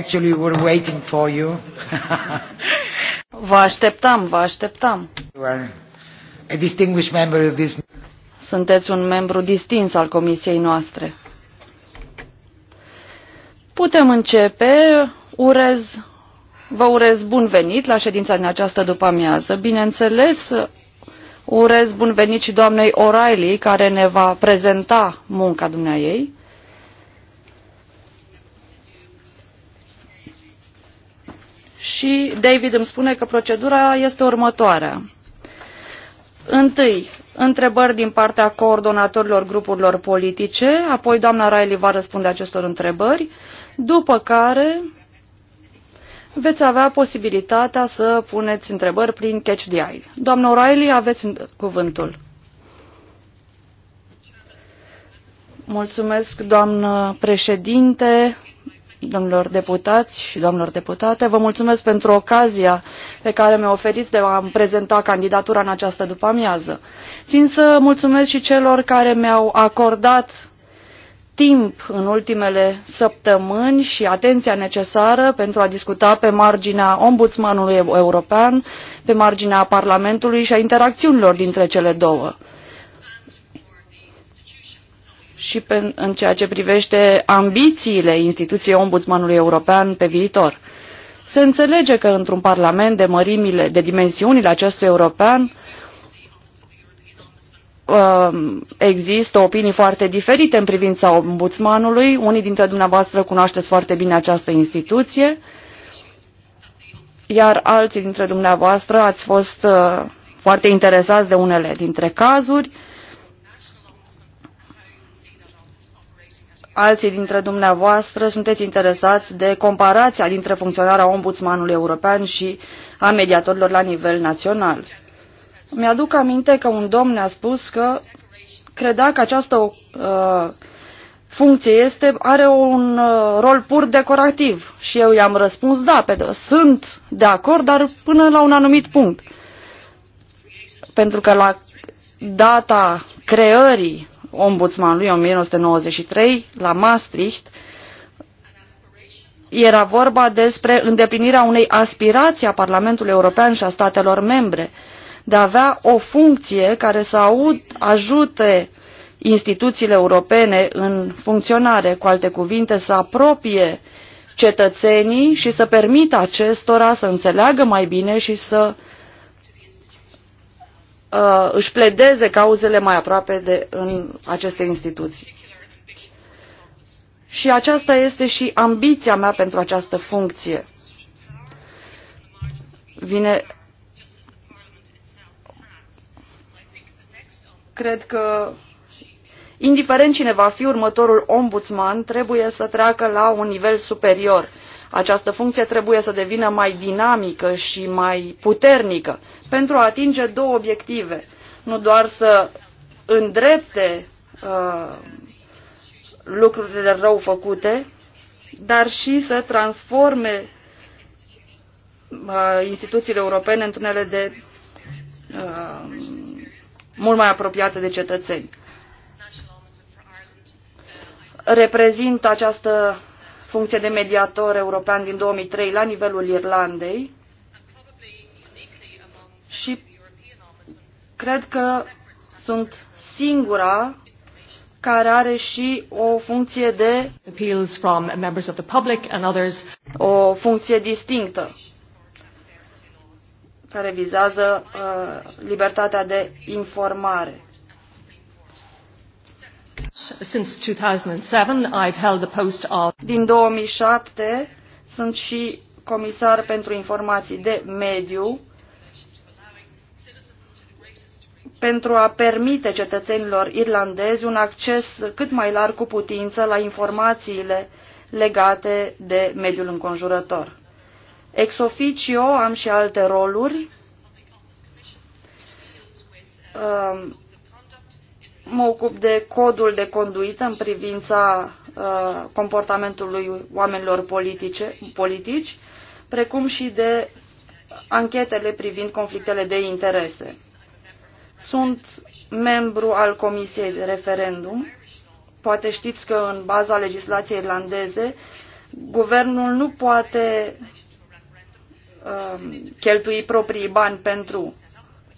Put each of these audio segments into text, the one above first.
Actually, we're waiting for you. vă așteptam, vă așteptam. You are a distinguished member of this... Sunteți un membru distins al comisiei noastre. Putem începe. Urez, vă urez bun venit la ședința din această după-amiază. Bineînțeles, urez bun venit și doamnei O'Reilly, care ne va prezenta munca dumneaei. și David îmi spune că procedura este următoarea. Întâi, întrebări din partea coordonatorilor grupurilor politice, apoi doamna Riley va răspunde acestor întrebări, după care veți avea posibilitatea să puneți întrebări prin Catch the Eye. Doamna Riley, aveți cuvântul. Mulțumesc, doamnă președinte, domnilor deputați și domnilor deputate. Vă mulțumesc pentru ocazia pe care mi-o oferiți de a-mi prezenta candidatura în această după-amiază. Țin să mulțumesc și celor care mi-au acordat timp în ultimele săptămâni și atenția necesară pentru a discuta pe marginea ombudsmanului european, pe marginea Parlamentului și a interacțiunilor dintre cele două și pe, în ceea ce privește ambițiile instituției Ombudsmanului European pe viitor. Se înțelege că într-un parlament de mărimile, de dimensiunile acestui european, um, există opinii foarte diferite în privința ombudsmanului. Unii dintre dumneavoastră cunoașteți foarte bine această instituție, iar alții dintre dumneavoastră ați fost uh, foarte interesați de unele dintre cazuri. alții dintre dumneavoastră sunteți interesați de comparația dintre funcționarea ombudsmanului european și a mediatorilor la nivel național. Mi-aduc aminte că un domn ne-a spus că credea că această uh, funcție este, are un uh, rol pur decorativ. Și eu i-am răspuns, da, pe, sunt de acord, dar până la un anumit punct. Pentru că la data creării ombudsmanului 1993 la Maastricht, era vorba despre îndeplinirea unei aspirații a Parlamentului European și a statelor membre de a avea o funcție care să aud, ajute instituțiile europene în funcționare, cu alte cuvinte, să apropie cetățenii și să permită acestora să înțeleagă mai bine și să uh, uh, își pledeze cauzele mai aproape de în aceste instituții. Și aceasta este și ambiția mea pentru această funcție. Vine cred că indiferent cine va fi următorul ombudsman, trebuie să treacă la un nivel superior. Această funcție trebuie să devină mai dinamică și mai puternică pentru a atinge două obiective. Nu doar să îndrepte uh, lucrurile rău făcute, dar și să transforme uh, instituțiile europene într-unele de uh, mult mai apropiate de cetățeni. Reprezint această funcție de mediator european din 2003 la nivelul Irlandei și cred că sunt singura care are și o funcție de appeals from members of the public and others. o funcție distinctă care vizează uh, libertatea de informare. Since 2007, I've held the post of... Din 2007 sunt și comisar pentru informații de mediu pentru a permite cetățenilor irlandezi un acces cât mai larg cu putință la informațiile legate de mediul înconjurător. Ex officio am și alte roluri. Um, mă ocup de codul de conduită în privința uh, comportamentului oamenilor politice, politici, precum și de anchetele privind conflictele de interese. Sunt membru al Comisiei de Referendum. Poate știți că în baza legislației irlandeze, guvernul nu poate uh, cheltui proprii bani pentru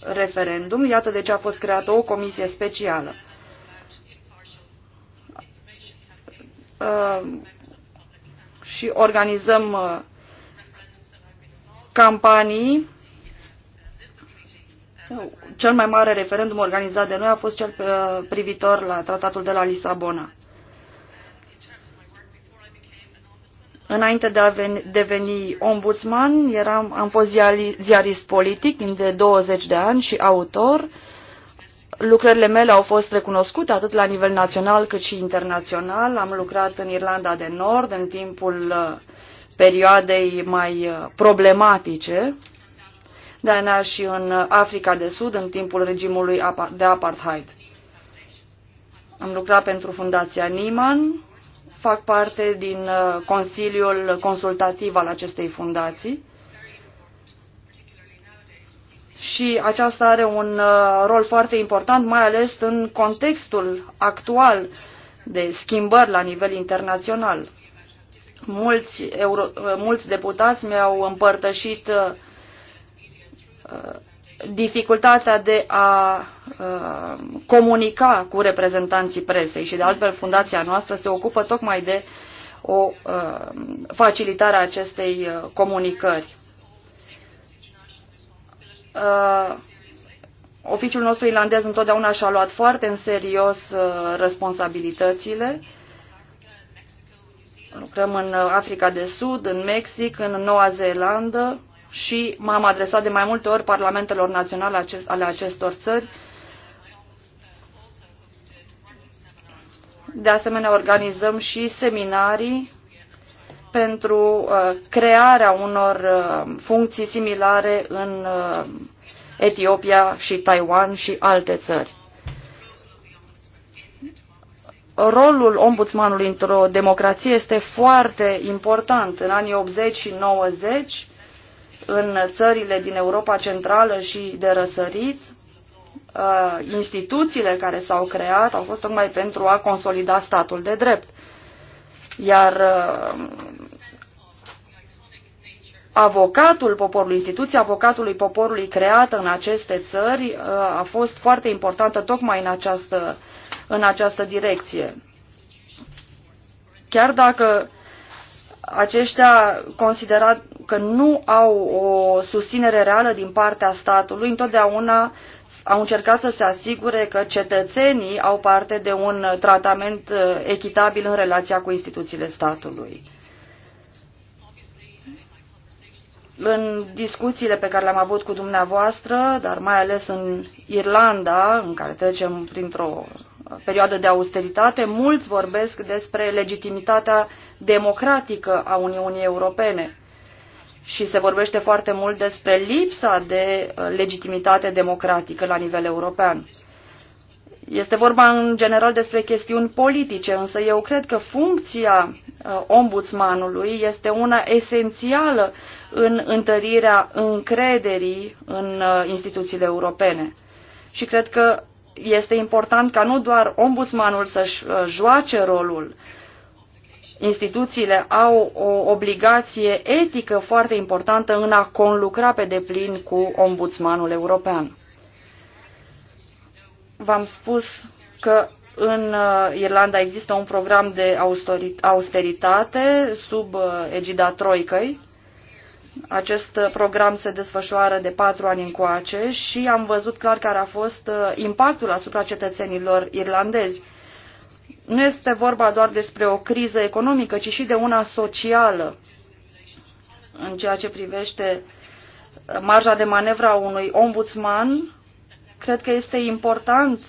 referendum. Iată de ce a fost creată o comisie specială. Uh, și organizăm uh, campanii. Cel mai mare referendum organizat de noi a fost cel uh, privitor la tratatul de la Lisabona. Înainte de a deveni ombudsman, eram, am fost ziarist politic timp de 20 de ani și autor. Lucrările mele au fost recunoscute atât la nivel național cât și internațional. Am lucrat în Irlanda de Nord în timpul uh, perioadei mai uh, problematice, de aia și în Africa de Sud în timpul regimului de apartheid. Am lucrat pentru Fundația Niman, fac parte din uh, Consiliul Consultativ al acestei fundații și aceasta are un uh, rol foarte important, mai ales în contextul actual de schimbări la nivel internațional. Mulți, euro, uh, mulți deputați mi-au împărtășit dificultatea de a uh, comunica cu reprezentanții presei și de altfel fundația noastră se ocupă tocmai de o uh, facilitare a acestei uh, comunicări. Uh, oficiul nostru irlandez întotdeauna și-a luat foarte în serios uh, responsabilitățile. Lucrăm în Africa de Sud, în Mexic, în Noua Zeelandă, și m-am adresat de mai multe ori parlamentelor naționale ale acestor țări. De asemenea, organizăm și seminarii pentru uh, crearea unor uh, funcții similare în uh, Etiopia și Taiwan și alte țări. Rolul ombudsmanului într-o democrație este foarte important. În anii 80 și 90 în țările din Europa Centrală și de răsărit, uh, instituțiile care s-au creat au fost tocmai pentru a consolida statul de drept. Iar uh, avocatul poporului, instituția avocatului poporului creată în aceste țări uh, a fost foarte importantă tocmai în această, în această direcție. Chiar dacă aceștia considerat că nu au o susținere reală din partea statului, întotdeauna au încercat să se asigure că cetățenii au parte de un tratament uh, echitabil în relația cu instituțiile statului. În discuțiile pe care le-am avut cu dumneavoastră, dar mai ales în Irlanda, în care trecem printr-o perioadă de austeritate, mulți vorbesc despre legitimitatea democratică a Uniunii Europene. Și se vorbește foarte mult despre lipsa de uh, legitimitate democratică la nivel european. Este vorba în general despre chestiuni politice, însă eu cred că funcția uh, ombudsmanului este una esențială în întărirea încrederii în uh, instituțiile europene. Și cred că este important ca nu doar ombudsmanul să-și joace rolul, instituțiile au o obligație etică foarte importantă în a conlucra pe deplin cu ombudsmanul european. V-am spus că în uh, Irlanda există un program de austeritate sub uh, egida Troicăi. Acest uh, program se desfășoară de patru ani încoace și am văzut clar care a fost impactul asupra cetățenilor irlandezi nu este vorba doar despre o criză economică, ci și de una socială în ceea ce privește marja de manevră a unui ombudsman. Cred că este important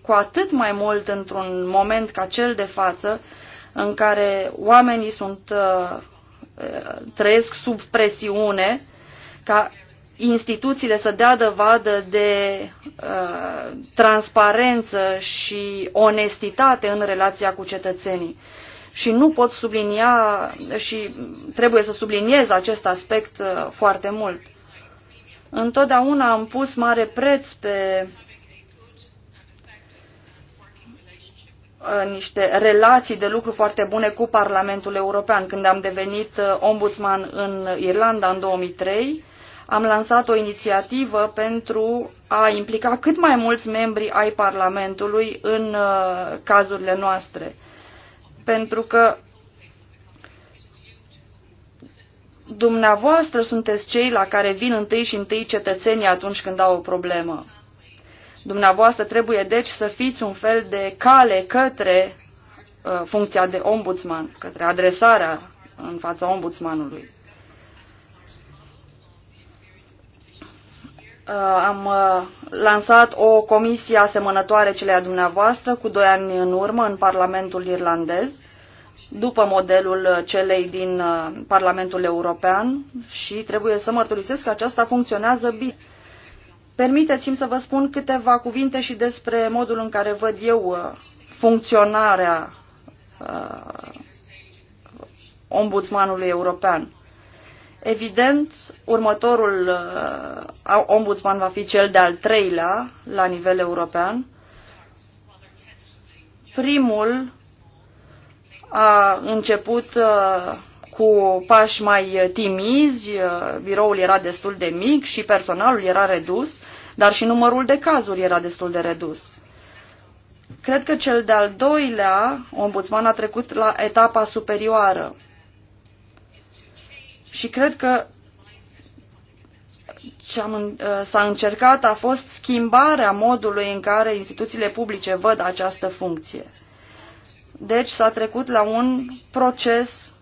cu atât mai mult într-un moment ca cel de față, în care oamenii sunt, uh, trăiesc sub presiune, ca instituțiile să dea dovadă de uh, transparență și onestitate în relația cu cetățenii. Și nu pot sublinia și trebuie să subliniez acest aspect uh, foarte mult. Întotdeauna am pus mare preț pe uh, niște relații de lucru foarte bune cu Parlamentul European. Când am devenit uh, ombudsman în Irlanda în 2003, am lansat o inițiativă pentru a implica cât mai mulți membri ai Parlamentului în uh, cazurile noastre. Pentru că dumneavoastră sunteți cei la care vin întâi și întâi cetățenii atunci când au o problemă. Dumneavoastră trebuie deci să fiți un fel de cale către uh, funcția de ombudsman, către adresarea în fața ombudsmanului. Uh, am uh, lansat o comisie asemănătoare celei a dumneavoastră cu doi ani în urmă în Parlamentul irlandez, după modelul celei din uh, Parlamentul European și trebuie să mărturisesc că aceasta funcționează bine. Permiteți-mi să vă spun câteva cuvinte și despre modul în care văd eu funcționarea ombudsmanului european. Evident, următorul uh, ombudsman va fi cel de-al treilea la nivel european. Primul a început uh, cu pași mai timizi, uh, biroul era destul de mic și personalul era redus, dar și numărul de cazuri era destul de redus. Cred că cel de-al doilea ombudsman a trecut la etapa superioară. Și cred că ce am, ă, s-a încercat a fost schimbarea modului în care instituțiile publice văd această funcție. Deci s-a trecut la un proces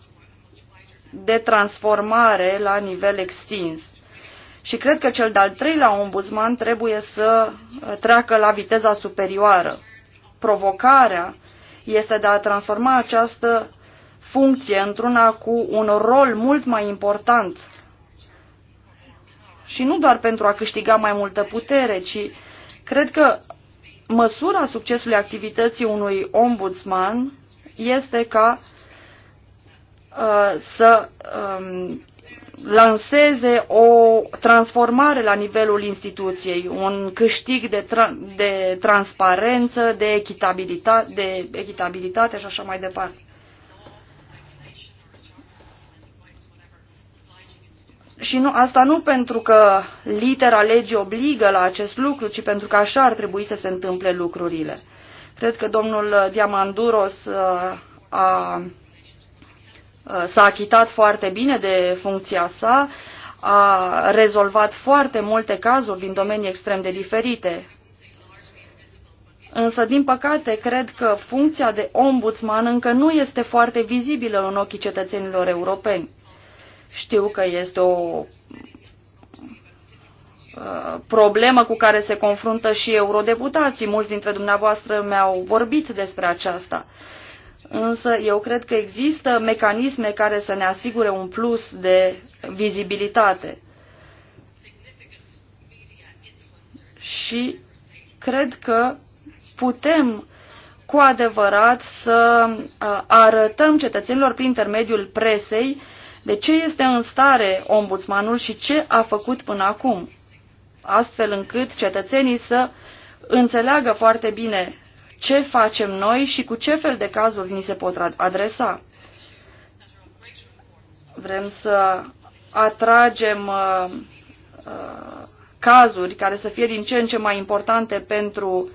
de transformare la nivel extins. Și cred că cel de-al treilea ombudsman trebuie să treacă la viteza superioară. Provocarea este de a transforma această funcție, într-una cu un rol mult mai important. Și nu doar pentru a câștiga mai multă putere, ci cred că măsura succesului activității unui ombudsman este ca uh, să um, lanseze o transformare la nivelul instituției, un câștig de, tra- de transparență, de echitabilitate, de echitabilitate și așa mai departe. și nu, asta nu pentru că litera legii obligă la acest lucru, ci pentru că așa ar trebui să se întâmple lucrurile. Cred că domnul Diamanduros uh, a, a, uh, s-a achitat foarte bine de funcția sa, a rezolvat foarte multe cazuri din domenii extrem de diferite. Însă, din păcate, cred că funcția de ombudsman încă nu este foarte vizibilă în ochii cetățenilor europeni. Știu că este o uh, problemă cu care se confruntă și eurodeputații. Mulți dintre dumneavoastră mi-au vorbit despre aceasta. Însă eu cred că există mecanisme care să ne asigure un plus de vizibilitate. Și cred că putem cu adevărat să uh, arătăm cetățenilor prin intermediul presei uh, de ce este în stare ombudsmanul și ce a făcut până acum, astfel încât cetățenii să înțeleagă foarte bine ce facem noi și cu ce fel de cazuri ni se pot adresa. Vrem să atragem uh, uh, cazuri care să fie din ce în ce mai importante pentru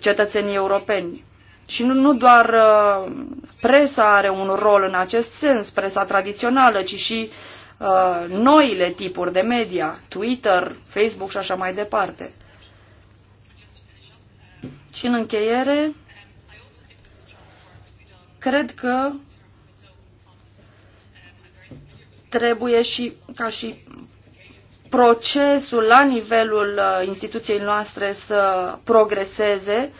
cetățenii europeni. Și nu, nu doar uh, presa are un rol în acest sens, presa tradițională, ci și uh, noile tipuri de media, Twitter, Facebook și așa mai departe. Și în încheiere, cred că trebuie și ca și procesul la nivelul uh, instituției noastre să progreseze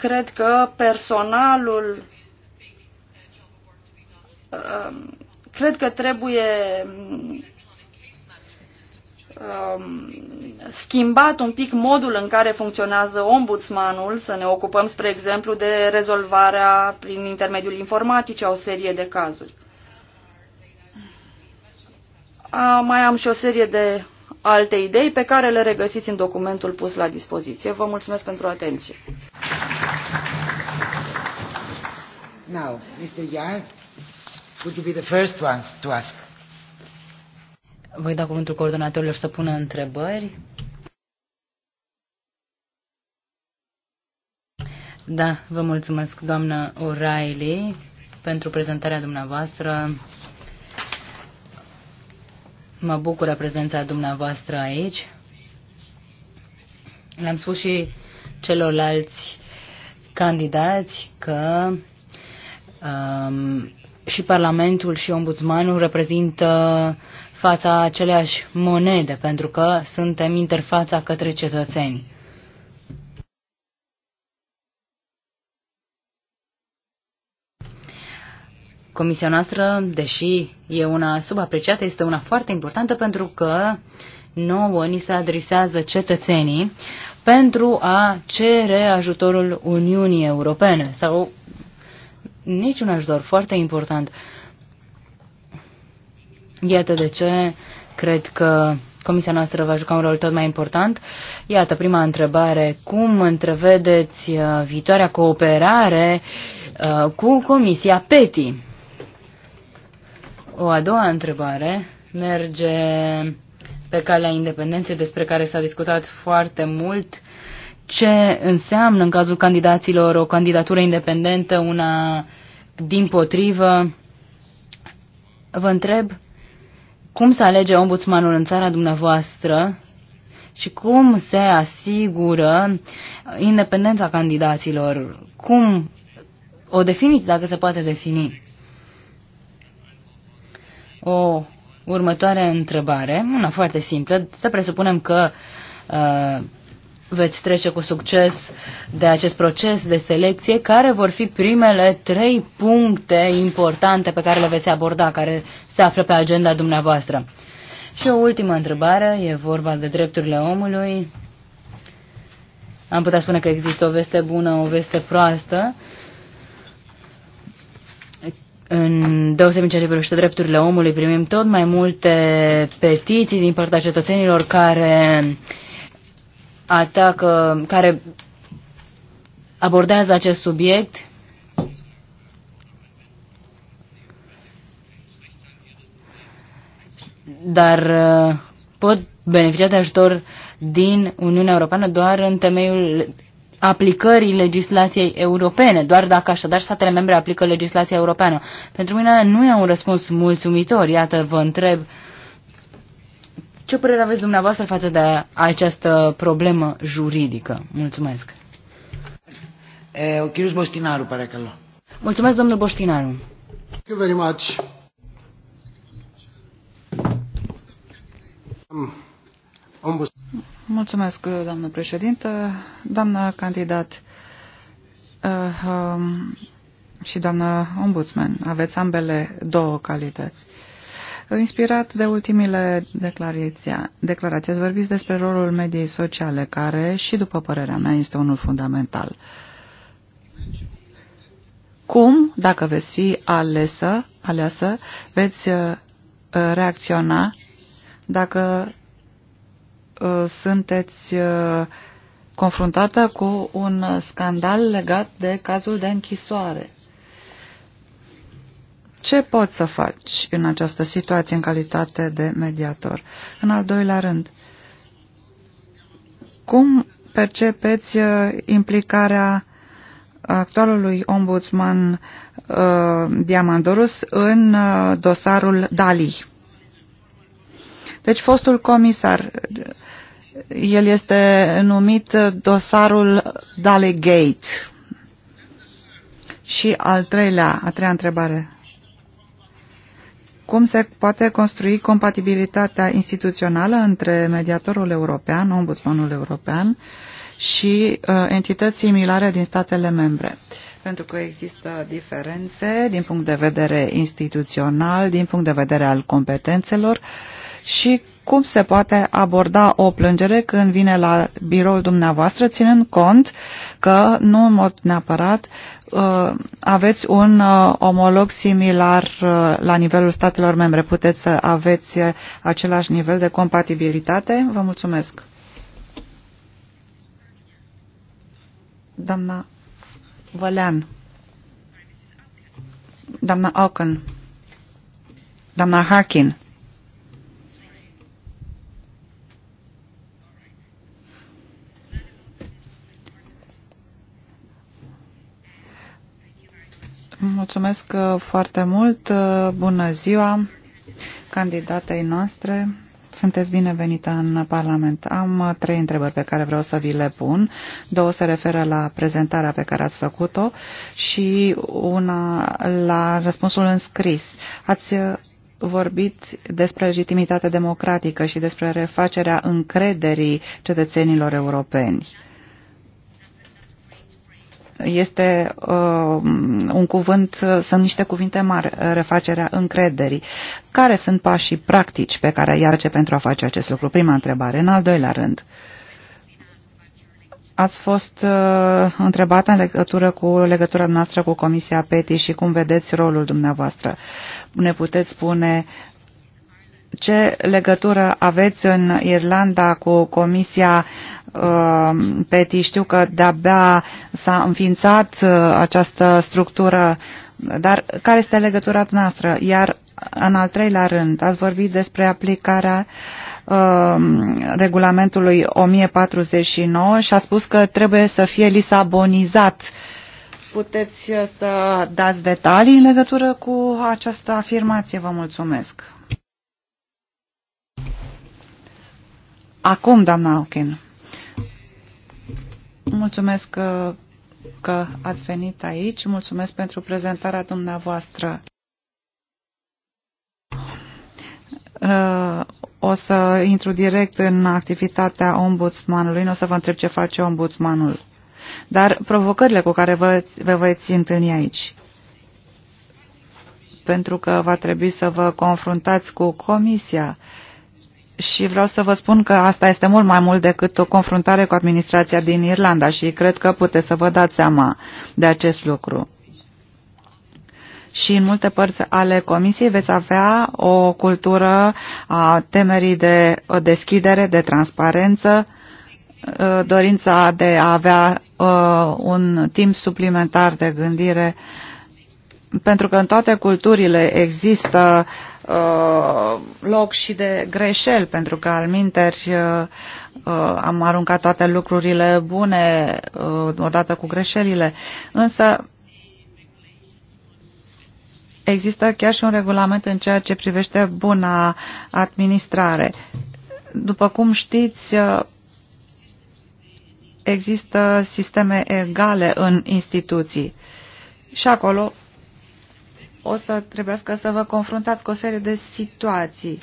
Cred că personalul um, cred că trebuie um, schimbat un pic modul în care funcționează ombudsmanul, să ne ocupăm, spre exemplu, de rezolvarea prin intermediul informaticii a o serie de cazuri. A, mai am și o serie de alte idei pe care le regăsiți în documentul pus la dispoziție. Vă mulțumesc pentru atenție. Now, Mr. Yar, would you be the first ones to ask? Voi da cuvântul coordonatorilor să pună întrebări. Da, vă mulțumesc, doamnă O'Reilly, pentru prezentarea dumneavoastră. Mă bucură prezența dumneavoastră aici. Le-am spus și celorlalți candidați că Um, și Parlamentul și Ombudsmanul reprezintă fața aceleași monede, pentru că suntem interfața către cetățeni. Comisia noastră, deși e una subapreciată, este una foarte importantă pentru că nouă ni se adresează cetățenii pentru a cere ajutorul Uniunii Europene sau niciun ajutor foarte important. Iată de ce cred că comisia noastră va juca un rol tot mai important. Iată, prima întrebare. Cum întrevedeți uh, viitoarea cooperare uh, cu comisia PETI? O a doua întrebare merge pe calea independenței despre care s-a discutat foarte mult ce înseamnă în cazul candidaților o candidatură independentă, una din potrivă. Vă întreb cum se alege ombudsmanul în țara dumneavoastră și cum se asigură independența candidaților. Cum o definiți, dacă se poate defini? O următoare întrebare, una foarte simplă. Să presupunem că uh, veți trece cu succes de acest proces de selecție, care vor fi primele trei puncte importante pe care le veți aborda, care se află pe agenda dumneavoastră. Și o ultimă întrebare, e vorba de drepturile omului. Am putea spune că există o veste bună, o veste proastă. În deosebit ceea ce privește drepturile omului, primim tot mai multe petiții din partea cetățenilor care uh, atacă, care abordează acest subiect. Dar uh, pot beneficia de ajutor din Uniunea Europeană doar în temeiul aplicării legislației europene, doar dacă așadar statele membre aplică legislația europeană. Pentru mine nu e un răspuns mulțumitor, iată, vă întreb uh, ce părere aveți dumneavoastră față de această problemă juridică? Mulțumesc. E, o chirius Boștinaru, pare că l-a. Mulțumesc, domnul Boștinaru. Thank you very much. Mulțumesc, doamnă președintă. Doamnă candidat uh, um, și doamnă ombudsman, aveți ambele două calități. Inspirat de ultimile declarații, declarații, ați vorbit despre rolul mediei sociale, care și după părerea mea este unul fundamental. Cum, dacă veți fi alesă, aleasă, veți uh, reacționa dacă uh, sunteți uh, confruntată cu un scandal legat de cazul de închisoare? Ce poți să faci în această situație în calitate de mediator? În al doilea rând, cum percepeți uh, implicarea actualului ombudsman uh, Diamandorus în uh, dosarul Dali? Deci fostul comisar, el este numit uh, dosarul Dali Gate Și al treilea, a treia întrebare cum se poate construi compatibilitatea instituțională între mediatorul european, ombudsmanul european și uh, entități similare din statele membre. Pentru că există diferențe din punct de vedere instituțional, din punct de vedere al competențelor și cum se poate aborda o plângere când vine la biroul dumneavoastră, ținând cont că nu în mod neapărat Uh, aveți un uh, omolog similar uh, la nivelul statelor membre. Puteți să aveți același nivel de compatibilitate? Vă mulțumesc. Doamna Vălean. Doamna Auken. Doamna Harkin. Mulțumesc uh, foarte mult. Uh, bună ziua candidatei noastre. Sunteți binevenită în Parlament. Am uh, trei întrebări pe care vreau să vi le pun. Două se referă la prezentarea pe care ați făcut-o și una la răspunsul în scris. Ați vorbit despre legitimitatea democratică și despre refacerea încrederii cetățenilor europeni este uh, un cuvânt, sunt niște cuvinte mari, refacerea încrederii. Care sunt pașii practici pe care i ce pentru a face acest lucru? Prima întrebare. În al doilea rând, ați fost uh, întrebată în legătură cu legătura noastră cu Comisia PETI și cum vedeți rolul dumneavoastră. Ne puteți spune ce legătură aveți în Irlanda cu Comisia uh, PETI? Știu că de-abia s-a înființat uh, această structură, dar care este legătura noastră? Iar în al treilea rând, ați vorbit despre aplicarea uh, regulamentului 1049 și a spus că trebuie să fie lisabonizat. Puteți să dați detalii în legătură cu această afirmație? Vă mulțumesc. Acum, doamna Alkin. Mulțumesc că, uh, că ați venit aici, mulțumesc pentru prezentarea dumneavoastră. Uh, o să intru direct în activitatea ombudsmanului, nu o să vă întreb ce face ombudsmanul, dar provocările cu care vă, vă veți întâlni aici pentru că va trebui să vă confruntați cu comisia și vreau să vă spun că asta este mult mai mult decât o confruntare cu administrația din Irlanda și cred că puteți să vă dați seama de acest lucru. Și în multe părți ale comisiei veți avea o cultură a temerii de deschidere, de transparență, ă, dorința de a avea ă, un timp suplimentar de gândire pentru că în toate culturile există Uh, loc și de greșeli, pentru că al minteri uh, uh, am aruncat toate lucrurile bune uh, odată cu greșelile. Însă există chiar și un regulament în ceea ce privește buna administrare. După cum știți, uh, există sisteme egale în instituții și acolo o să trebuiască să vă confruntați cu o serie de situații.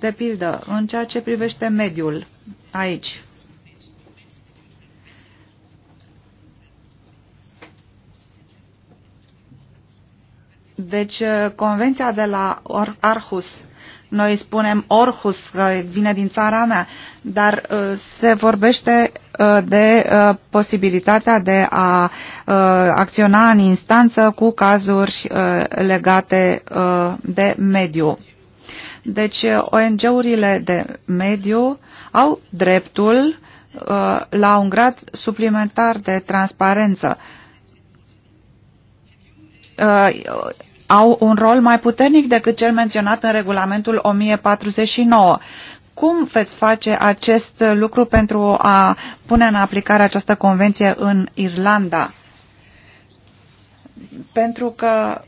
De pildă, în ceea ce privește mediul aici, Deci, convenția de la Arhus, noi spunem Orhus, că vine din țara mea, dar uh, se vorbește Uh, de uh, posibilitatea de a uh, acționa în instanță cu cazuri legate de mediu. Deci ONG-urile de mediu au dreptul la un grad suplimentar de transparență. Au un rol mai puternic decât cel menționat în regulamentul 1049 cum veți face acest lucru pentru a pune în aplicare această convenție în Irlanda? Pentru că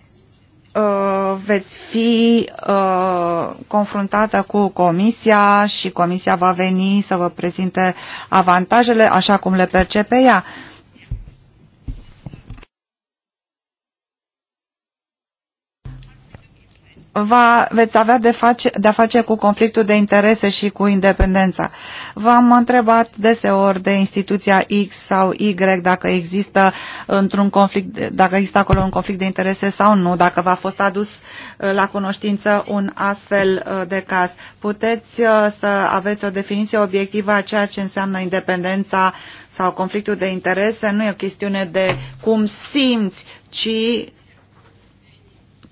uh, veți fi uh, confruntată cu comisia și comisia va veni să vă prezinte avantajele așa cum le percepe ea. Uh, va, veți avea de, face, de a face cu conflictul de interese și cu independența. V-am întrebat deseori de instituția X sau Y dacă există într-un conflict, dacă există acolo un conflict de interese sau nu, dacă v-a fost adus uh, la cunoștință un astfel uh, de caz. Puteți uh, să aveți o definiție obiectivă a ceea ce înseamnă independența sau conflictul de interese. Nu e o chestiune de cum simți, ci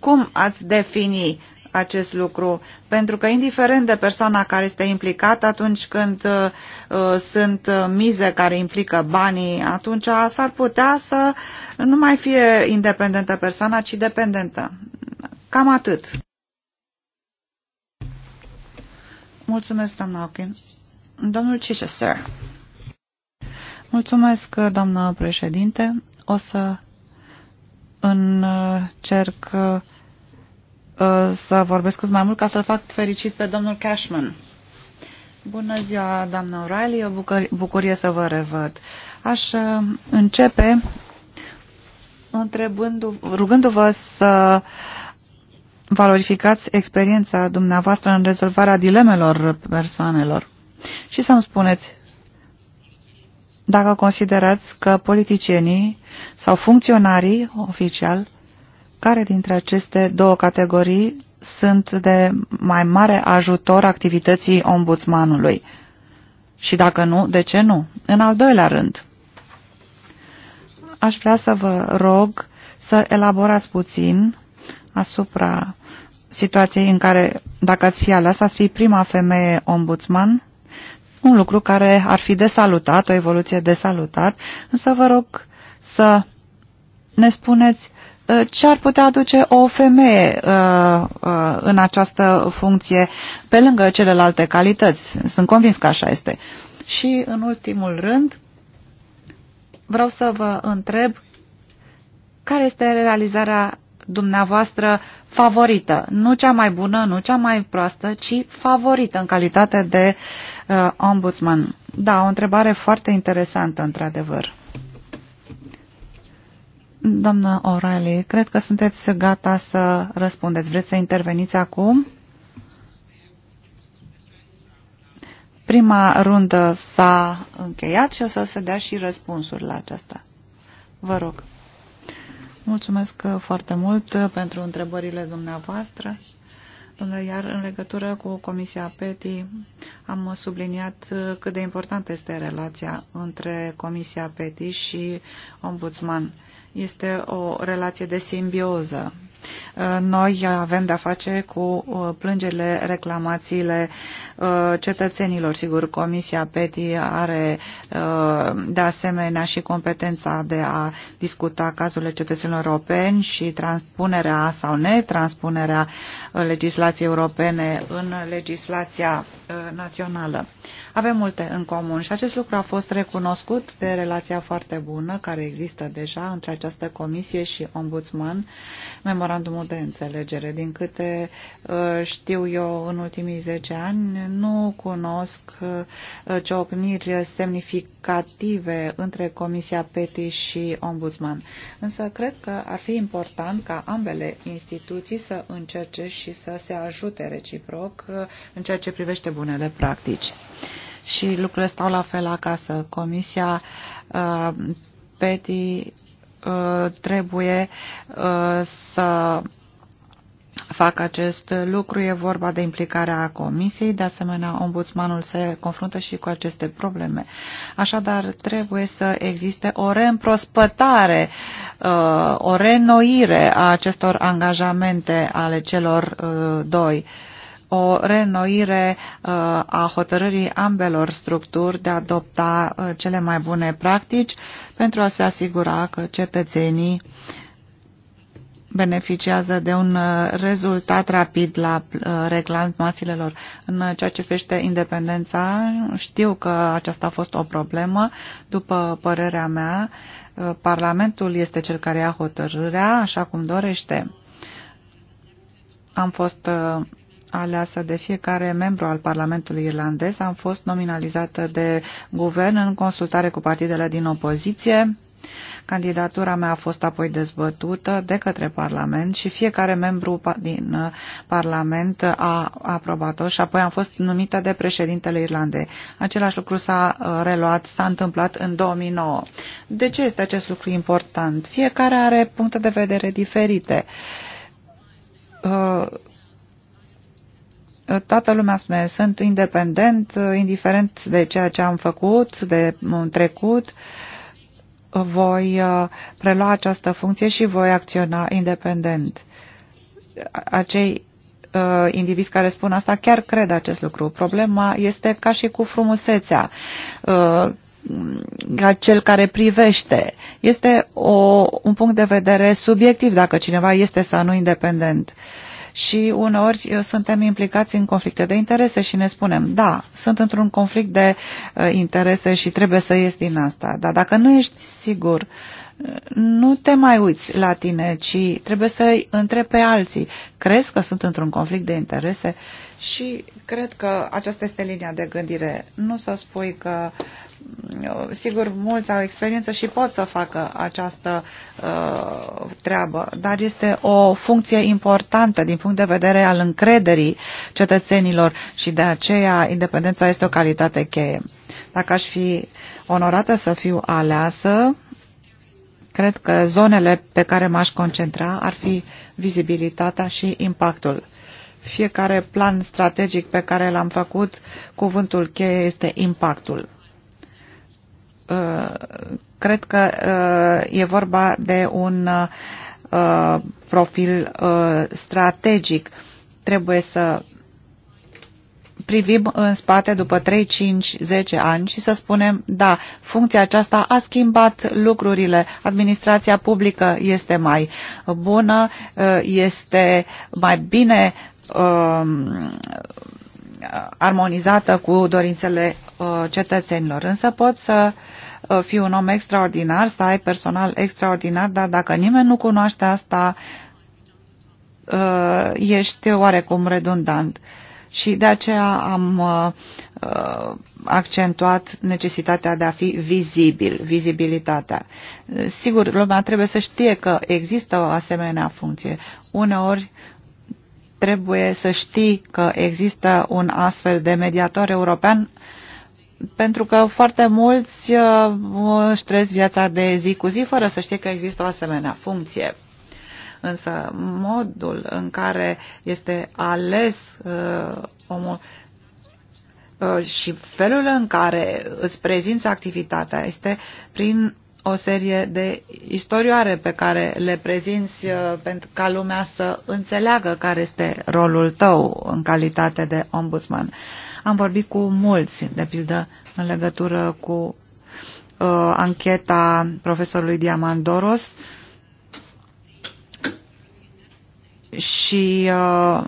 cum ați defini acest lucru? Pentru că indiferent de persoana care este implicată atunci când uh, sunt mize care implică banii, atunci s-ar putea să nu mai fie independentă persoana, ci dependentă. Cam atât. Mulțumesc, doamna Ochin. Domnul Cișe, sir. Mulțumesc, doamnă președinte. O să încerc uh, uh, să vorbesc cât mai mult ca să-l fac fericit pe domnul Cashman. Bună ziua, doamnă O'Reilly, o bucurie să vă revăd. Aș uh, începe rugându-vă să valorificați experiența dumneavoastră în rezolvarea dilemelor persoanelor și să-mi spuneți dacă considerați că politicienii sau funcționarii oficial, care dintre aceste două categorii sunt de mai mare ajutor activității ombudsmanului? Și dacă nu, de ce nu? În al doilea rând, aș vrea să vă rog să elaborați puțin asupra situației în care, dacă ați fi ales, ați fi prima femeie ombudsman un lucru care ar fi desalutat o evoluție desalutat, însă vă rog să ne spuneți uh, ce ar putea aduce o femeie uh, uh, în această funcție, pe lângă celelalte calități. Sunt convins că așa este. Și, în ultimul rând, vreau să vă întreb care este realizarea dumneavoastră favorită. Nu cea mai bună, nu cea mai proastă, ci favorită în calitate de uh, ombudsman. Da, o întrebare foarte interesantă, într-adevăr. Doamnă O'Reilly, cred că sunteți gata să răspundeți. Vreți să interveniți acum? Prima rundă s-a încheiat și o să se dea și răspunsuri la aceasta. Vă rog. Mulțumesc uh, foarte mult uh, pentru întrebările dumneavoastră. iar în legătură cu Comisia PETI am subliniat uh, cât de importantă este relația între Comisia PETI și Ombudsman. Este o relație de simbioză. Noi avem de-a face cu plângerile, reclamațiile Uh, cetățenilor. Sigur, Comisia PETI are uh, de asemenea și competența de a discuta cazurile cetățenilor europeni și transpunerea sau netranspunerea legislației europene în legislația uh, națională. Avem multe în comun și acest lucru a fost recunoscut de relația foarte bună care există deja între această comisie și ombudsman, memorandumul de înțelegere. Din câte știu eu, în ultimii 10 ani nu cunosc uh, ciocniri semnificative între Comisia PETI și Ombudsman. Însă cred că ar fi important ca ambele instituții să încerce și să se ajute reciproc uh, în ceea ce privește bunele practici. Și lucrurile stau la fel acasă. Comisia uh, PETI trebuie să fac acest lucru. E vorba de implicarea comisiei, de asemenea ombudsmanul se confruntă și cu aceste probleme. Așadar, trebuie să existe o reîmprospătare, uh, o renoire a acestor angajamente ale celor uh, doi o reînnoire uh, a hotărârii ambelor structuri de a adopta cele mai bune practici pentru a se asigura că cetățenii uh, beneficiază de un uh, rezultat rapid la uh, reclamațiile lor. În uh, ceea ce fește independența, știu că aceasta a fost o problemă. După părerea mea, Parlamentul este cel care ia hotărârea așa cum dorește. Am fost aleasă de fiecare membru al Parlamentului Irlandez, am fost nominalizată de guvern în consultare cu partidele din opoziție Candidatura mea a fost apoi dezbătută de către Parlament și fiecare membru din uh, Parlament a aprobat-o și apoi am fost numită de președintele Irlandei. Același lucru s-a uh, reluat, s-a întâmplat în 2009. De ce este acest lucru important? Fiecare are puncte de vedere diferite uh, toată lumea spune, sunt independent, indiferent de ceea ce am făcut, de trecut, voi uh, prelua această funcție și voi acționa independent. Acei uh, indivizi care spun asta chiar cred acest lucru. Problema este ca și cu frumusețea. Uh, ca cel care privește. Este o, un punct de vedere subiectiv dacă cineva este sau nu independent. Uh, și uneori uh, suntem implicați în conflicte de interese și ne spunem, da, sunt într-un conflict de uh, interese și trebuie să ies din asta. Dar dacă nu ești sigur, uh, nu te mai uiți la tine, ci trebuie să-i întrebi pe alții. Crezi că sunt într-un conflict de interese? Și cred că aceasta este linia de gândire. Nu să spui că, uh, sigur, mulți au experiență și pot să facă această uh, treabă, dar este o funcție importantă din punct de vedere al încrederii cetățenilor și de aceea independența este o calitate cheie. Dacă aș fi onorată să fiu aleasă, cred că zonele pe care m-aș concentra ar fi vizibilitatea și impactul fiecare plan strategic pe care l-am făcut, cuvântul cheie este impactul. Uh, cred că uh, e vorba de un uh, profil strategic. Trebuie să privim în spate după 3, 5, 10 ani și să spunem, da, funcția aceasta a schimbat lucrurile, administrația publică este mai bună, este mai bine Um, armonizată cu dorințele uh, cetățenilor. Însă pot să uh, fii un om extraordinar, să ai personal extraordinar, dar dacă nimeni nu cunoaște asta, uh, ești oarecum redundant. Și de aceea am accentuat necesitatea de a fi vizibil, vizibilitatea. Sigur, lumea trebuie să știe că există o asemenea funcție. Uneori trebuie să știi că există un astfel de mediator european pentru că foarte mulți uh, își trăiesc viața de zi cu zi fără să știe că există o asemenea funcție. Însă modul în care este ales uh, omul uh, și felul în care îți prezinți activitatea este prin o serie de istorioare pe care le prezinți uh, pentru ca lumea să înțeleagă care este rolul tău în calitate de ombudsman. Am vorbit cu mulți, de pildă, în legătură cu uh, ancheta profesorului Diamandoros și uh,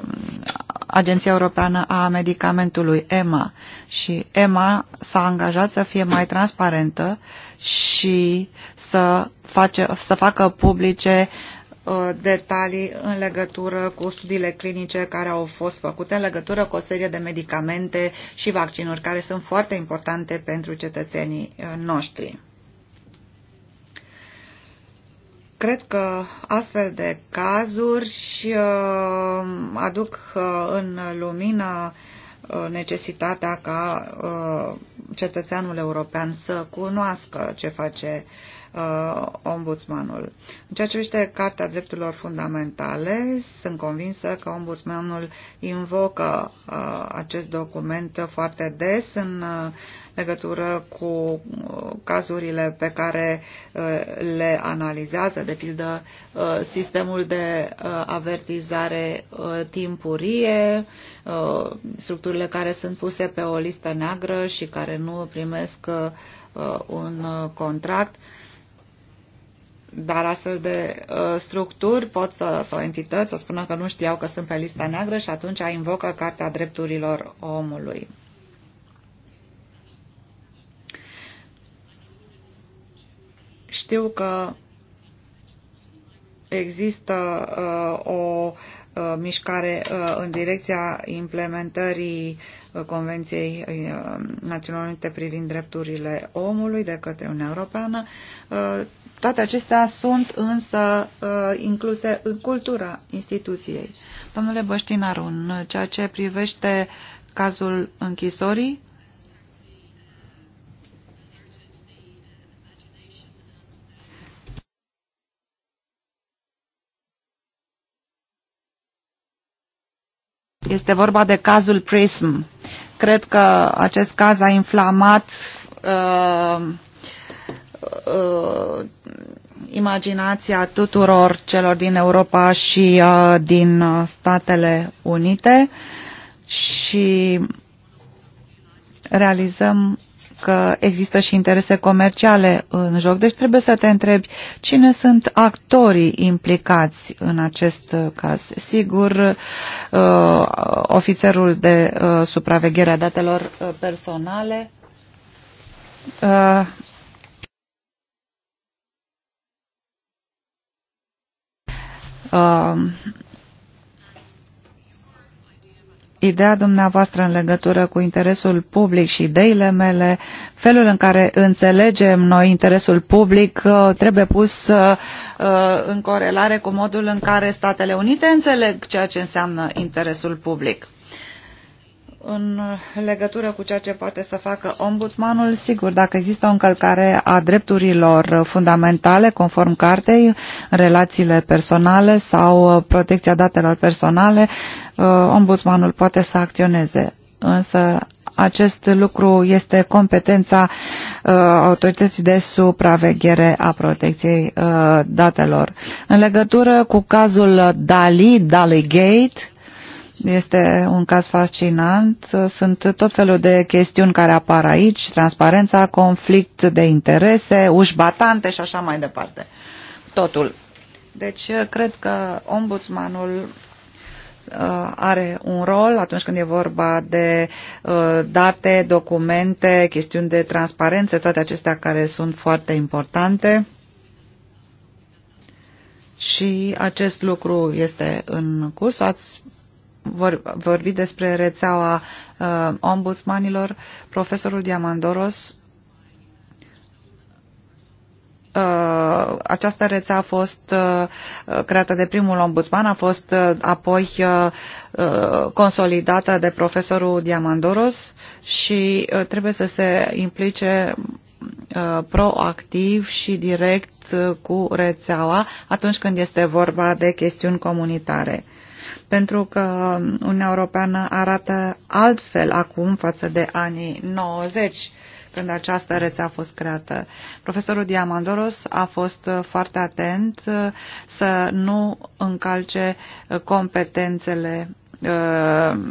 Agenția Europeană a Medicamentului, EMA. Și EMA s-a angajat să fie mai transparentă uh, și să, face, să facă publice uh, detalii în legătură cu studiile clinice care au fost făcute în legătură cu o serie de medicamente și vaccinuri care sunt foarte importante pentru cetățenii uh, noștri. Cred că astfel de cazuri și uh, aduc în lumină necesitatea ca cetățeanul european să cunoască ce face uh, uh, ombudsmanul. În ceea ce privește cartea Drepturilor Fundamentale, sunt convinsă că ombudsmanul invocă uh, acest document foarte des în uh, legătură cu uh, cazurile pe care uh, le analizează, de pildă uh, sistemul de avertizare timpurie, structurile care sunt puse pe o listă neagră și care nu primesc un contract. Uh, dar astfel de uh, structuri pot să, sau entități să spună că nu știau că sunt pe lista neagră și atunci invocă Cartea Drepturilor Omului. Știu că există uh, o uh, mișcare uh, în direcția implementării uh, Convenției uh, naționale Unite privind drepturile omului de către Uniunea Europeană. Uh, toate acestea sunt însă uh, incluse în cultura instituției. Domnule Băștinaru, în ceea ce privește cazul închisorii, Este vorba de cazul Prism. Cred că acest caz a inflamat uh, uh, imaginația tuturor celor din Europa și uh, din Statele Unite și realizăm că există și interese comerciale în joc. Deci trebuie să te întrebi cine sunt actorii implicați în acest caz. Sigur, uh, ofițerul de uh, supraveghere a datelor uh, personale ideea dumneavoastră în legătură cu interesul public și ideile mele, felul în care înțelegem noi interesul public uh, trebuie pus uh, uh, în corelare cu modul în care Statele Unite înțeleg ceea ce înseamnă interesul public. În legătură cu ceea ce poate să facă ombudsmanul, sigur, dacă există o încălcare a drepturilor fundamentale conform cartei, relațiile personale sau uh, protecția datelor personale, uh, ombudsmanul poate să acționeze. Însă acest lucru este competența uh, autorității de supraveghere a protecției datelor. În legătură cu cazul Dali, Dali Gate, este un caz fascinant. Sunt tot felul de chestiuni care apar aici, transparența, conflict de interese, uși batante și așa mai departe. Totul. Deci, cred că ombudsmanul uh, are un rol atunci când e vorba de uh, date, documente, chestiuni de transparență, toate acestea care sunt foarte importante. Și acest lucru este în curs. Ați vor, vorbit despre rețeaua uh, ombudsmanilor, profesorul Diamandoros. Uh, această rețea a fost uh, creată de primul ombudsman, a fost uh, apoi uh, uh consolidată de profesorul Diamandoros și uh, trebuie să se implice uh, proactiv și direct uh, cu rețeaua atunci când este vorba de chestiuni comunitare pentru că Uniunea Europeană arată altfel acum față de anii 90 când această rețea a fost creată. Profesorul Diamandoros a fost foarte atent uh, să nu încalce uh, competențele uh,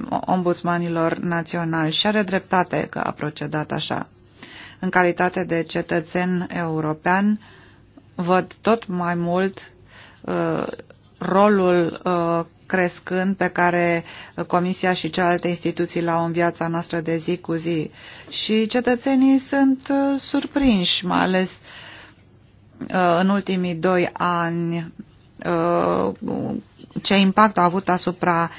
ombudsmanilor naționali și are dreptate că a procedat așa. În calitate de cetățen european, văd tot mai mult rolul crescând pe care Comisia și celelalte instituții l-au în viața noastră de zi cu zi. Și cetățenii sunt uh, surprinși, mai ales uh, în ultimii doi ani, uh, ce impact a avut asupra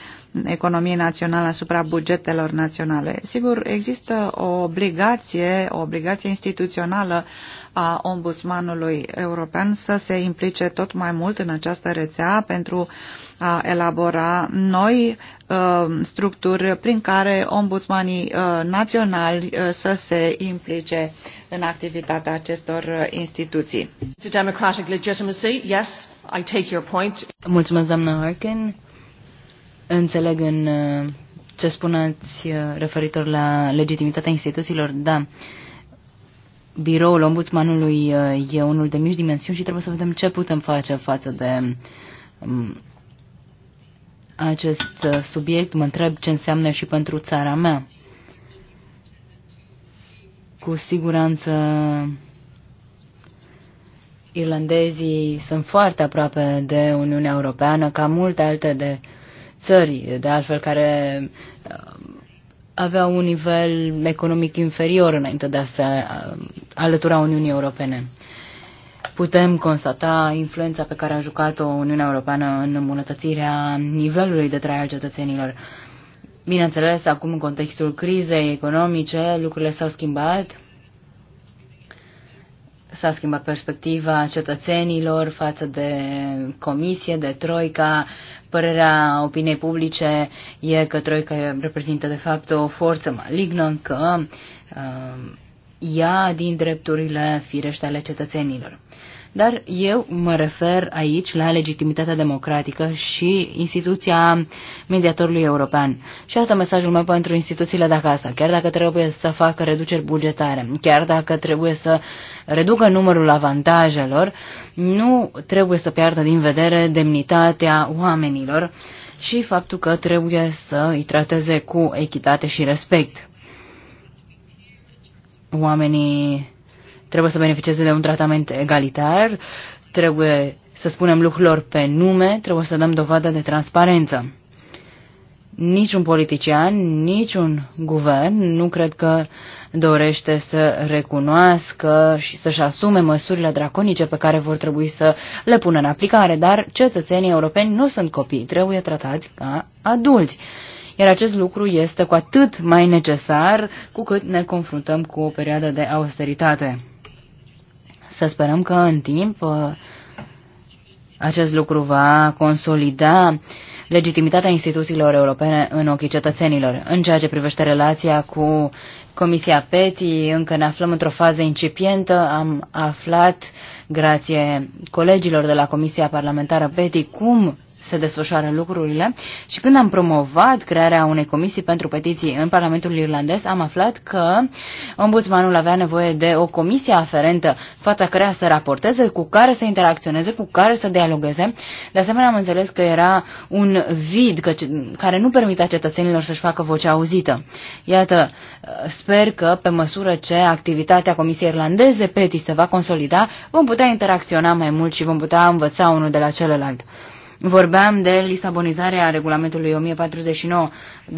economiei naționale, asupra bugetelor naționale. Sigur, există o obligație, o obligație instituțională a ombudsmanului european să se implice tot mai mult în această rețea pentru a elabora noi uh, structuri prin care ombudsmanii uh, naționali uh, să se implice în activitatea acestor instituții. Mulțumesc, doamna Harkin. Înțeleg în ce spuneți referitor la legitimitatea instituțiilor, da biroul ombudsmanului uh, e unul de mici dimensiuni și trebuie să vedem ce putem face față de um, acest uh, subiect. Mă întreb ce înseamnă și pentru țara mea. Cu siguranță irlandezii sunt foarte aproape de Uniunea Europeană, ca multe alte de țări, de altfel care uh, aveau un nivel economic inferior înainte de a se alătura Uniunii Europene. Putem constata influența pe care a jucat-o Uniunea Europeană în îmbunătățirea nivelului de trai al cetățenilor. Bineînțeles, acum în contextul crizei economice, lucrurile s-au schimbat. S-a schimbat perspectiva cetățenilor față de comisie, de troica. Părerea opiniei publice e că troica reprezintă de fapt o forță malignă, că uh, ia din drepturile firește ale cetățenilor. Dar eu mă refer aici la legitimitatea democratică și instituția mediatorului european. Și asta mesajul meu pentru instituțiile de acasă. Chiar dacă trebuie să facă reduceri bugetare, chiar dacă trebuie să reducă numărul avantajelor, nu trebuie să piardă din vedere demnitatea oamenilor și faptul că trebuie să îi trateze cu echitate și respect. Oamenii trebuie să beneficieze de un tratament egalitar, trebuie să spunem lucrurilor pe nume, trebuie să dăm dovadă de transparență. Niciun politician, niciun guvern nu cred că dorește să recunoască și să-și asume măsurile draconice pe care vor trebui să le pună în aplicare, dar cetățenii europeni nu sunt copii, trebuie tratați ca adulți. Iar acest lucru este cu atât mai necesar cu cât ne confruntăm cu o perioadă de austeritate. Să sperăm că în timp uh, acest lucru va consolida legitimitatea instituțiilor europene în ochii cetățenilor. În ceea ce privește relația cu Comisia PETI, încă ne aflăm într-o fază incipientă. Am aflat, grație colegilor de la Comisia Parlamentară PETI, cum se desfășoară lucrurile și când am promovat crearea unei comisii pentru petiții în Parlamentul Irlandez, am aflat că ombudsmanul avea nevoie de o comisie aferentă fața căreia să raporteze, cu care să interacționeze, cu care să dialogueze. De asemenea, am înțeles că era un vid că, care nu permitea cetățenilor să-și facă vocea auzită. Iată, sper că pe măsură ce activitatea Comisiei Irlandeze PETI se va consolida, vom putea interacționa mai mult și vom putea învăța unul de la celălalt. Vorbeam de lisabonizarea regulamentului 1049.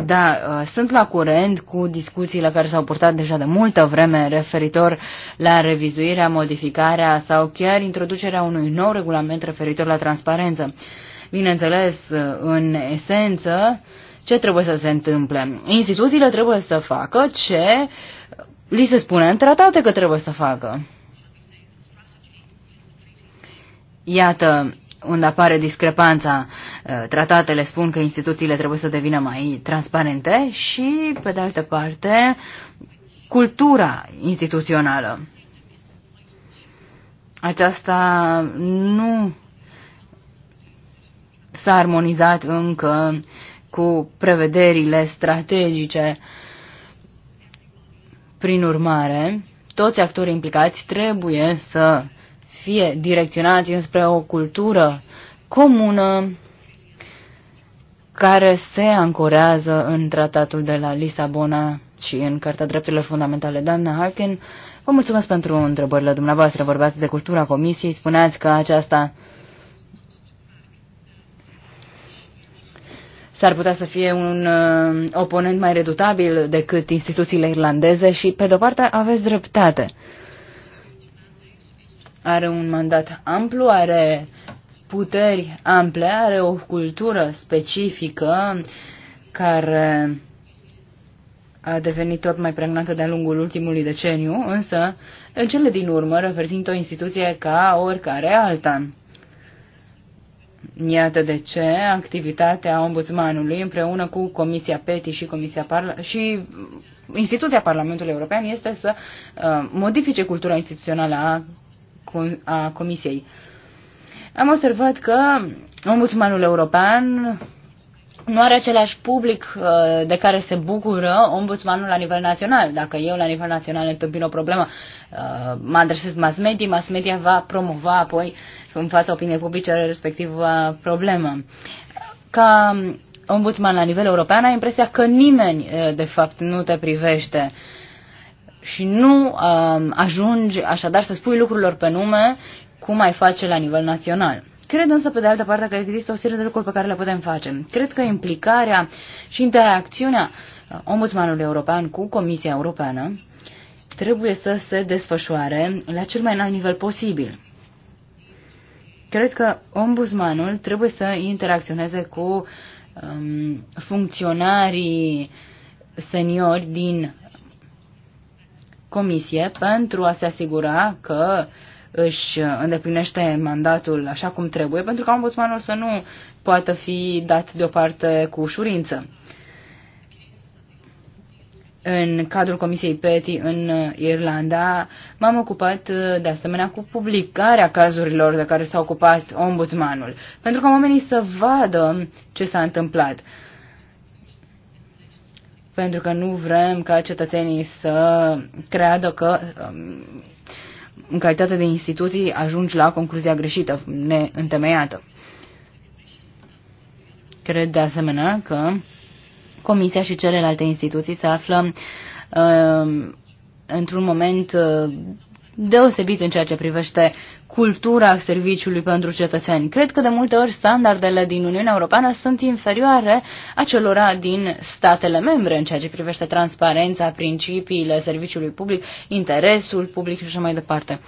Da, uh, sunt la curent cu discuțiile care s-au purtat deja de multă vreme referitor la revizuirea, modificarea sau chiar introducerea unui nou regulament referitor la transparență. Bineînțeles, uh, în esență, ce trebuie să se întâmple? Instituțiile trebuie să facă ce li se spune în tratate că trebuie să facă. Iată, unde apare discrepanța. Uh, tratatele spun că instituțiile trebuie să devină mai transparente și, pe de altă parte, cultura instituțională. Aceasta nu s-a armonizat încă cu prevederile strategice. Prin urmare, toți actorii implicați trebuie să fie direcționați înspre o cultură comună care se ancorează în tratatul de la Lisabona și în Carta Drepturilor Fundamentale. Doamna Harkin, vă mulțumesc pentru întrebările dumneavoastră. Vorbeați de cultura comisiei, spuneați că aceasta s-ar putea să fie un uh, oponent mai redutabil decât instituțiile irlandeze și, pe de-o parte, aveți dreptate. Uh, are un mandat amplu, are puteri ample, are o cultură specifică care a devenit tot mai pregnantă de-a lungul ultimului deceniu, însă, în cele din urmă, reprezintă o instituție ca oricare alta. Iată de ce activitatea ombudsmanului împreună cu Comisia PETI și, Comisia Parla- și instituția Parlamentului European este să uh, modifice cultura instituțională a a Comisiei. Am observat că ombudsmanul european nu are același public uh, de care se bucură ombudsmanul la nivel național. Dacă eu la nivel național întâmpin o problemă, uh, mă adresez mass media, mass media va promova apoi în fața opiniei publice respectivă uh, problemă. Ca ombudsman la nivel european ai impresia că nimeni de fapt nu te privește și nu um, ajungi așadar să spui lucrurilor pe nume cum ai face la nivel național. Cred însă, pe de altă parte, că există o serie de lucruri pe care le putem face. Cred că implicarea și interacțiunea uh, Ombudsmanului European cu Comisia Europeană trebuie să se desfășoare la cel mai înalt nivel posibil. Cred că ombudsmanul trebuie să interacționeze cu um, funcționarii seniori din comisie pentru a se asigura că își îndeplinește mandatul așa cum trebuie, pentru ca ombudsmanul să nu poată fi dat deoparte cu ușurință. În cadrul Comisiei PETI în Irlanda m-am ocupat de asemenea cu publicarea cazurilor de care s-a ocupat ombudsmanul, pentru ca oamenii să vadă ce s-a întâmplat pentru că nu vrem ca cetățenii să creadă că um, în calitate de instituții ajungi la concluzia greșită, neîntemeiată. Cred de asemenea că Comisia și celelalte instituții se află uh, într-un moment uh, deosebit în ceea ce privește cultura serviciului pentru cetățeni. Cred că de multe ori standardele din Uniunea Europeană sunt inferioare acelora din statele membre în ceea ce privește transparența, principiile serviciului public, interesul public și așa mai departe.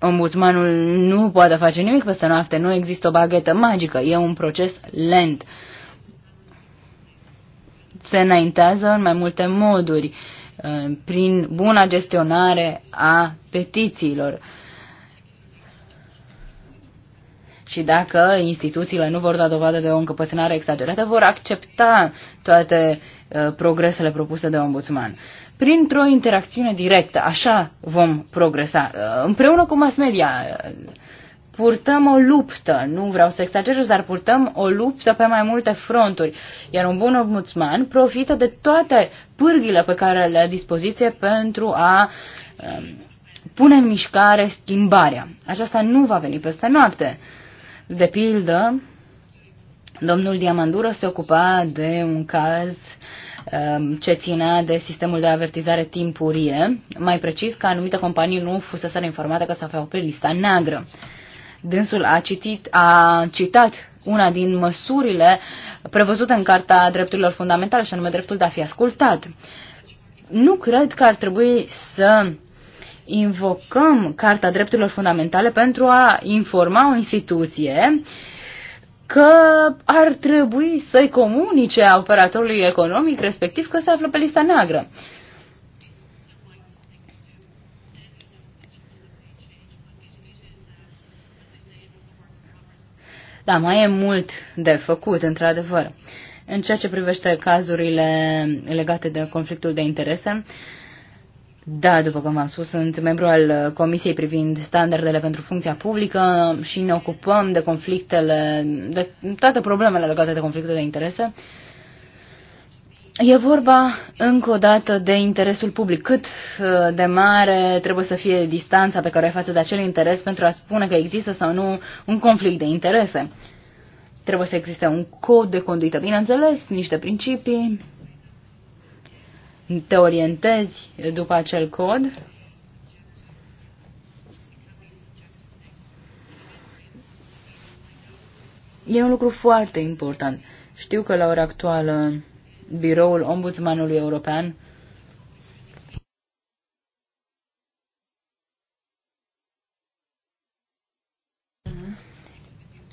Ombudsmanul nu poate face nimic peste noapte, nu există o baghetă magică, e un proces lent. Se înaintează în mai multe moduri. Uh, Uh, prin buna gestionare a petițiilor. Și dacă instituțiile nu vor da dovadă de o încăpățânare exagerată, vor accepta toate uh, progresele propuse de ombudsman. Printr-o interacțiune directă, așa vom progresa, uh, împreună cu mass media, purtăm o luptă, nu vreau să exagerez, dar purtăm o luptă pe mai multe fronturi, iar un bun ombudsman profită de toate pârghile pe care le dispoziție pentru a um, pune în mișcare schimbarea. Aceasta nu va veni peste noapte. De pildă, domnul Diamanduro se ocupa de un caz um, ce ținea de sistemul de avertizare timpurie, mai precis că anumite companii nu fusese informate că s-au pe lista neagră. Uh, Dânsul a, citit, a citat una din măsurile prevăzute în Carta Drepturilor Fundamentale, și anume dreptul de a fi ascultat. Nu cred că ar trebui să invocăm Carta Drepturilor Fundamentale pentru a informa o instituție că ar trebui să-i comunice operatorului economic respectiv că se află pe lista neagră. Da, mai e mult de făcut, într-adevăr. În ceea ce privește cazurile legate de conflictul de interese, da, după cum v-am spus, sunt membru al Comisiei privind standardele pentru funcția publică și ne ocupăm de conflictele, de toate problemele legate de conflictul de interese. Uh, E vorba încă o dată de interesul public. Cât uh, de mare trebuie să fie distanța pe care o ai față de acel interes pentru a spune că există sau nu un conflict de interese. Trebuie să existe un cod de conduită, bineînțeles, niște principii. Te orientezi după acel cod. E un lucru foarte important. Știu că la ora actuală biroul ombudsmanului european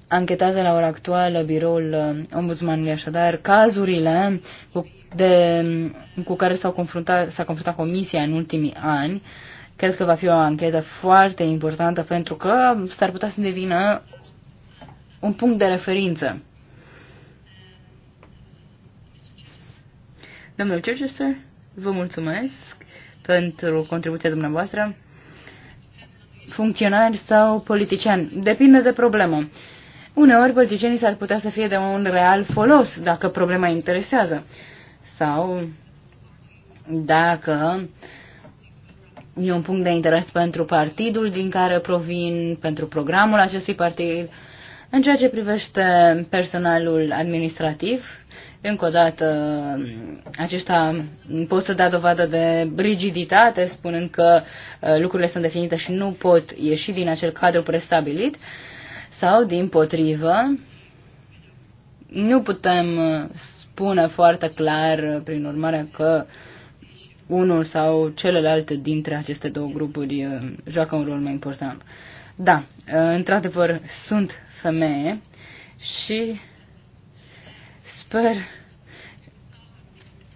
anchetează la ora actuală biroul uh, ombudsmanului așadar cazurile cu, de, cu care s-a confruntat, confruntat comisia în ultimii ani. Cred că va fi o anchetă foarte importantă pentru că s-ar putea să devină un punct de referință. Domnul Chichester, vă mulțumesc pentru contribuția dumneavoastră. Funcționari sau politician, depinde de problemă. Uneori politicienii s-ar putea să fie de un real folos dacă problema interesează. Sau dacă e un punct de interes pentru partidul din care provin, pentru programul acestui partid, în ceea ce privește personalul administrativ, încă o dată, aceștia pot să dea dovadă de rigiditate, spunând că uh, lucrurile sunt definite și nu pot ieși din acel cadru prestabilit, sau, din potrivă, nu putem uh, spune foarte clar, uh, prin urmare, că unul sau celălalt dintre aceste două grupuri joacă un rol mai important. Da, într-adevăr, sunt femeie și Sper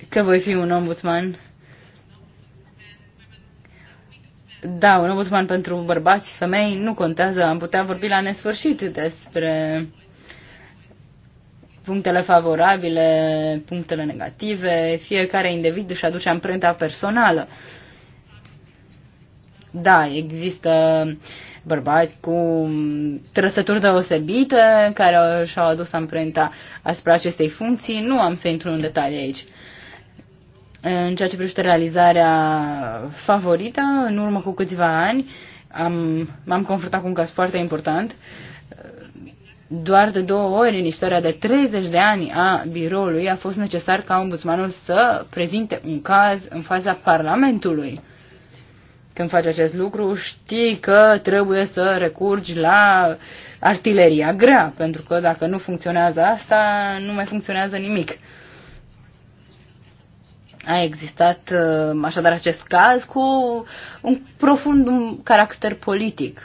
că voi fi un ombudsman. Da, un ombudsman pentru bărbați, femei, nu contează. Am putea vorbi la nesfârșit despre punctele favorabile, punctele negative. Fiecare individ își aduce amprenta personală. Da, există uh, bărbați cu trăsături deosebite care și-au adus amprenta asupra acestei funcții. Nu am să intru în detalii aici. În ceea ce privește realizarea favorită, în urmă cu câțiva ani, am, m-am confruntat cu un caz foarte important. Doar de două ori în istoria de 30 de ani a biroului a fost necesar ca ombudsmanul să prezinte un caz în faza Parlamentului. Când faci acest lucru, știi că trebuie să recurgi la artileria grea, pentru că dacă nu funcționează asta, nu mai funcționează nimic. A existat uh, așadar acest caz cu un profund caracter politic.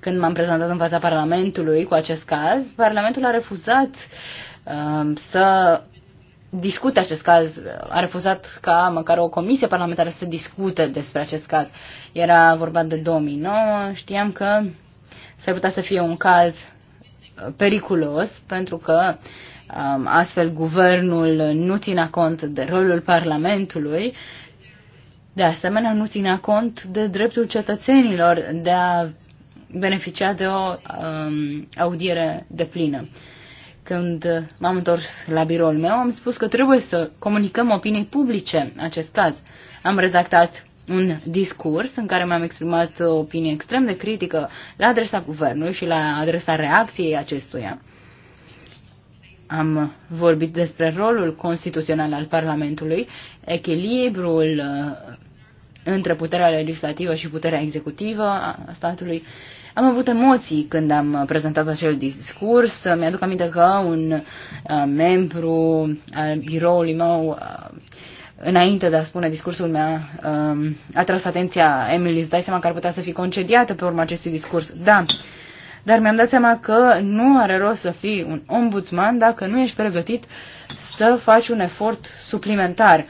Când m-am prezentat în fața Parlamentului cu acest caz, Parlamentul a refuzat uh, să discute acest caz, a refuzat ca măcar o comisie parlamentară să discute despre acest caz. Era vorba de 2009, știam că s-ar putea să fie un caz uh, periculos, pentru că um, astfel guvernul nu ținea cont de rolul Parlamentului, de asemenea nu ținea cont de dreptul cetățenilor de a beneficia de o um, audiere deplină. plină. Când m-am întors la biroul meu, am spus că trebuie să comunicăm opinii publice acest caz. Am redactat un discurs în care mi-am exprimat o opinie extrem de critică la adresa guvernului și la adresa reacției acestuia. Am vorbit despre rolul constituțional al Parlamentului, echilibrul uh, între puterea legislativă și puterea executivă a statului am avut emoții când am prezentat acel discurs. Mi-aduc aminte că un uh, membru al biroului meu uh, înainte de a spune discursul meu, uh, um, a tras atenția Emily, îți dai seama că ar putea să fie concediată pe urma acestui discurs. Da, dar mi-am dat seama că nu are rost să fii un ombudsman dacă nu ești pregătit să faci un efort suplimentar.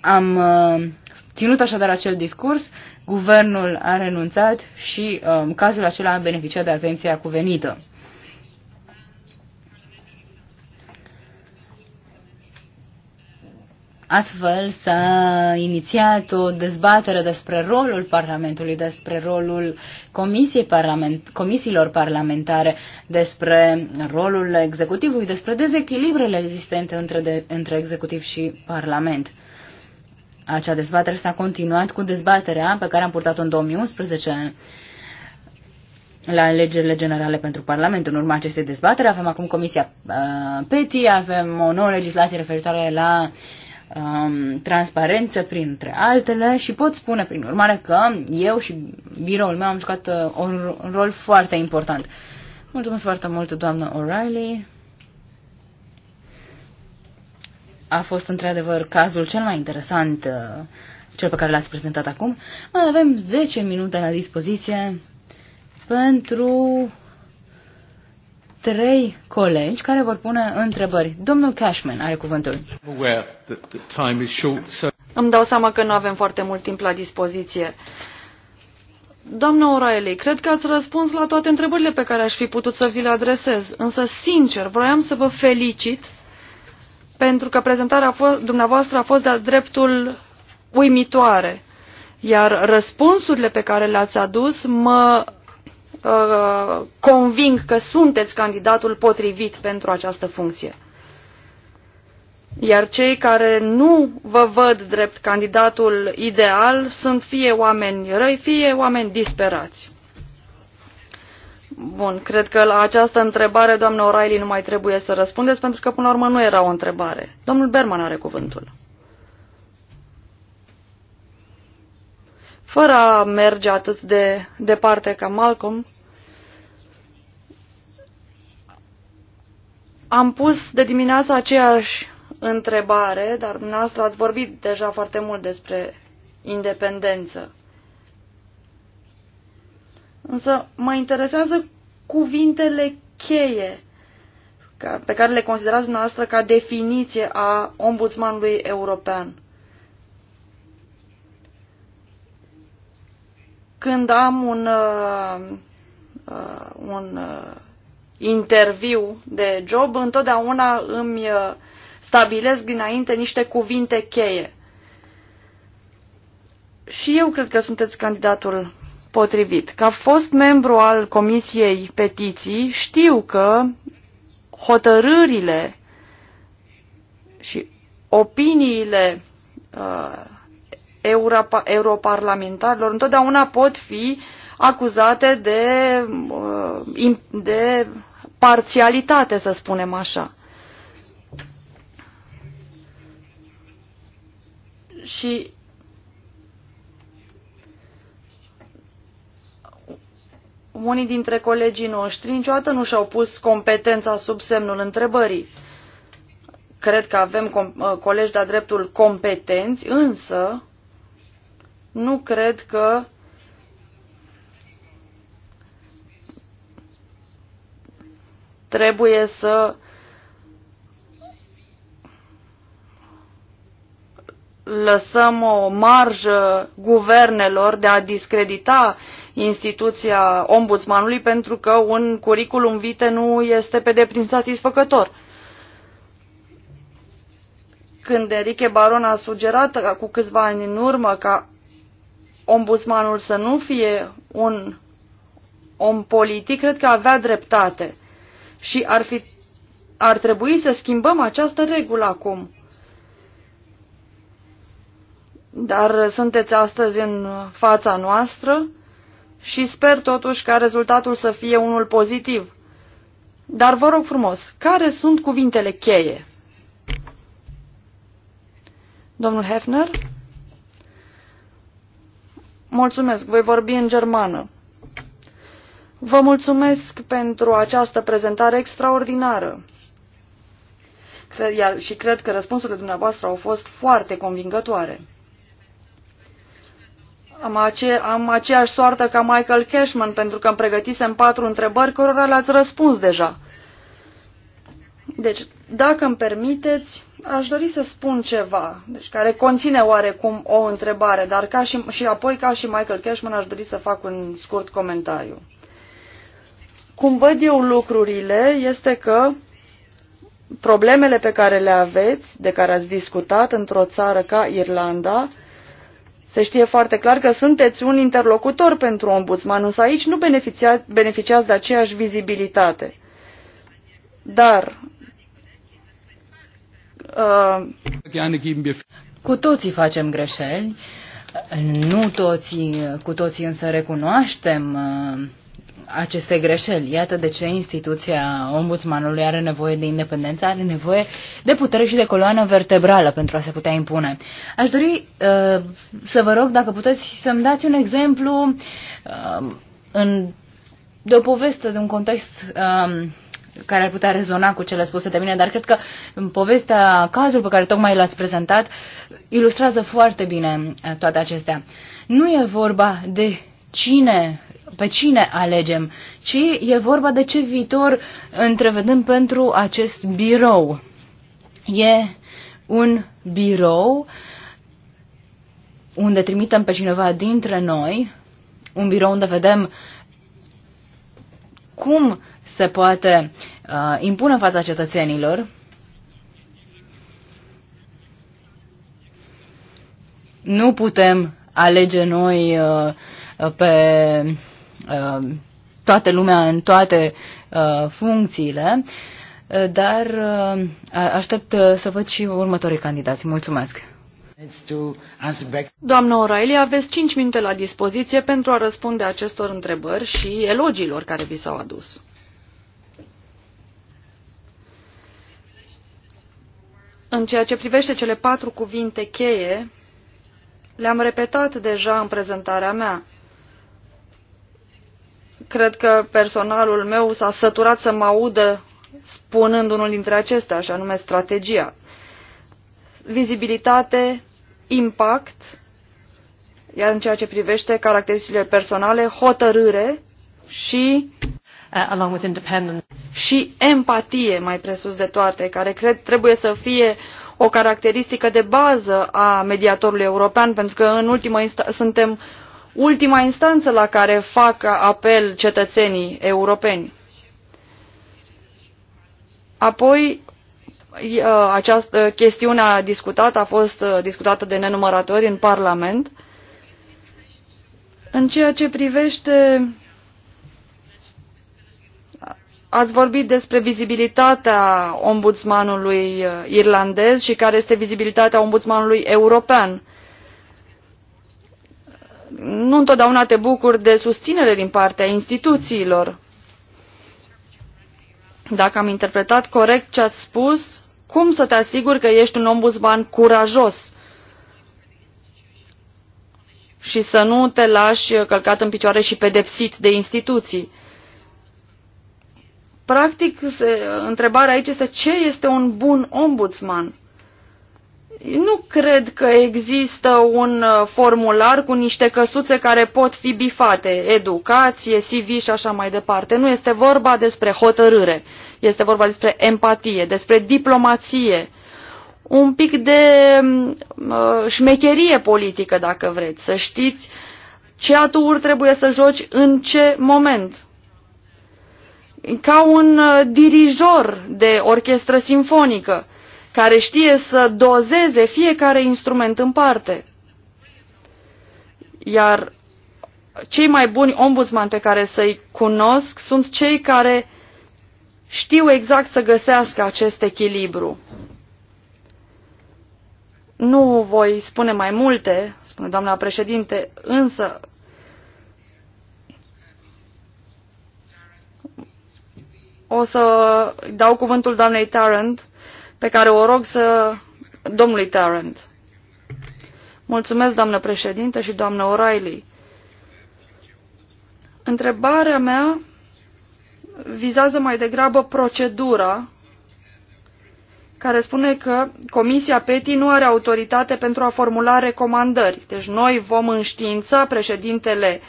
Am uh, ținut așadar acel discurs guvernul a renunțat și um, cazul acela a beneficiat de atenția cuvenită. Astfel s-a inițiat o dezbatere despre rolul Parlamentului, despre rolul comisiei parlament, comisiilor parlamentare, despre rolul executivului, despre dezechilibrele existente între, de, între executiv și Parlament. Acea dezbatere s-a continuat cu dezbaterea pe care am purtat-o în 2011 la alegerile generale pentru Parlament. În urma acestei dezbatere avem acum Comisia uh, PETI, avem o nouă legislație referitoare la um, transparență, printre altele, și pot spune, prin urmare, că eu și biroul meu am jucat uh, un, rol foarte important. Mulțumesc foarte mult, doamnă O'Reilly. a fost într-adevăr cazul cel mai interesant, uh, cel pe care l-ați prezentat acum. Mai avem 10 minute la dispoziție pentru trei colegi care vor pune întrebări. Domnul Cashman are cuvântul. Îmi dau seama că nu avem foarte mult timp la dispoziție. Doamna O'Reilly, cred că ați răspuns la toate întrebările pe care aș fi putut să vi le adresez, însă, sincer, vroiam să vă felicit pentru că prezentarea a fost, dumneavoastră a fost de-a dreptul uimitoare, iar răspunsurile pe care le-ați adus mă uh, conving că sunteți candidatul potrivit pentru această funcție. Iar cei care nu vă văd drept candidatul ideal sunt fie oameni răi, fie oameni disperați. Bun, cred că la această întrebare, doamnă O'Reilly, nu mai trebuie să răspundeți, pentru că până la urmă nu era o întrebare. Domnul Berman are cuvântul. Fără a merge atât de departe ca Malcolm, am pus de dimineață aceeași întrebare, dar dumneavoastră ați vorbit deja foarte mult despre independență. Însă mă interesează cuvintele cheie pe care le considerați dumneavoastră ca definiție a ombudsmanului european. Când am un, uh, uh, un uh, interviu de job, întotdeauna îmi uh, stabilesc dinainte niște cuvinte cheie. Și eu cred că sunteți candidatul potrivit. Ca fost membru al Comisiei Petiții, știu că hotărârile și opiniile uh, europa, europarlamentarilor întotdeauna pot fi acuzate de, uh, de parțialitate, să spunem așa. Și Unii dintre colegii noștri niciodată nu și-au pus competența sub semnul întrebării. Cred că avem uh, colegi de-a dreptul competenți, însă nu cred că trebuie să lăsăm o marjă guvernelor de a discredita instituția ombudsmanului pentru că un curriculum vitae nu este pe deplin satisfăcător. Când Enrique Baron a sugerat cu câțiva ani în urmă ca ombudsmanul să nu fie un om politic, cred că avea dreptate și ar, fi, ar trebui să schimbăm această regulă acum. Dar sunteți astăzi în fața noastră și sper totuși ca rezultatul să fie unul pozitiv. Dar vă rog frumos, care sunt cuvintele cheie? Domnul Hefner? Mulțumesc, voi vorbi în germană. Vă mulțumesc pentru această prezentare extraordinară. Cred, iar, și cred că răspunsurile dumneavoastră au fost foarte convingătoare. Am, ace- am aceeași soartă ca Michael Cashman, pentru că îmi pregătisem patru întrebări cărora le-ați răspuns deja. Deci, dacă îmi permiteți, aș dori să spun ceva, deci care conține oarecum o întrebare, dar ca și, și apoi, ca și Michael Cashman, aș dori să fac un scurt comentariu. Cum văd eu lucrurile este că problemele pe care le aveți, de care ați discutat într-o țară ca Irlanda, se știe foarte clar că sunteți un interlocutor pentru ombudsman, însă aici nu beneficiați de aceeași vizibilitate. Dar uh, cu toții facem greșeli, nu toții, cu toții însă recunoaștem uh, aceste greșeli. Iată de ce instituția ombudsmanului are nevoie de independență, are nevoie de putere și de coloană vertebrală pentru a se putea impune. Aș dori uh, să vă rog dacă puteți să-mi dați un exemplu uh, în, de o poveste, de un context uh, care ar putea rezona cu cele spuse de mine, dar cred că povestea, cazul pe care tocmai l-ați prezentat, ilustrează foarte bine uh, toate acestea. Nu e vorba de cine pe cine alegem, ci e vorba de ce viitor întrevedem pentru acest birou. E un birou unde trimitem pe cineva dintre noi, un birou unde vedem cum se poate uh, impune în fața cetățenilor nu putem alege noi uh, pe Um, toată lumea în toate uh, funcțiile, uh, dar uh, aștept să văd și următorii candidați. Mulțumesc! Doamnă O'Reilly, aveți 5 minute la dispoziție pentru a răspunde acestor întrebări și elogiilor care vi s-au adus. În ceea ce privește cele patru cuvinte cheie, le-am repetat deja în prezentarea mea. Cred că personalul meu s-a săturat să mă audă spunând unul dintre acestea, așa nume strategia. Vizibilitate, impact, iar în ceea ce privește caracteristicile personale, hotărâre și uh, along with independence. și empatie, mai presus de toate, care cred trebuie să fie o caracteristică de bază a mediatorului european, pentru că în ultimă instanță suntem ultima instanță la care fac apel cetățenii europeni. Apoi, ă, această chestiune a discutată a fost discutată de nenumăratori în Parlament. În ceea ce privește ați vorbit despre vizibilitatea ombudsmanului irlandez și care este vizibilitatea ombudsmanului european nu întotdeauna te bucuri de susținere din partea instituțiilor. Dacă am interpretat corect ce ați spus, cum să te asiguri că ești un ombudsman curajos și să nu te lași călcat în picioare și pedepsit de instituții? Practic, se, întrebarea aici este ce este un bun ombudsman? Nu cred că există un uh, formular cu niște căsuțe care pot fi bifate, educație, CV și așa mai departe. Nu este vorba despre hotărâre, este vorba despre empatie, despre diplomație, un pic de mm, uh, șmecherie politică, dacă vreți, să știți ce atur trebuie să joci în ce moment. Ca un uh, dirijor de orchestră simfonică care știe să dozeze fiecare instrument în parte. Iar cei mai buni ombudsman pe care să-i cunosc sunt cei care știu exact să găsească acest echilibru. Nu voi spune mai multe, spune doamna președinte, însă o să dau cuvântul doamnei Tarrant pe care o rog să domnului Tarrant. Mulțumesc, doamnă președinte și doamnă O'Reilly. Întrebarea mea vizează mai degrabă procedura care spune că Comisia PETI nu are autoritate pentru a formula recomandări. Deci noi vom înștiința președintele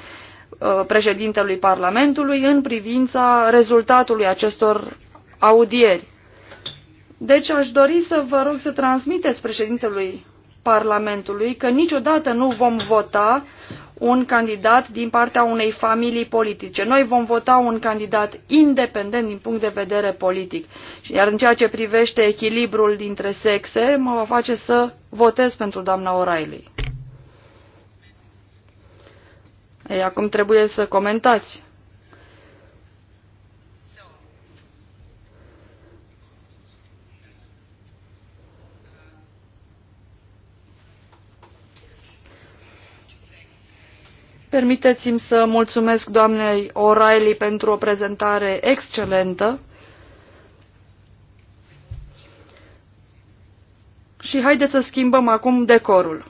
uh, președintelui Parlamentului în privința rezultatului acestor audieri. Deci aș dori să vă rog să transmiteți președintelui Parlamentului că niciodată nu vom vota un candidat din partea unei familii politice. Noi vom vota un candidat independent din punct de vedere politic. Iar în ceea ce privește echilibrul dintre sexe, mă va face să votez pentru doamna O'Reilly. Ei, acum trebuie să comentați. Permiteți-mi să mulțumesc doamnei O'Reilly pentru o prezentare excelentă. Și haideți să schimbăm acum decorul.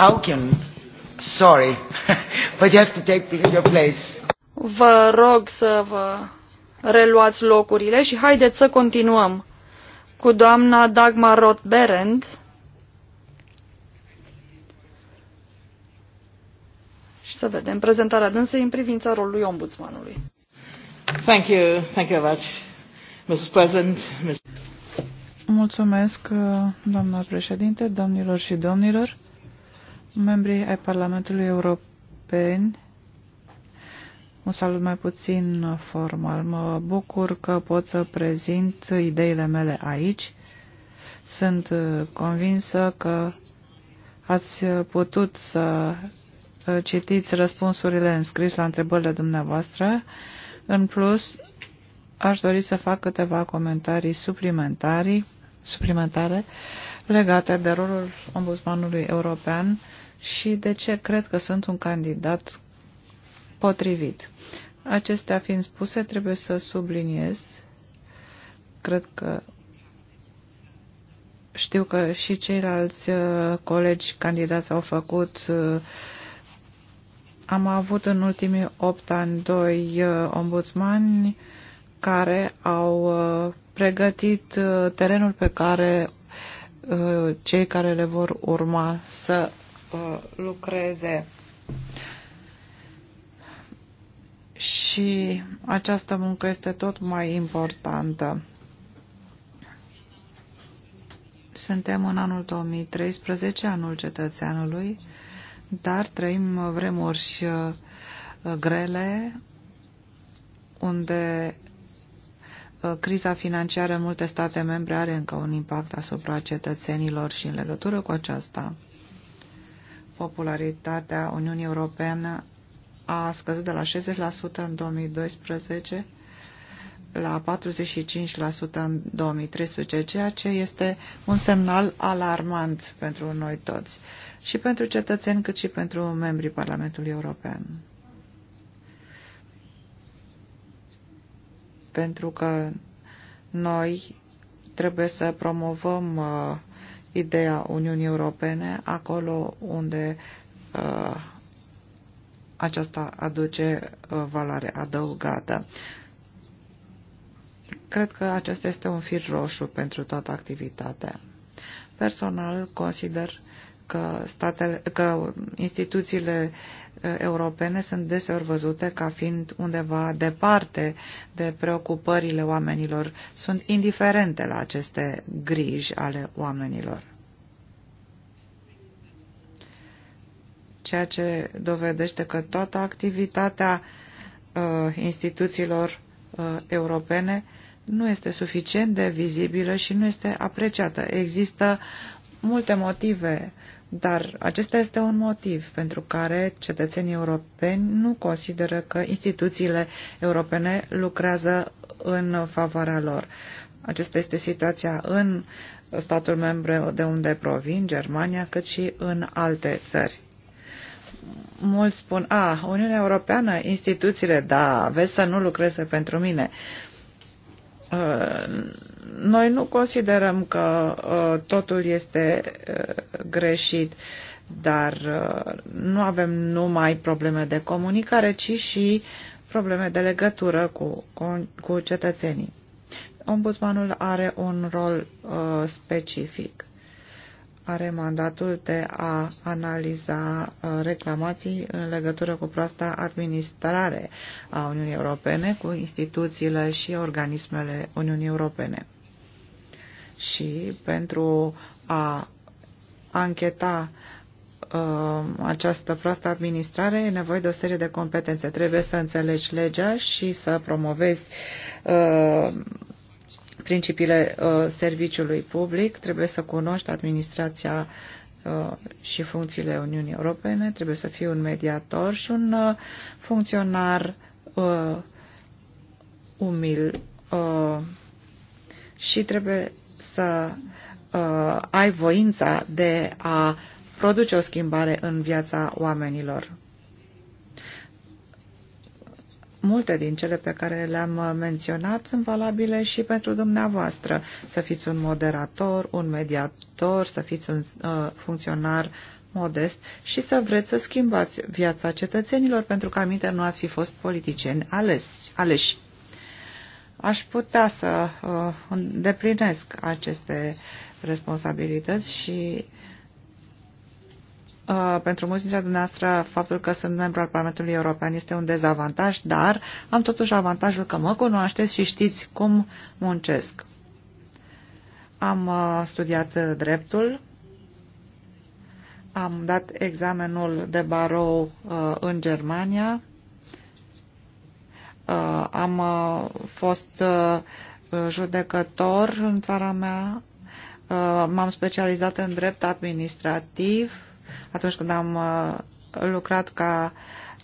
Auken, sorry, but you have to take your place. Vă rog să vă reluați locurile și haideți să continuăm cu doamna Dagmar Roth-Berend și să vedem prezentarea dânsei în privința rolului ombudsmanului. Thank you, thank you very much, Mrs. President. Mulțumesc, doamna președinte, domnilor și domnilor membrii ai Parlamentului European, un salut mai puțin formal. Mă bucur că pot să prezint ideile mele aici. Sunt convinsă că ați putut să uh, citiți răspunsurile înscris la întrebările dumneavoastră. În plus, aș dori să fac câteva comentarii suplimentare legate de rolul ombudsmanului european și de ce cred că sunt un candidat potrivit. Acestea fiind spuse, trebuie să subliniez, cred că știu că și ceilalți uh, colegi candidați au făcut uh, am avut în ultimii opt ani doi uh, ombudsmani care au pregătit terenul pe care cei care le vor urma să Uh, lucreze. Și această muncă este tot mai importantă. Suntem în anul 2013, anul cetățeanului, dar trăim vremuri și uh, grele unde uh, criza financiară în multe state membre are încă un impact asupra cetățenilor și în legătură cu aceasta popularitatea Uniunii Europene a scăzut de la 60% în 2012 la 45% în 2013, ceea ce este un semnal alarmant pentru noi toți, și pentru cetățeni, cât și pentru membrii Parlamentului European. Pentru că noi trebuie să promovăm uh, ideea Uniunii Europene acolo unde uh, aceasta aduce uh, valoare adăugată. Cred că acesta este un fir roșu pentru toată activitatea. Personal consider că, statele, că instituțiile europene sunt deseori văzute ca fiind undeva departe de preocupările oamenilor, sunt indiferente la aceste griji ale oamenilor. Ceea ce dovedește că toată activitatea uh, instituțiilor uh, europene nu este suficient de vizibilă și nu este apreciată. Există multe motive uh, dar acesta este un motiv pentru care cetățenii europeni nu consideră că instituțiile europene lucrează în favoarea lor. Acesta este situația în statul membru de unde provin, Germania, cât și în alte țări. Mulți spun, a, Uniunea Europeană, instituțiile, da, vezi să nu lucreze pentru mine. Uh, noi nu considerăm că uh, totul este uh, greșit, dar uh, nu avem numai probleme de comunicare, ci și probleme de legătură cu, cu, cu cetățenii. Ombudsmanul are un rol uh, specific are mandatul de a analiza uh, reclamații în legătură cu proasta administrare a Uniunii Europene, cu instituțiile și organismele Uniunii Europene. Și pentru a ancheta uh, această proastă administrare, e nevoie de o serie de competențe. Trebuie să înțelegi legea și să promovezi uh, principiile uh, serviciului public, trebuie să cunoști administrația uh, și funcțiile Uniunii Europene, trebuie să fii un mediator și un uh, funcționar umil și trebuie să ai voința de a produce o schimbare în viața oamenilor. Multe din cele pe care le-am uh, menționat sunt valabile și pentru dumneavoastră. Să fiți un moderator, un mediator, să fiți un uh, funcționar modest și să vreți să schimbați viața cetățenilor pentru că aminte nu ați fi fost politicieni ales, aleși. Aș putea să uh, îndeplinesc aceste responsabilități și Uh, pentru mulți dintre dumneavoastră faptul că sunt membru al Parlamentului European este un dezavantaj, dar am totuși avantajul că mă cunoașteți și știți cum muncesc. Am uh, studiat dreptul, am dat examenul de barou uh, în Germania, am fost judecător în țara mea, m-am specializat în drept administrativ, atunci când am uh, lucrat ca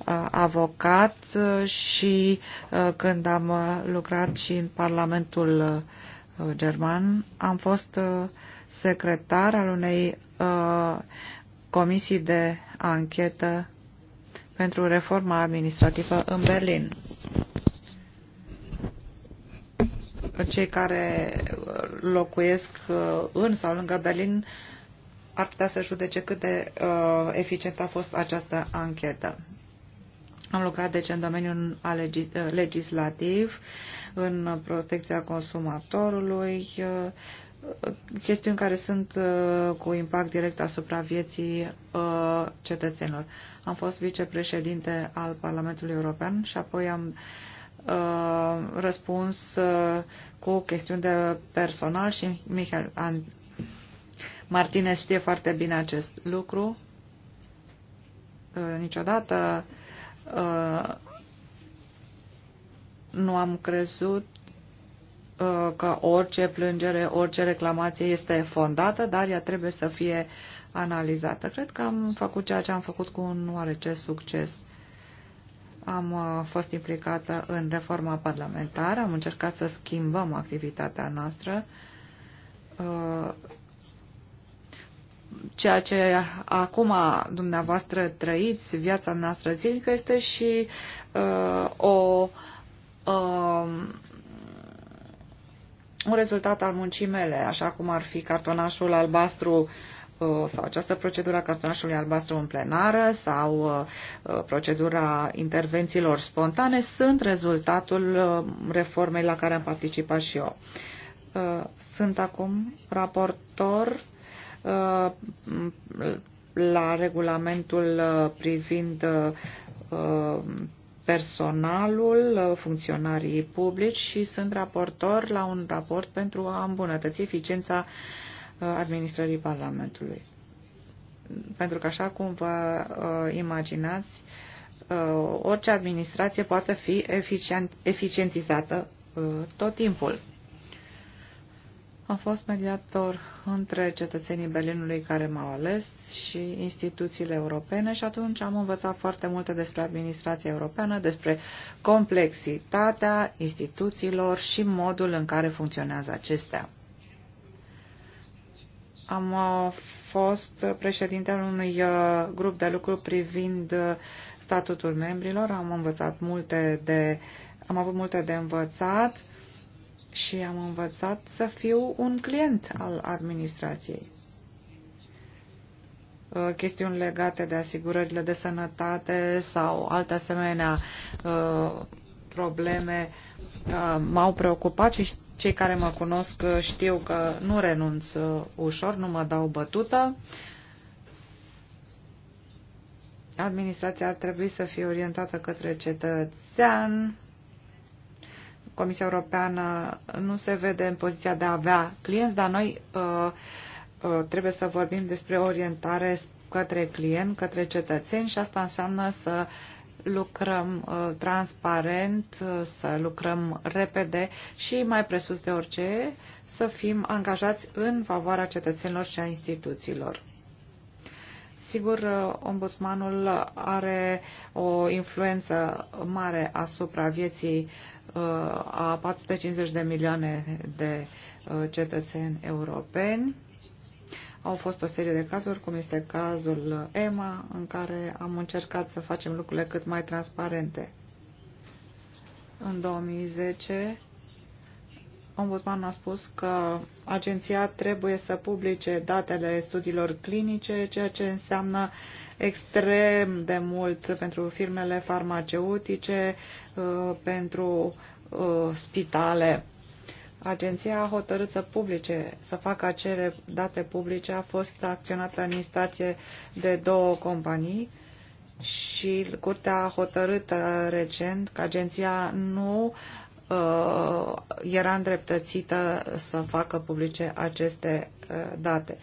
uh, avocat uh, și când am lucrat și în Parlamentul German. Am fost secretar al unei comisii de anchetă pentru reforma administrativă în Berlin. Cei care locuiesc în sau lângă Berlin ar putea să judece cât de uh, eficient a fost această anchetă. Am lucrat deci în domeniul uh, legislativ, în protecția consumatorului, uh, chestiuni care sunt uh, cu impact direct asupra vieții cetățenilor. Am fost vicepreședinte al Parlamentului European și apoi am răspuns cu chestiuni de personal și Michael Martinez știe foarte bine acest lucru. Uh, niciodată uh, nu am crezut uh, că orice plângere, orice reclamație este fondată, dar ea trebuie să fie analizată. Cred că am făcut ceea ce am făcut cu un oarece succes. Am fost implicată în reforma parlamentară, am încercat să schimbăm activitatea noastră ceea ce acum dumneavoastră trăiți, viața noastră zilnică, este și uh, o, uh, un rezultat al muncii mele, așa cum ar fi cartonașul albastru uh, sau această procedură a cartonașului albastru în plenară sau uh, uh, procedura intervențiilor spontane sunt rezultatul reformei la care am participat și eu. Sunt acum raportor Uh, la regulamentul uh, privind uh, personalul, funcționarii publici și sunt raportor la un raport pentru a îmbunătăți eficiența administrării Parlamentului. Pentru că, așa cum vă imaginați, orice administrație poate fi eficient, eficientizată tot timpul. Am fost mediator între cetățenii Berlinului care m-au ales și instituțiile europene și atunci am învățat foarte multe despre administrația europeană, despre complexitatea instituțiilor și modul în care funcționează acestea. Am uh, fost președinte al unui uh, grup de lucru privind uh, statutul membrilor, am învățat multe de, am avut multe de învățat și am învățat să fiu un client al administrației. Uh, chestiuni legate de asigurările de sănătate sau alte asemenea uh, probleme uh, m-au preocupat și cei care mă cunosc știu că nu renunț ușor, nu mă dau bătută. Administrația ar trebui să fie orientată către cetățean, Comisia Europeană nu se vede în poziția de a avea clienți, dar noi uh, uh, trebuie să vorbim despre orientare către client, către cetățeni și asta înseamnă să lucrăm uh, transparent, uh, să lucrăm repede și mai presus de orice să fim angajați în favoarea cetățenilor și a instituțiilor. Sigur, uh, ombudsmanul are o influență mare asupra vieții uh, Uh, a 450 de milioane de uh, cetățeni europeni. Au fost o serie de cazuri, cum este cazul EMA, în care am încercat să facem lucrurile cât mai transparente. În 2010, ombudsman a spus că agenția trebuie să publice datele studiilor clinice, ceea ce înseamnă uh, extrem de mult pentru firmele farmaceutice, uh, pentru uh, spitale. Agenția a hotărât să publice, să facă acele date publice, a fost acționată în instație de două companii și curtea a hotărât uh, recent că agenția nu era îndreptățită să facă publice aceste date.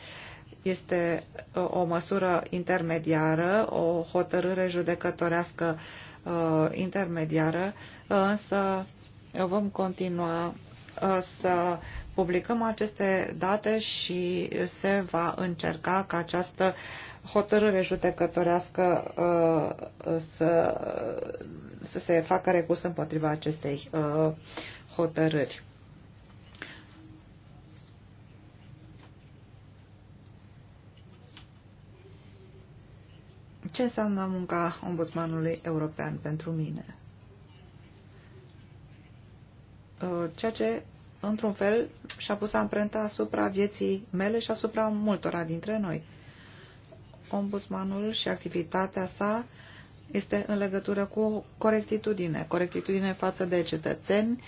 Este uh, o măsură intermediară, o hotărâre judecătorească uh, intermediară, însă vom continua uh, să publicăm aceste date și se va încerca ca această hotărâre judecătorească să, să se facă recurs împotriva acestei hotărâri. ce înseamnă munca ombudsmanului european pentru mine. Uh, ceea ce, într-un fel, și-a pus amprenta asupra vieții mele și asupra multora dintre noi. Ombudsmanul și activitatea sa este în legătură cu corectitudine, corectitudine față de cetățeni,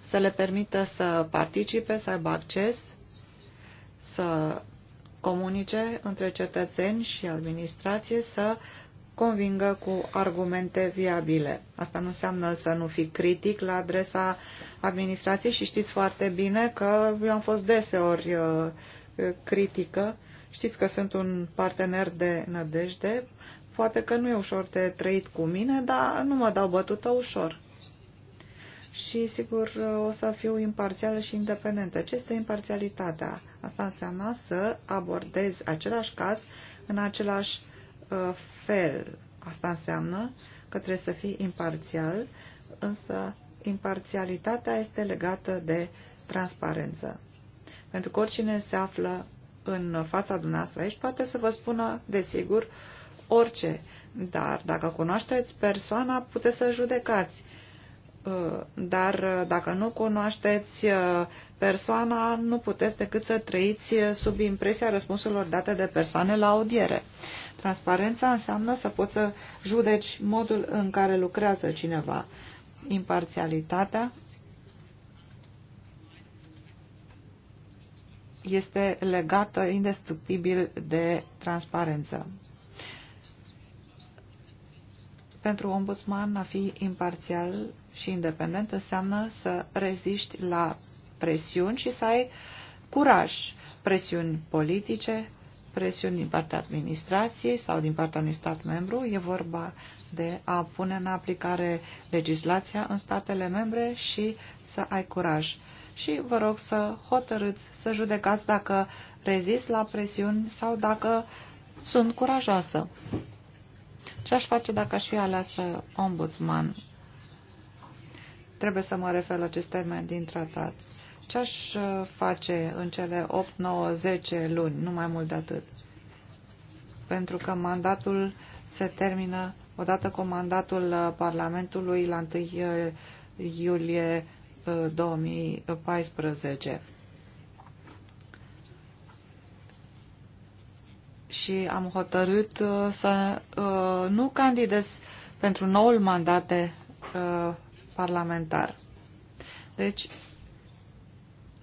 să le permită să participe, să aibă acces, să comunice între cetățeni și administrație să convingă cu argumente viabile. Asta nu înseamnă să nu fii critic la adresa administrației și știți foarte bine că eu am fost deseori uh, critică. Știți că sunt un partener de nădejde. Poate că nu e ușor de trăit cu mine, dar nu mă dau bătută ușor și, sigur, o să fiu imparțială și independentă. Ce este imparțialitatea? Asta înseamnă să abordez același caz în același uh, fel. Asta înseamnă că trebuie să fii imparțial, însă imparțialitatea este legată de transparență. Pentru că oricine se află în fața dumneavoastră aici poate să vă spună, desigur, orice. Dar dacă cunoașteți persoana, puteți să judecați Uh, dar uh, dacă nu cunoașteți uh, persoana, nu puteți decât să trăiți sub impresia răspunsurilor date de persoane la audiere. Transparența înseamnă să poți să judeci modul în care lucrează cineva. Imparțialitatea este legată indestructibil de transparență. Pentru ombudsman a fi imparțial și independent înseamnă să reziști la presiuni și să ai curaj. Presiuni politice, presiuni din partea administrației sau din partea unui stat membru. E vorba de a pune în aplicare legislația în statele membre și să ai curaj. Și vă rog să hotărâți, să judecați dacă rezist la presiuni sau dacă sunt curajoasă. Ce aș face dacă aș fi aleasă ombudsman? trebuie să mă refer la acest termen din tratat. Ce aș uh, face în cele 8, 9, 10 luni, nu mai mult de atât? Pentru că mandatul se termină odată cu mandatul uh, Parlamentului la 1 uh, iulie 2014. Și am hotărât să nu candidez pentru noul mandat de parlamentar. Deci,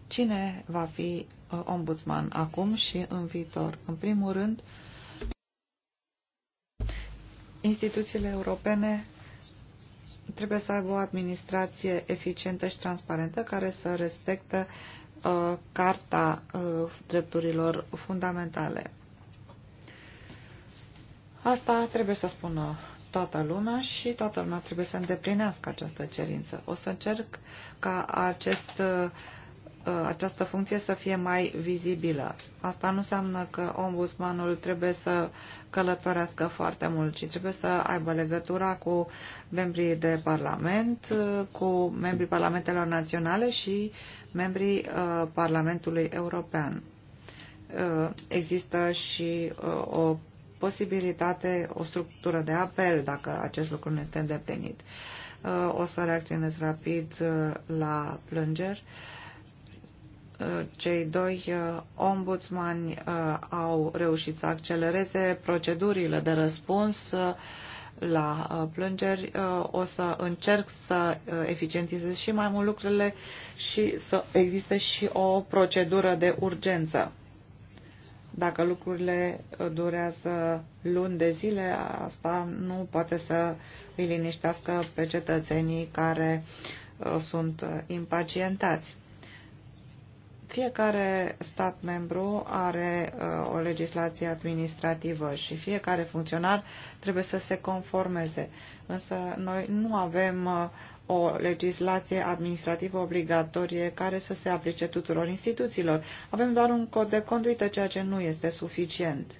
cine va fi uh, ombudsman acum și în viitor? În primul rând, instituțiile europene trebuie să aibă o administrație eficientă și transparentă care să respectă uh, Carta uh, Drepturilor Fundamentale. Asta trebuie să spună toată lumea și toată lumea trebuie să îndeplinească această cerință. O să încerc ca acest, uh, această funcție să fie mai vizibilă. Asta nu înseamnă că ombudsmanul trebuie să călătorească foarte mult, ci trebuie să aibă legătura cu membrii de parlament, cu membrii parlamentelor naționale și membrii uh, Parlamentului European uh, există și o posibilitate, o structură de apel, dacă acest lucru nu este îndeplinit. Uh, o să reacționez rapid uh, la plângeri. Uh, cei doi ombudsmani au reușit să accelereze procedurile de răspuns la plângeri, o să încerc să eficientizez și mai mult lucrurile și să existe și o procedură de urgență. Dacă lucrurile uh, durează luni de zile, asta nu poate să îi liniștească pe cetățenii care uh, sunt impacientați. Fiecare stat membru are uh, o legislație administrativă și fiecare funcționar trebuie să se conformeze. Însă noi nu avem o legislație administrativă obligatorie care să se aplice tuturor instituțiilor. Avem doar un cod de conduită, ceea ce nu este suficient.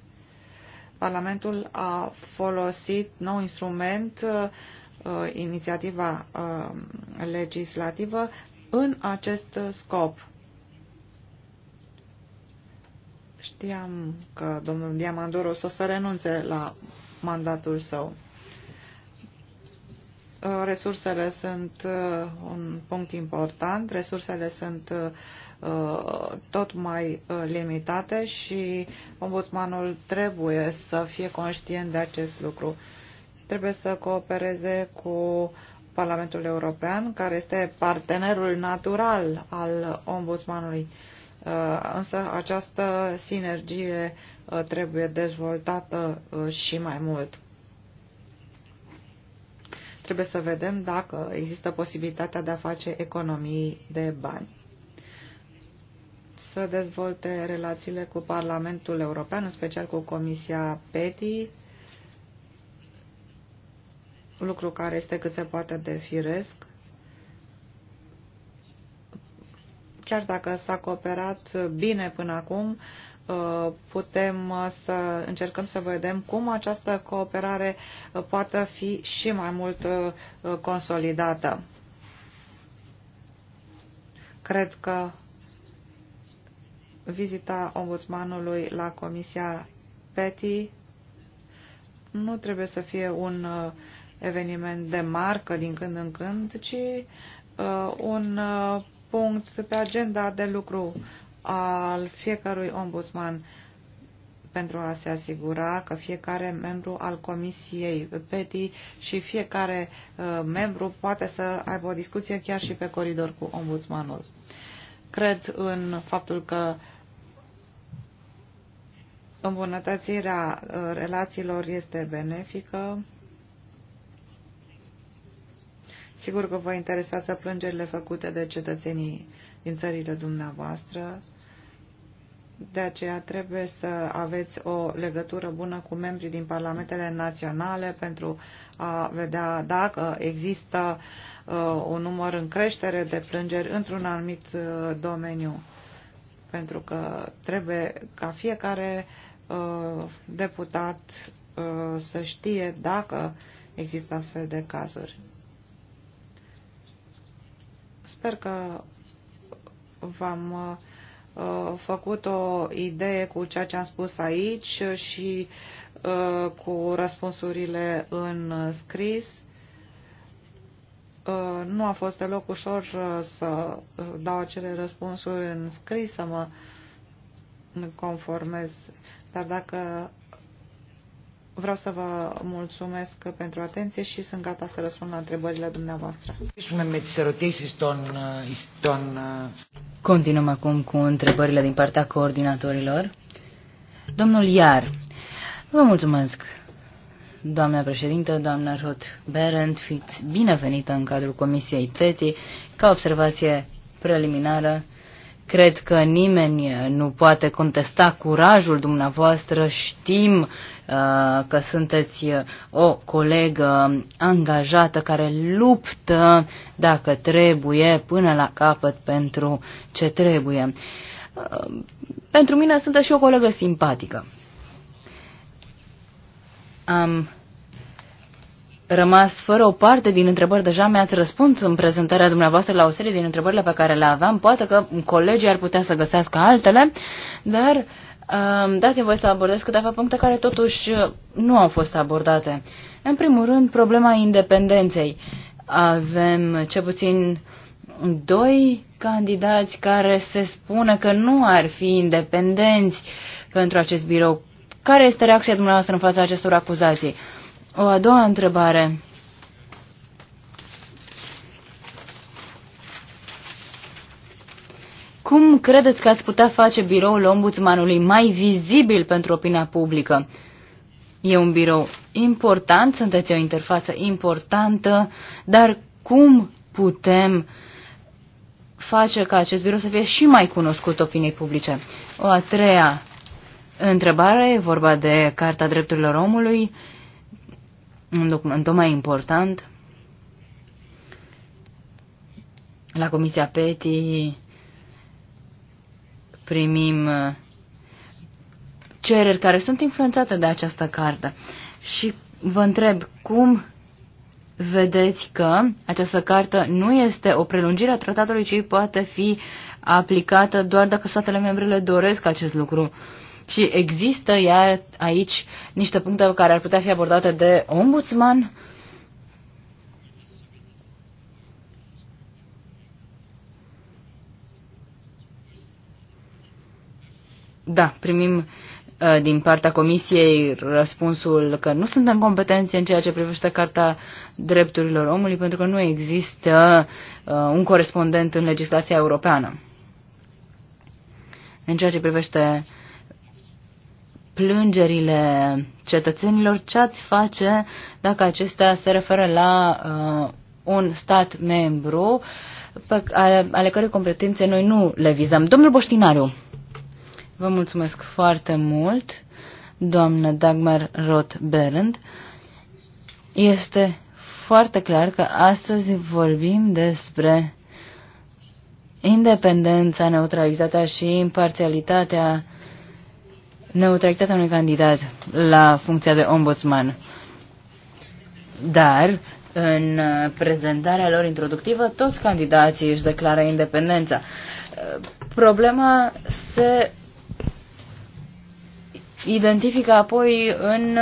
Parlamentul a folosit nou instrument, uh, uh, inițiativa uh, legislativă, în acest scop. Știam că domnul Diamandoros o să renunțe la mandatul său. Uh, resursele sunt uh, un punct important, resursele sunt uh, tot mai limitate și ombudsmanul trebuie să fie conștient de acest lucru. Trebuie să coopereze cu Parlamentul European, care este partenerul natural al ombudsmanului. Însă această sinergie trebuie dezvoltată și mai mult. Trebuie să vedem dacă există posibilitatea de a face economii de bani. Să dezvolte relațiile cu Parlamentul European, în special cu Comisia PETI, lucru care este cât se poate de firesc. Chiar dacă s-a cooperat bine până acum, Uh, putem uh, să încercăm să vedem cum această cooperare uh, poate fi și mai mult consolidată. Cred că vizita ombudsmanului la Comisia PETI nu trebuie să fie un eveniment de marcă din când în când, ci un punct pe agenda de lucru al fiecărui ombudsman pentru a se asigura că fiecare membru al Comisiei PETI și fiecare uh, membru poate să aibă o discuție chiar și pe coridor cu ombudsmanul. Cred în faptul că îmbunătățirea uh, relațiilor este benefică. Sigur că vă interesează plângerile făcute de cetățenii din țările dumneavoastră de aceea trebuie să aveți o legătură bună cu membrii din parlamentele naționale pentru a vedea dacă există uh, un număr în creștere de plângeri într-un anumit uh, domeniu. Pentru că trebuie ca fiecare uh, deputat să știe dacă există astfel de cazuri. Sper că v-am Uh, făcut o idee cu ceea ce am spus aici și uh, cu răspunsurile în scris. Uh, nu a fost deloc ușor să dau acele răspunsuri în scris, să mă conformez. Dar dacă Vreau să vă mulțumesc pentru atenție și sunt gata să răspund la întrebările dumneavoastră. Uh, uh. Continuăm acum cu întrebările din partea coordinatorilor. Domnul Iar, vă mulțumesc. Doamna președintă, doamna Rod Berend, fiți binevenită în cadrul Comisiei PETI. Ca observație preliminară, Cred că nimeni uh, nu poate contesta curajul dumneavoastră. Știm uh, că sunteți uh, o colegă angajată care luptă, dacă trebuie, până la capăt pentru ce trebuie. Uh, pentru mine sunteți și o colegă simpatică. Am rămas fără o parte din întrebări. Deja mi-ați răspuns în prezentarea dumneavoastră la o serie din întrebările pe care le aveam. Poate că colegii ar putea să găsească altele, dar um, dați-mi voi să abordez câteva puncte care totuși uh, nu au fost abordate. În primul rând, problema independenței. Avem ce puțin doi candidați care se spune că nu ar fi independenți pentru acest birou. Care este reacția dumneavoastră în fața acestor acuzații? Uh, o a doua întrebare. Cum credeți că ați putea face biroul ombudsmanului mai vizibil pentru opinia publică? E un birou important, sunteți o interfață importantă, dar cum putem face ca acest birou să fie și mai cunoscut opiniei publice? O a treia întrebare, e vorba de Carta Drepturilor Omului un document mai important. La Comisia PETI primim uh, cereri care sunt influențate de această carte. Și vă întreb cum vedeți că această carte nu este o prelungire a tratatului, ci poate fi aplicată doar dacă statele membrele doresc acest lucru. Uh, și există iar aici niște puncte care ar putea fi abordate de ombudsman? Da, primim uh, din partea Comisiei răspunsul că nu sunt în competenție în ceea ce privește Carta Drepturilor Omului pentru că nu există uh, un corespondent în legislația europeană. În ceea ce privește uh, plângerile cetățenilor, ce ați face dacă acestea se referă la uh, un stat membru pe, ale, ale cărei competențe noi nu le vizăm. Domnul Boștinariu, vă mulțumesc foarte mult, doamnă Dagmar Roth-Berend. Este foarte clar că astăzi vorbim despre independența, neutralitatea și imparțialitatea neutralitatea unui candidat la funcția de ombudsman. Dar, în prezentarea lor introductivă, toți candidații își declară independența. Problema se identifică apoi în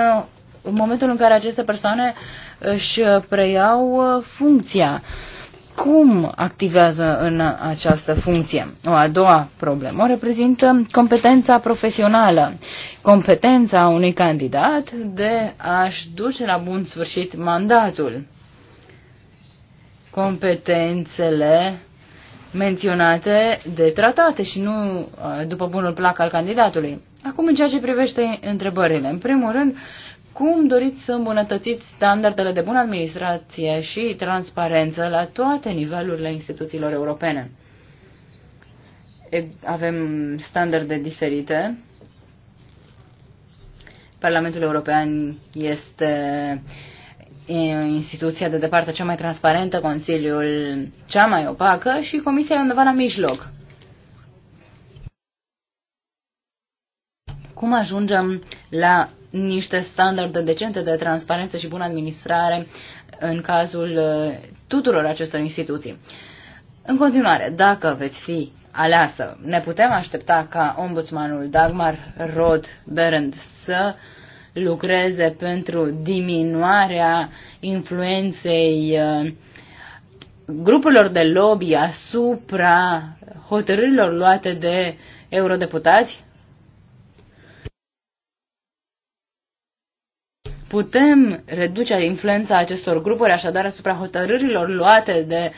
momentul în care aceste persoane își preiau funcția. Uh, cum activează în această funcție. O a doua problemă o reprezintă competența profesională, competența unui candidat de a-și duce la bun sfârșit mandatul. Competențele menționate de tratate și nu uh, după bunul plac al candidatului. Acum, în ceea ce privește întrebările, în primul rând, cum doriți să îmbunătățiți standardele de bună administrație și transparență la toate nivelurile instituțiilor europene? Avem standarde diferite. Parlamentul European este instituția de departe cea mai transparentă, Consiliul cea mai opacă și Comisia e undeva la mijloc. Cum ajungem la niște standarde decente de transparență și bună administrare în cazul uh, tuturor acestor instituții. În continuare, dacă veți fi aleasă, ne putem aștepta ca ombudsmanul Dagmar Rod Berend să lucreze pentru diminuarea influenței uh, grupurilor de lobby asupra hotărârilor luate de eurodeputați? Putem reduce influența acestor grupuri, așadar, asupra hotărârilor luate de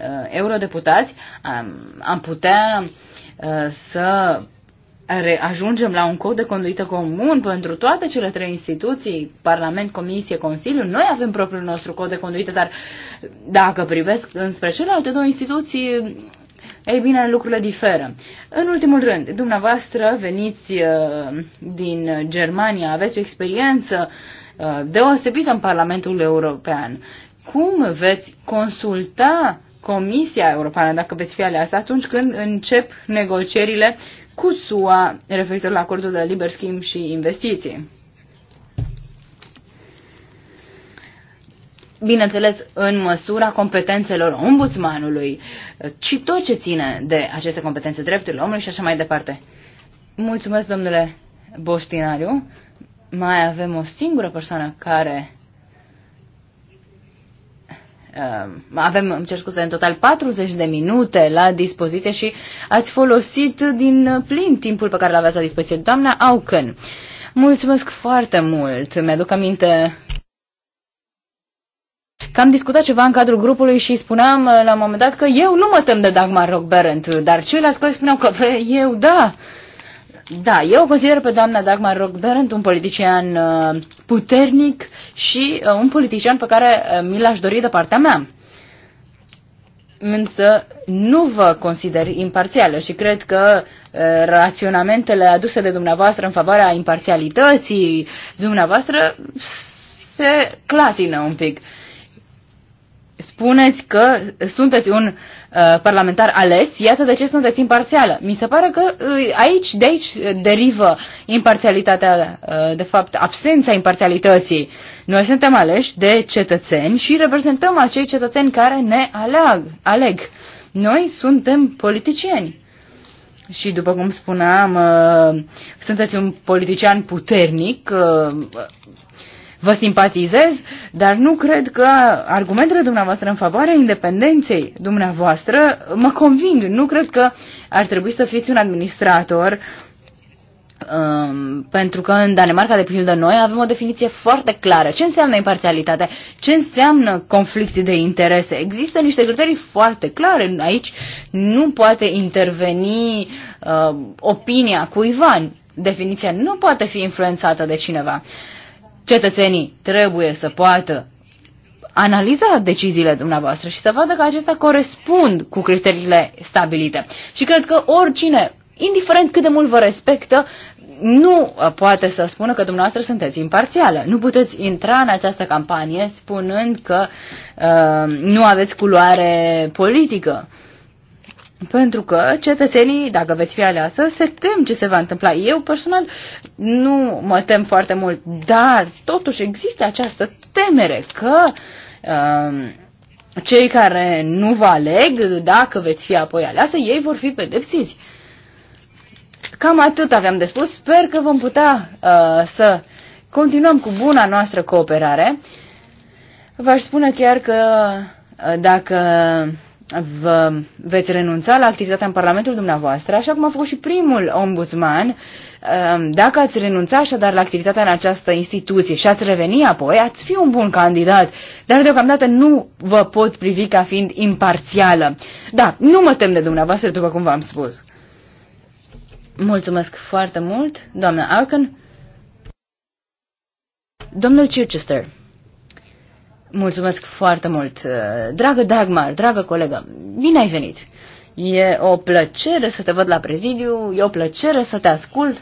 uh, eurodeputați. Am, am putea uh, să ajungem la un cod de conduită comun pentru toate cele trei instituții, Parlament, Comisie, Consiliu. Noi avem propriul nostru cod de conduită, dar dacă privesc înspre celelalte două instituții, ei bine, lucrurile diferă. În ultimul rând, dumneavoastră veniți uh, din Germania, aveți o experiență uh, Uh, deosebită în Parlamentul European. Cum veți consulta Comisia Europeană, dacă veți fi aleasă, atunci când încep negocierile cu SUA referitor la acordul de liber schimb și investiții? bineînțeles, în măsura competențelor ombudsmanului, ci tot ce ține de aceste competențe drepturile omului și așa mai departe. Mulțumesc, domnule Boștinariu mai avem o singură persoană care uh, avem, îmi cer scuze, în total 40 de minute la dispoziție și ați folosit din plin timpul pe care l-aveați la dispoziție. Doamna Auken, mulțumesc foarte mult. Mi-aduc aminte că am discutat ceva în cadrul grupului și spuneam uh, la un moment dat că eu nu mă tem de Dagmar Rockberent, dar ceilalți colegi spuneau că eu da. Uh, da, eu consider pe doamna Dagmar Rockberent un politician uh, puternic și uh, un politician pe care uh, mi l-aș dori de partea mea. Însă nu vă consider imparțială și cred că raționamentele aduse de dumneavoastră în favoarea imparțialității dumneavoastră se clatină un pic. Spuneți că sunteți un uh, Uh, parlamentar ales, iată de ce sunteți imparțială. Mi se pare că uh, aici, de aici uh, derivă imparțialitatea, de fapt absența imparțialității. Noi suntem aleși de cetățeni și reprezentăm acei cetățeni care ne aleg. aleg. Noi suntem politicieni. Și după cum spuneam, sunteți un politician puternic, vă simpatizez, dar nu cred că argumentele dumneavoastră în favoarea independenței dumneavoastră mă conving. Nu cred că ar trebui să fiți un administrator Um, pentru că în Danemarca, de pildă, noi avem o definiție foarte clară. Ce înseamnă imparțialitate? Ce înseamnă conflict de interese? Există niște criterii foarte clare. Aici nu poate interveni uh, opinia cuiva. Definiția nu poate fi influențată de cineva. Cetățenii trebuie să poată analiza deciziile dumneavoastră și să vadă că acestea corespund cu criteriile stabilite. Și cred că oricine, indiferent cât de mult vă respectă, nu poate să spună că dumneavoastră sunteți imparțială. Nu puteți intra în această campanie spunând că uh, nu aveți culoare politică. Uh, pentru că cetățenii, dacă veți fi aleasă, se tem ce se va întâmpla. Eu personal nu mă tem foarte mult, dar totuși există această temere că uh, cei care nu vă aleg, dacă veți fi apoi aleasă, ei vor fi pedepsiți. Cam atât aveam de spus. Sper că vom putea uh, să continuăm cu buna noastră cooperare. V-aș spune chiar că uh, dacă vă veți renunța la activitatea în Parlamentul dumneavoastră, așa cum a făcut și primul ombudsman, ehm, dacă ați renunța așadar la activitatea în această instituție și ați reveni apoi, ați fi un bun candidat, dar deocamdată nu vă pot privi ca fiind imparțială. Da, nu mă tem de dumneavoastră, după cum v-am spus. Mulțumesc foarte mult, doamna Arkan. Domnul Chichester. Mulțumesc foarte mult. Uh, dragă Dagmar, dragă colegă, bine ai venit. E o plăcere să te văd la prezidiu, e o plăcere să te ascult.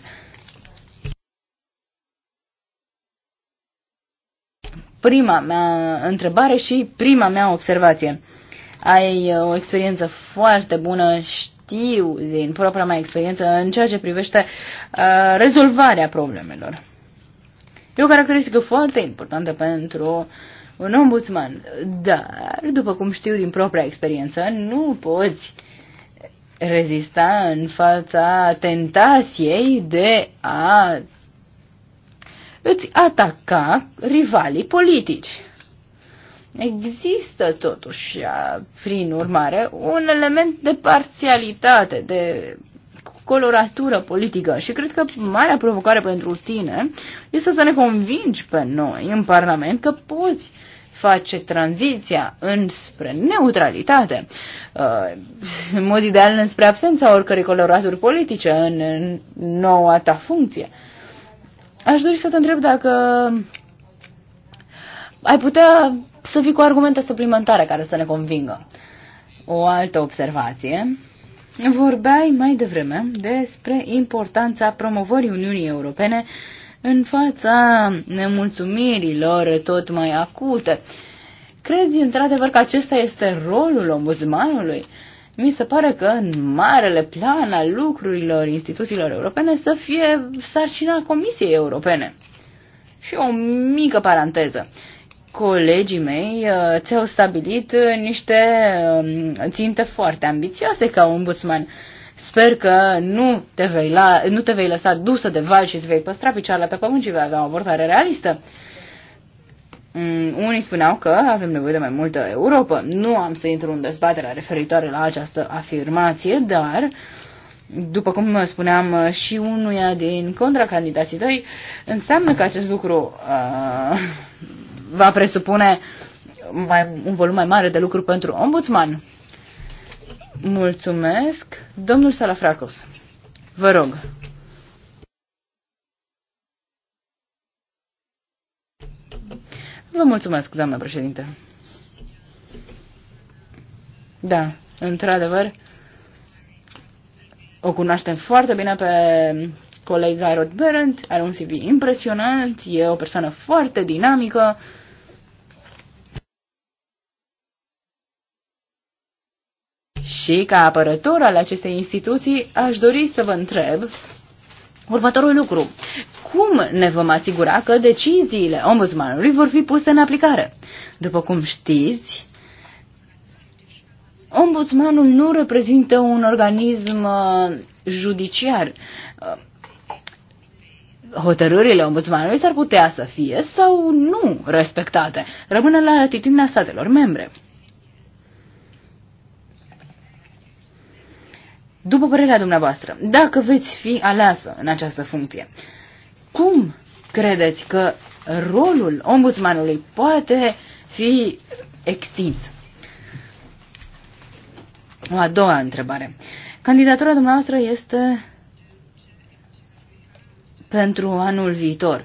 Prima mea întrebare și prima mea observație. Ai uh, o experiență foarte bună, știu din propria mea experiență în ceea ce privește uh, rezolvarea problemelor. E o caracteristică foarte importantă pentru uh, un ombudsman. Dar, după cum știu din propria experiență, nu poți rezista în fața tentației de a îți ataca rivalii politici. Există totuși, prin urmare, un element de parțialitate, de coloratură politică și cred că marea provocare pentru tine este să ne convingi pe noi în Parlament că poți face tranziția înspre neutralitate, uh, în mod ideal înspre absența oricărei coloraturi politice în noua ta funcție. Aș dori să te întreb dacă ai putea să fii cu argumente suplimentare care să ne convingă. O altă observație. Vorbeai mai devreme despre importanța promovării Uniunii Europene uh, în fața nemulțumirilor tot mai acute. Crezi într-adevăr că acesta este rolul ombudsmanului? Mi se pare că în marele plan al lucrurilor instituțiilor europene să fie sarcina Comisiei Europene. Și o mică paranteză colegii mei uh, ți-au stabilit niște um, ținte foarte ambițioase ca ombudsman. Sper că nu te vei, la, nu te vei lăsa dusă de val și îți vei păstra picioarele pe pământ și vei avea o abordare realistă. Mm, unii spuneau că avem nevoie de mai multă Europa. Nu am să intru în dezbaterea referitoare la această afirmație, dar, după cum spuneam și unuia din contracandidații tăi, înseamnă că acest lucru uh, va presupune mai, un volum mai mare de lucru pentru ombudsman. Mulțumesc. Domnul Salafracos, vă rog. Vă mulțumesc, doamnă președinte. Da, într-adevăr, o cunoaștem foarte bine pe colega Rod Berendt, are un CV impresionant, e o persoană foarte dinamică, uh, Și ca apărător al acestei instituții aș dori să vă întreb următorul lucru. Cum ne vom asigura că deciziile ombudsmanului vor fi puse în aplicare? După cum știți, ombudsmanul nu reprezintă un organism uh, judiciar. Uh, hotărârile ombudsmanului s-ar putea să fie sau nu respectate. Rămâne la latitudinea statelor membre. După părerea dumneavoastră, dacă veți fi aleasă în această funcție, cum credeți că rolul ombudsmanului poate fi extins? O a doua întrebare. Candidatura dumneavoastră este pentru anul viitor.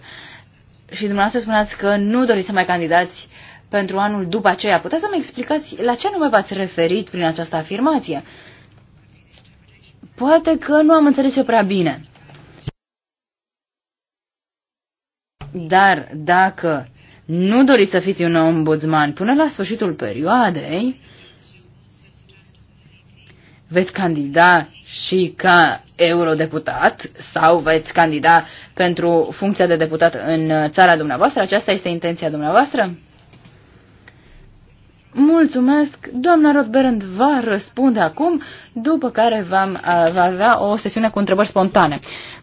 Și dumneavoastră spuneați că nu doriți să mai candidați pentru anul după aceea. Puteți să-mi explicați la ce anume v-ați referit prin această afirmație? Uh, Poate că nu am înțeles eu prea bine. Dar dacă nu doriți să fiți un ombudsman până la sfârșitul perioadei, veți candida și ca eurodeputat sau veți candida pentru funcția de deputat în țara dumneavoastră? Aceasta este intenția dumneavoastră? Mulțumesc! Doamna Rodberend va răspunde acum, după care vom, va avea o sesiune cu întrebări spontane.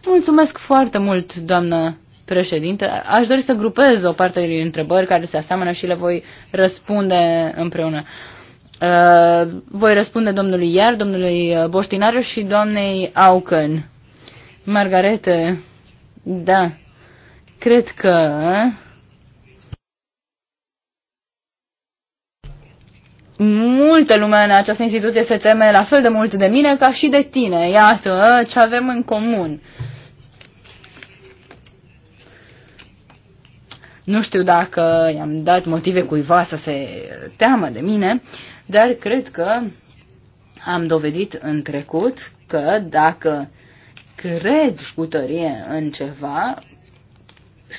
Mulțumesc foarte mult, doamnă președinte. Aș dori să grupez o parte din întrebări care se aseamănă și le voi răspunde împreună. voi răspunde domnului Iar, domnului Boștinariu și doamnei Aucăn. Margarete, da, cred că multă lume în această instituție se teme la fel de mult de mine ca și de tine. Iată ce avem în comun. Nu știu dacă i-am dat motive cuiva să se teamă de mine, dar cred că am dovedit în trecut că dacă cred cu tărie în ceva,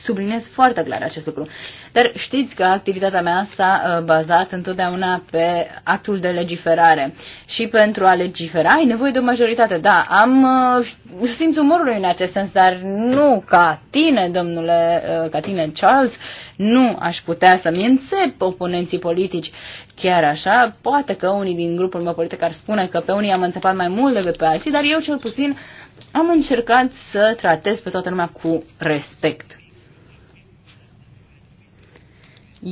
subliniez foarte clar acest lucru. Dar știți că activitatea mea s-a uh, bazat întotdeauna pe actul de legiferare și pentru a legifera ai nevoie de o majoritate. Da, am uh, simțul umorului în acest sens, dar nu ca tine, domnule, uh, ca tine, Charles, nu aș putea să-mi înțep oponenții politici. Chiar așa, poate că unii din grupul meu politic ar spune că pe unii am înțepat mai mult decât pe alții, dar eu cel puțin am încercat să tratez pe toată lumea cu respect.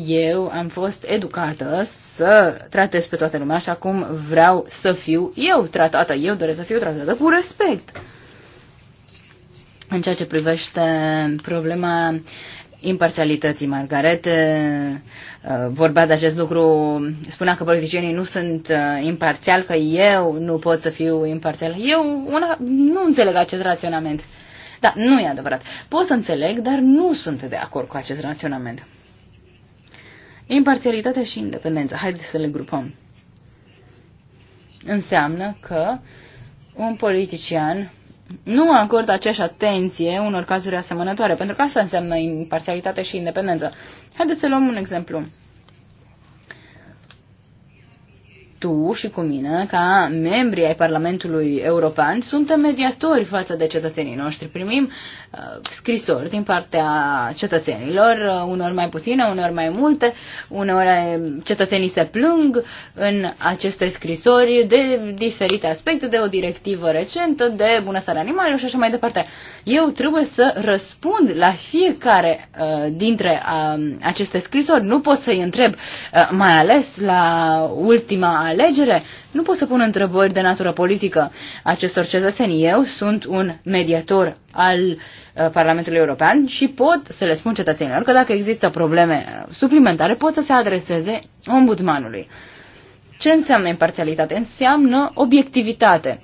Eu am fost educată să tratez pe toată lumea așa cum vreau să fiu eu tratată. Eu doresc să fiu tratată cu respect. În ceea ce privește problema imparțialității, Margaret uh, vorbea de acest lucru, spunea că politicienii nu sunt uh, imparțiali, că eu nu pot să fiu imparțial. Eu una, nu înțeleg acest raționament. Da, nu e adevărat. Pot să înțeleg, dar nu sunt de acord cu acest raționament. Imparțialitatea și independența, haideți să le grupăm. Înseamnă că un politician nu acordă aceeași atenție unor cazuri asemănătoare, pentru că asta înseamnă imparțialitate și independență. Haideți să luăm un exemplu. tu și cu mine, ca membri ai Parlamentului European, suntem mediatori față de cetățenii noștri. Primim uh, scrisori din partea cetățenilor, uh, uneori mai puține, uneori mai multe, uneori uh, cetățenii se plâng în aceste scrisori de diferite aspecte, de o directivă recentă, de bunăstare animalelor și așa mai departe. Eu trebuie să răspund la fiecare uh, dintre uh, aceste scrisori. Nu pot să-i întreb, uh, mai ales la ultima alegere, nu pot să pun întrebări de natură politică acestor cetățeni. Eu sunt un mediator al uh, Parlamentului European și pot să le spun cetățenilor că dacă există probleme uh, suplimentare, pot să se adreseze ombudsmanului. Ce înseamnă imparțialitate? Înseamnă obiectivitate.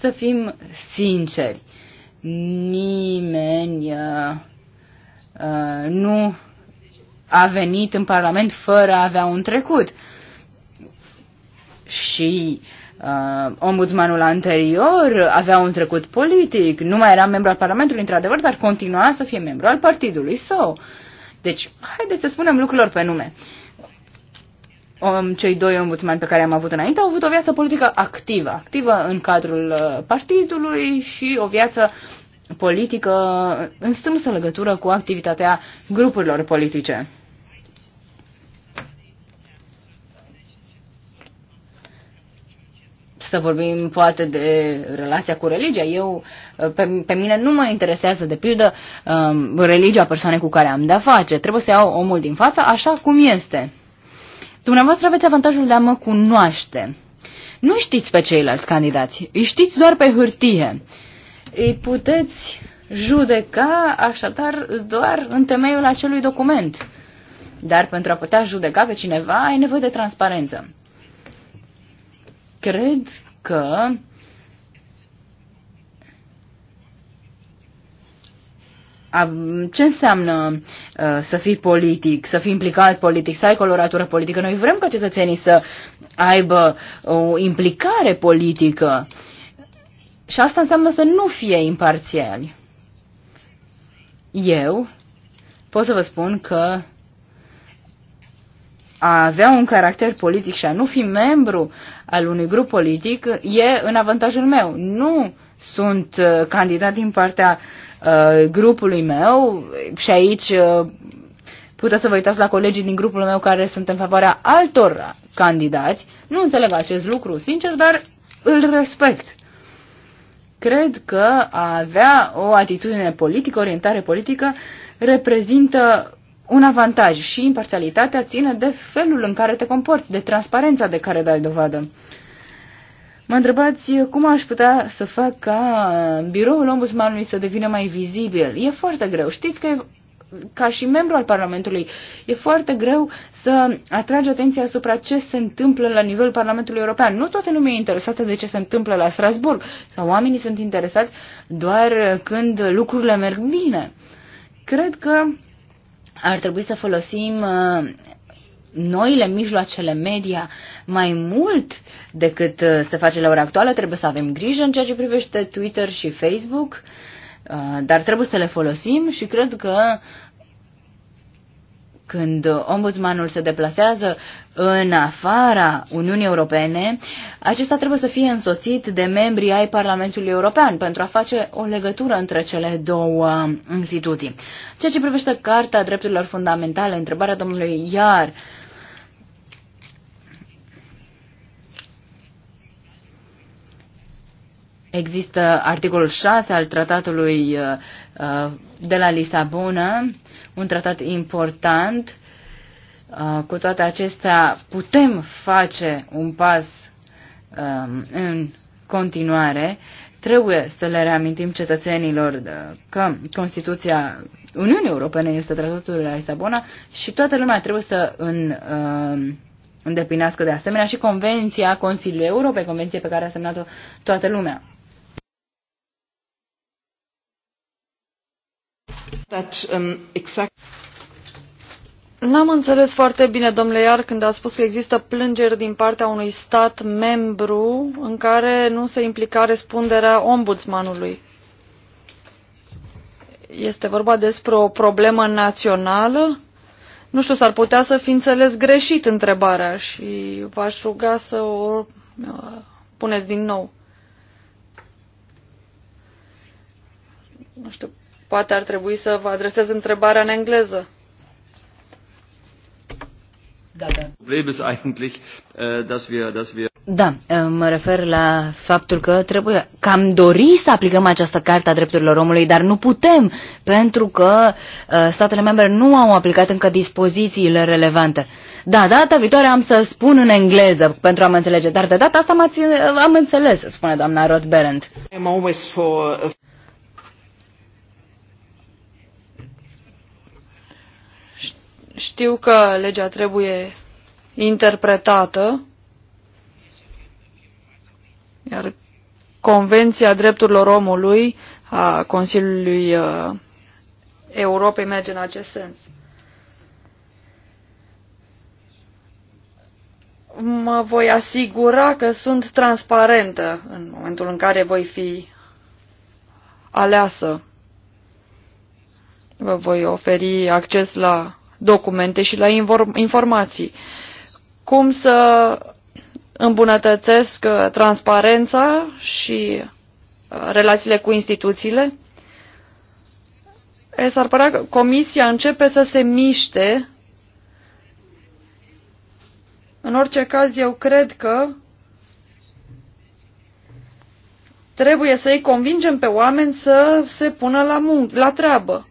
să fim sinceri nimeni uh, uh, nu a venit în Parlament fără a avea un trecut. Și uh, ombudsmanul anterior avea un trecut politic, nu mai era membru al Parlamentului, într-adevăr, dar continua să fie membru al partidului său. Deci, haideți să spunem lucrurilor pe nume. Uh, um, cei doi ombudsmani pe care am avut înainte au avut o viață politică activă, activă în cadrul uh, partidului și o viață politică în strânsă legătură cu activitatea grupurilor politice. Să vorbim poate de relația cu religia. Eu, uh, pe, pe mine nu mă interesează, de pildă, um, religia persoanei cu care am de-a face. Trebuie să iau omul din fața așa cum este. Dumneavoastră aveți avantajul de a mă cunoaște. Nu știți pe ceilalți candidați, îi știți doar pe hârtie. Îi puteți judeca așadar doar în temeiul acelui document. Dar pentru a putea judeca pe cineva ai nevoie de transparență. Cred că ce înseamnă uh, să fii politic, să fii implicat politic, să ai coloratură politică. Noi vrem ca cetățenii să aibă o implicare politică și asta înseamnă să nu fie imparțiali. Eu pot să vă spun că a avea un caracter politic și a nu fi membru al unui grup politic e în avantajul meu. Nu sunt uh, candidat din partea Uh, grupului meu și aici uh, puteți să vă uitați la colegii din grupul meu care sunt în favoarea altor candidați. Nu înțeleg acest lucru, sincer, dar îl respect. Cred că a avea o atitudine politică, orientare politică, reprezintă un avantaj și imparțialitatea ține de felul în care te comporți, de transparența de care dai dovadă. Mă întrebați cum aș putea să fac ca biroul ombudsmanului să devină mai vizibil. E foarte greu. Știți că ca și membru al Parlamentului, e foarte greu să atragi atenția asupra ce se întâmplă la nivel Parlamentului European. Nu toată lumea e interesată de ce se întâmplă la Strasburg sau oamenii sunt interesați doar când lucrurile merg bine. Cred că ar trebui să folosim uh, noile mijloacele media mai mult decât uh, se face la ora actuală. Trebuie să avem grijă în ceea ce privește Twitter și Facebook, uh, dar trebuie să le folosim și cred că când ombudsmanul se deplasează în afara Uniunii Europene, acesta trebuie să fie însoțit de membrii ai Parlamentului European pentru a face o legătură între cele două instituții. Ceea ce privește Carta Drepturilor Fundamentale, întrebarea domnului Iar, uh, Există articolul 6 al tratatului uh, uh, de la Lisabona, un tratat important. Uh, cu toate acestea, putem face un pas um, în continuare. Trebuie să le reamintim cetățenilor că Constituția Uniunii Europene este tratatul de la Lisabona și toată lumea trebuie să în, um, îndeplinească de asemenea și Convenția Consiliului Europei, convenție pe care a semnat-o toată lumea. Um, exact- nu am înțeles foarte bine, domnule Iar, când a spus că există plângeri din partea unui stat membru în care nu se implica răspunderea ombudsmanului. Este vorba despre o problemă națională? Nu știu, s-ar putea să fi înțeles greșit întrebarea și v-aș ruga să o uh, puneți din nou. Nu știu, Poate ar trebui să vă adresez întrebarea în engleză. Da, Da, äh, da äh, mă refer la faptul că trebuie, că am dori să aplicăm această carte a drepturilor omului, dar nu putem, pentru că uh, statele membre nu au aplicat încă dispozițiile relevante. Da, data viitoare am să spun în engleză pentru a mă înțelege, dar de data asta uh, am înțeles, spune doamna Roth Berend. Știu că legea trebuie interpretată, iar Convenția Drepturilor Omului a Consiliului uh, Europei merge în acest sens. Mă voi asigura că sunt transparentă în momentul în care voi fi aleasă. Vă voi oferi acces la documente și la informații. Cum să îmbunătățesc uh, transparența și uh, relațiile cu instituțiile? S-ar părea că Comisia începe să se miște. În orice caz, eu cred că trebuie să îi convingem pe oameni să se pună la, mun- la treabă.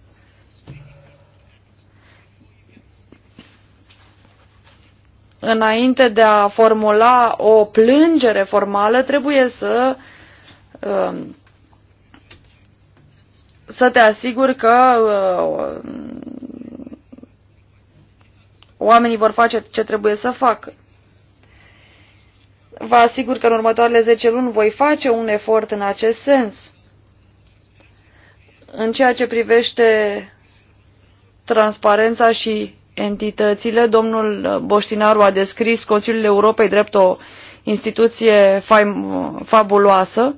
înainte de a formula o plângere formală, trebuie să um, să te asiguri că uh, oamenii vor face ce trebuie să facă. Vă asigur că în următoarele 10 luni voi face un efort în acest sens. În ceea ce privește transparența și entitățile. Domnul Boștinaru a descris Consiliul Europei drept o instituție fabuloasă.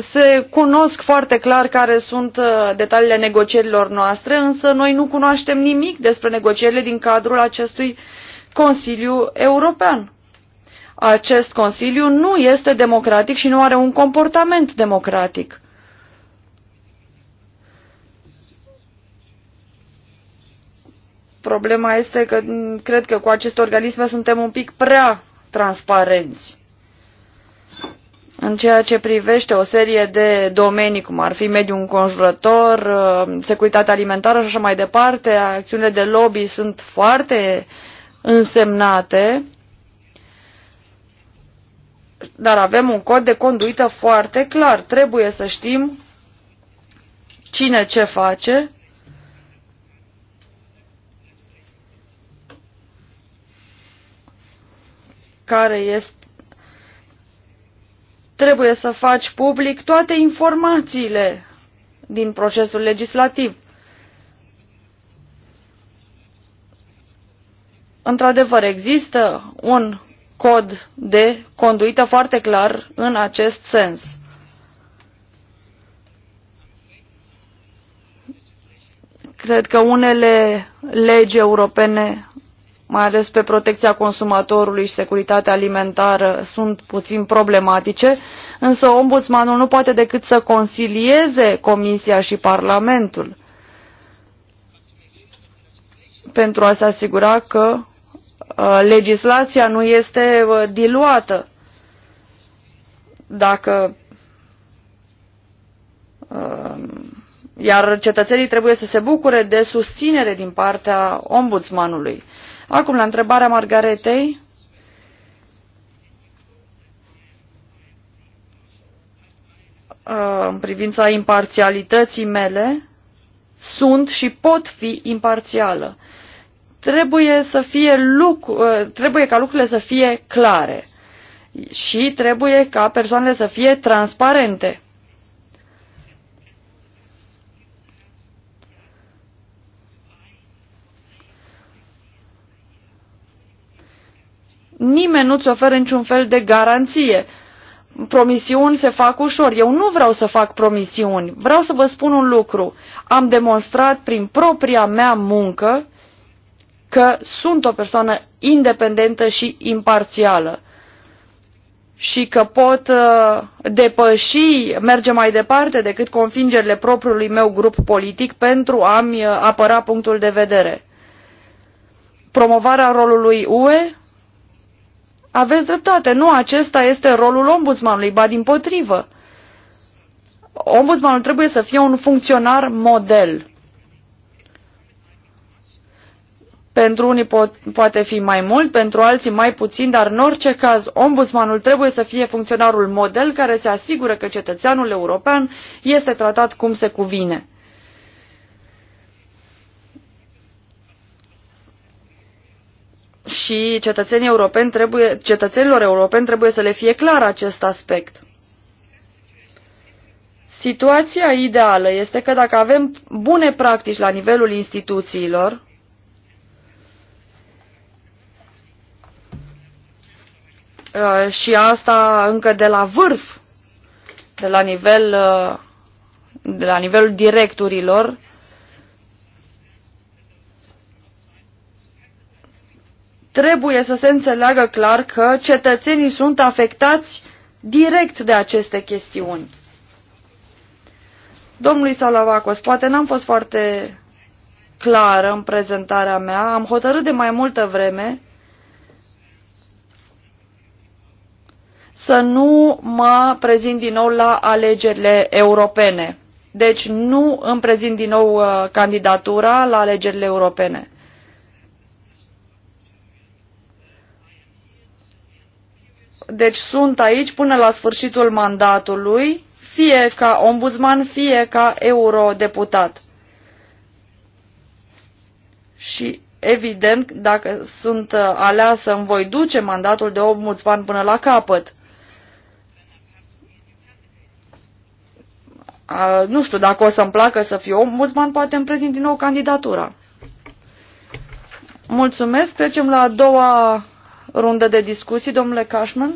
Se cunosc foarte clar care sunt uh, detaliile negocierilor noastre, însă noi nu cunoaștem nimic despre negocierile din cadrul acestui Consiliu European. Acest Consiliu nu este democratic și nu are un comportament democratic Problema este că cred că cu aceste organisme suntem un pic prea transparenți în ceea ce privește o serie de domenii, cum ar fi mediul înconjurător, uh, securitatea alimentară și așa mai departe, acțiunile de lobby sunt foarte însemnate, dar avem un cod de conduită foarte clar. Trebuie să știm cine ce face care este trebuie să faci public toate informațiile din procesul legislativ. Într-adevăr, există un cod de conduită foarte clar în acest sens. Cred că unele legi europene mai ales pe protecția consumatorului și securitatea alimentară, sunt puțin problematice, însă ombudsmanul nu poate decât să concilieze Comisia și Parlamentul pentru a se asigura că uh, legislația nu este uh, diluată. Dacă uh, iar cetățenii trebuie să se bucure de susținere din partea ombudsmanului. Acum, la întrebarea Margaretei, uh, în privința imparțialității mele, sunt și pot fi imparțială. Trebuie, să fie lucru, uh, trebuie ca lucrurile să fie clare și trebuie ca persoanele să fie transparente. nimeni nu-ți oferă niciun fel de garanție. Promisiuni se fac ușor. Eu nu vreau să fac promisiuni. Vreau să vă spun un lucru. Am demonstrat prin propria mea muncă că sunt o persoană independentă și imparțială și că pot uh, depăși, merge mai departe decât convingerile propriului meu grup politic pentru a-mi uh, apăra punctul de vedere. Promovarea rolului UE aveți dreptate, nu acesta este rolul ombudsmanului, ba din potrivă. Ombudsmanul trebuie să fie un funcționar model. Pentru unii po poate fi mai mult, pentru alții mai puțin, dar în orice caz, ombudsmanul trebuie să fie funcționarul model care se asigură că cetățeanul european este tratat cum se cuvine. și cetățenii europeni trebuie, cetățenilor europeni trebuie să le fie clar acest aspect. Situația ideală este că dacă avem bune practici la nivelul instituțiilor, uh, și asta încă de la vârf, de la, nivel, uh, de la nivelul directorilor, trebuie să se înțeleagă clar că cetățenii sunt afectați direct de aceste chestiuni. Domnului Salavacos, poate n-am fost foarte clară în prezentarea mea, am hotărât de mai multă vreme să nu mă prezint din nou la alegerile europene. Deci nu îmi prezint din nou uh, candidatura la alegerile europene. Deci sunt aici până la sfârșitul mandatului, fie ca ombudsman, fie ca eurodeputat. Și evident, dacă sunt aleasă, îmi voi duce mandatul de ombudsman până la capăt. nu știu, dacă o să-mi placă să fiu ombudsman, poate îmi prezint din nou candidatura. Mulțumesc. Trecem la a doua rundă de discuții, domnule Cashman.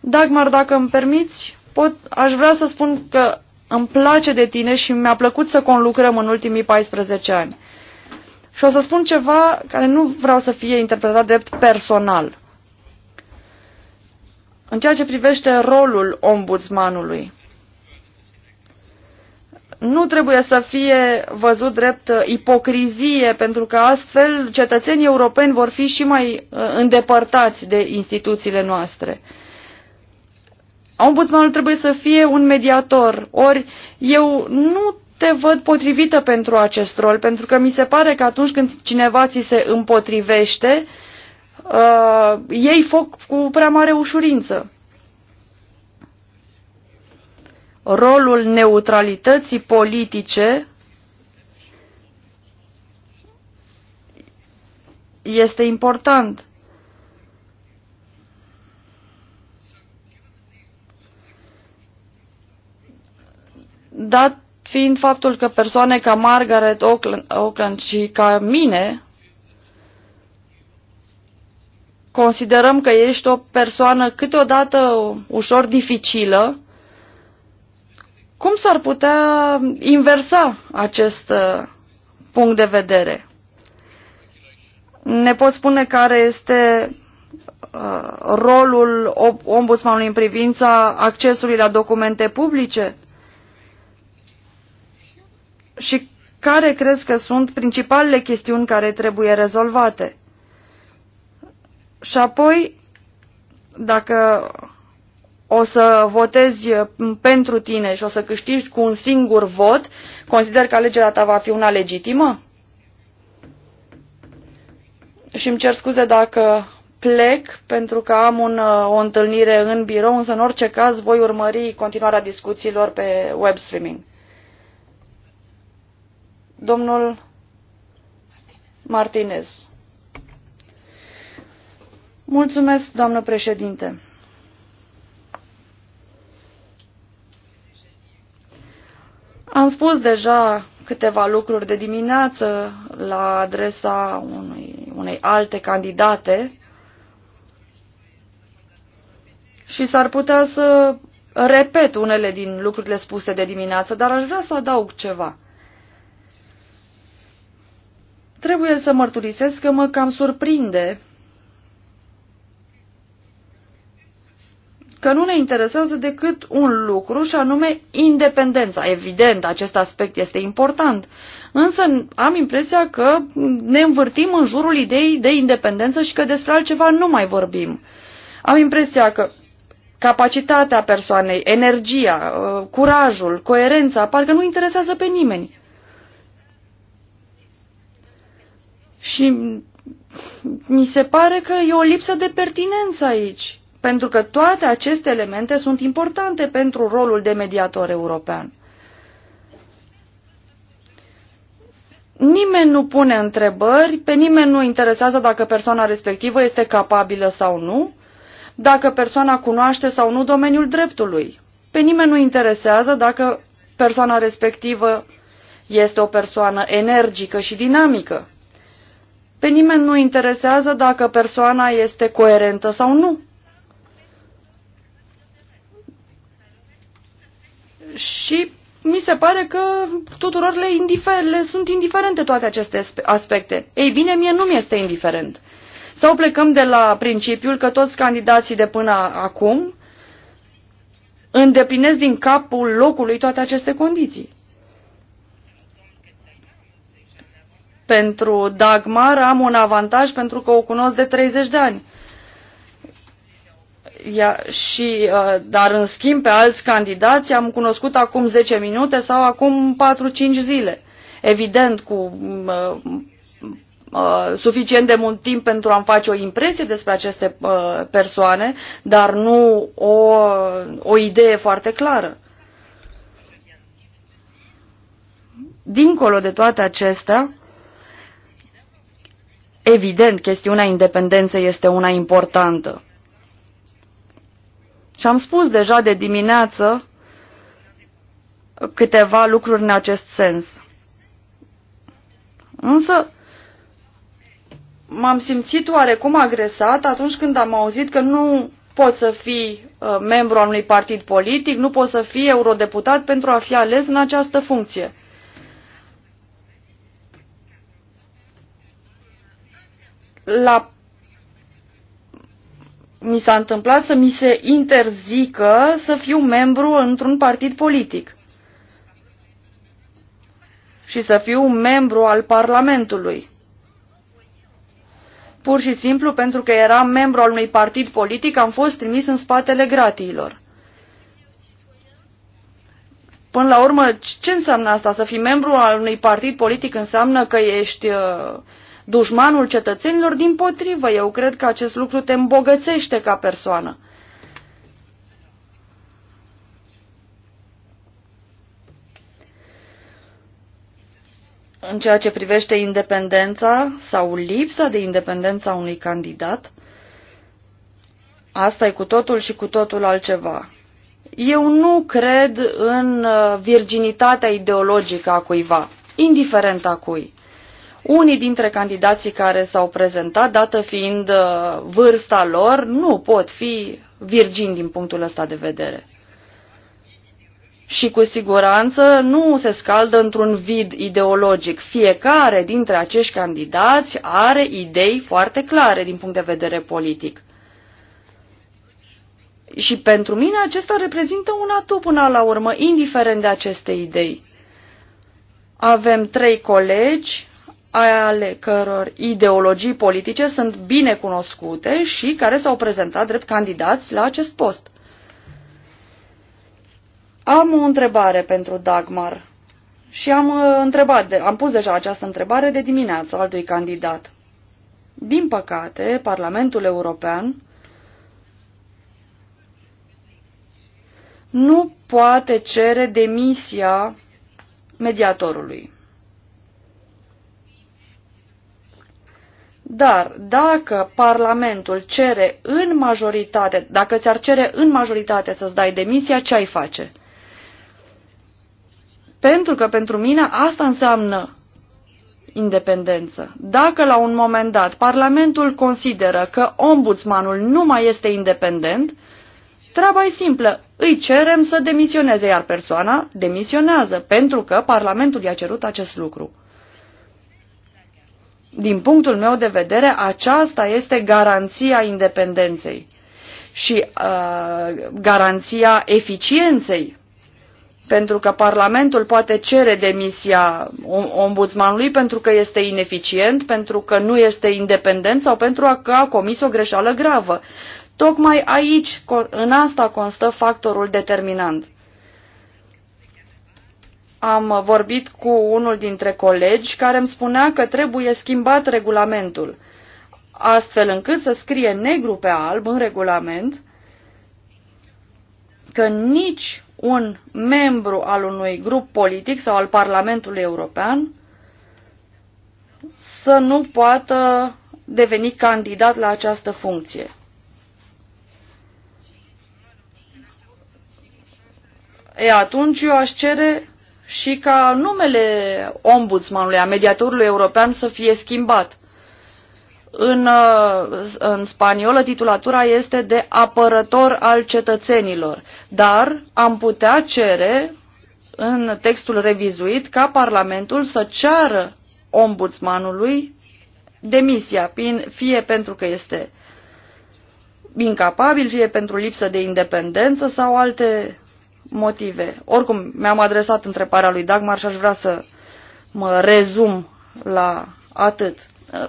Dagmar, dacă îmi permiți, pot, aș vrea să spun că îmi place de tine și mi-a plăcut să conlucrăm în ultimii 14 ani. Și o să spun ceva care nu vreau să fie interpretat drept personal. În ceea ce privește rolul ombudsmanului, nu trebuie să fie văzut drept uh, ipocrizie, pentru că astfel cetățenii europeni vor fi și mai uh, îndepărtați de instituțiile noastre. Ombudsmanul trebuie să fie un mediator, ori eu nu te văd potrivită pentru acest rol, pentru că mi se pare că atunci când cineva ți se împotrivește, uh, ei foc cu prea mare ușurință. rolul neutralității politice este important. Dat fiind faptul că persoane ca Margaret Oakland și ca mine considerăm că ești o persoană câteodată ușor dificilă, cum s-ar putea inversa acest uh, punct de vedere? Ne pot spune care este uh, rolul ombudsmanului în privința accesului la documente publice? Și care crezi că sunt principalele chestiuni care trebuie rezolvate? Și apoi, dacă o să votezi uh, pentru tine și o să câștigi cu un singur vot, consider că alegerea ta va fi una legitimă? Și îmi cer scuze dacă plec pentru că am un, uh, o întâlnire în birou, însă în orice caz voi urmări continuarea discuțiilor pe web streaming. Domnul Martinez. Mulțumesc, doamnă președinte. Am spus deja câteva lucruri de dimineață la adresa unui, unei alte candidate și s-ar putea să repet unele din lucrurile spuse de dimineață, dar aș vrea să adaug ceva. Trebuie să mărturisesc că mă cam surprinde că nu ne interesează decât un lucru și anume independența. Evident, acest aspect este important, însă am impresia că ne învârtim în jurul ideii de independență și că despre altceva nu mai vorbim. Am impresia că capacitatea persoanei, energia, uh, curajul, coerența, parcă nu interesează pe nimeni. Și mi se pare că e o lipsă de pertinență aici pentru că toate aceste elemente sunt importante pentru rolul de mediator european. Nimeni nu pune întrebări, pe nimeni nu interesează dacă persoana respectivă este capabilă sau nu, dacă persoana cunoaște sau nu domeniul dreptului. Pe nimeni nu interesează dacă persoana respectivă este o persoană energică și dinamică. Pe nimeni nu interesează dacă persoana este coerentă sau nu. și mi se pare că tuturor le, indifer le sunt indiferente toate aceste aspecte. Ei bine, mie nu mi-este indiferent. Sau plecăm de la principiul că toți candidații de până acum îndeplinesc din capul locului toate aceste condiții. Pentru Dagmar am un avantaj pentru că o cunosc de 30 de ani. Ia, și, uh, dar în schimb pe alți candidați am cunoscut acum 10 minute sau acum 4-5 zile. Evident, cu mm, uh, uh, suficient de mult timp pentru a-mi face o impresie despre aceste uh, persoane, dar nu o, o idee foarte clară. Dincolo de toate acestea, evident, chestiunea independenței este una importantă și am spus deja de dimineață câteva lucruri în acest sens. Însă m-am simțit oarecum agresat atunci când am auzit că nu pot să fii uh, membru al unui partid politic, nu pot să fii eurodeputat pentru a fi ales în această funcție. La mi s-a întâmplat să mi se interzică să fiu membru într-un partid politic și să fiu membru al Parlamentului. Pur și simplu pentru că eram membru al unui partid politic, am fost trimis în spatele gratiilor. Până la urmă, ce înseamnă asta? Să fii membru al unui partid politic înseamnă că ești uh, dușmanul cetățenilor, din potrivă, eu cred că acest lucru te îmbogățește ca persoană. În ceea ce privește independența sau lipsa de independență a unui candidat, asta e cu totul și cu totul altceva. Eu nu cred în uh, virginitatea ideologică a cuiva, indiferent a cui. Unii dintre candidații care s-au prezentat, dată fiind uh, vârsta lor, nu pot fi virgini din punctul ăsta de vedere. Și cu siguranță nu se scaldă într-un vid ideologic. Fiecare dintre acești candidați are idei foarte clare din punct de vedere politic. Și pentru mine acesta reprezintă un atu până la urmă, indiferent de aceste idei. Avem trei colegi ale căror ideologii politice sunt bine cunoscute și care s-au prezentat drept candidați la acest post. Am o întrebare pentru Dagmar și am uh, întrebat, am pus deja această întrebare de dimineață altui candidat. Din păcate, Parlamentul European nu poate cere demisia mediatorului. Dar dacă Parlamentul cere în majoritate, dacă ți-ar cere în majoritate să-ți dai demisia, ce ai face? Pentru că pentru mine asta înseamnă independență. Dacă la un moment dat Parlamentul consideră că ombudsmanul nu mai este independent, treaba e simplă, îi cerem să demisioneze, iar persoana demisionează, pentru că Parlamentul i-a cerut acest lucru. Din punctul meu de vedere, aceasta este garanția independenței și uh, garanția eficienței pentru că Parlamentul poate cere demisia ombudsmanului pentru că este ineficient, pentru că nu este independent sau pentru că a comis o greșeală gravă. Tocmai aici, în asta constă factorul determinant am vorbit cu unul dintre colegi care îmi spunea că trebuie schimbat regulamentul, astfel încât să scrie negru pe alb în regulament că nici un membru al unui grup politic sau al Parlamentului European să nu poată deveni candidat la această funcție. E atunci eu aș cere și ca numele ombudsmanului, a mediatorului european să fie schimbat. În, uh, în spaniolă titulatura este de apărător al cetățenilor, dar am putea cere în textul revizuit ca Parlamentul să ceară ombudsmanului demisia, fie pentru că este incapabil, fie pentru lipsă de independență sau alte motive. Oricum, mi-am adresat întrebarea lui Dagmar și aș vrea să mă rezum la atât.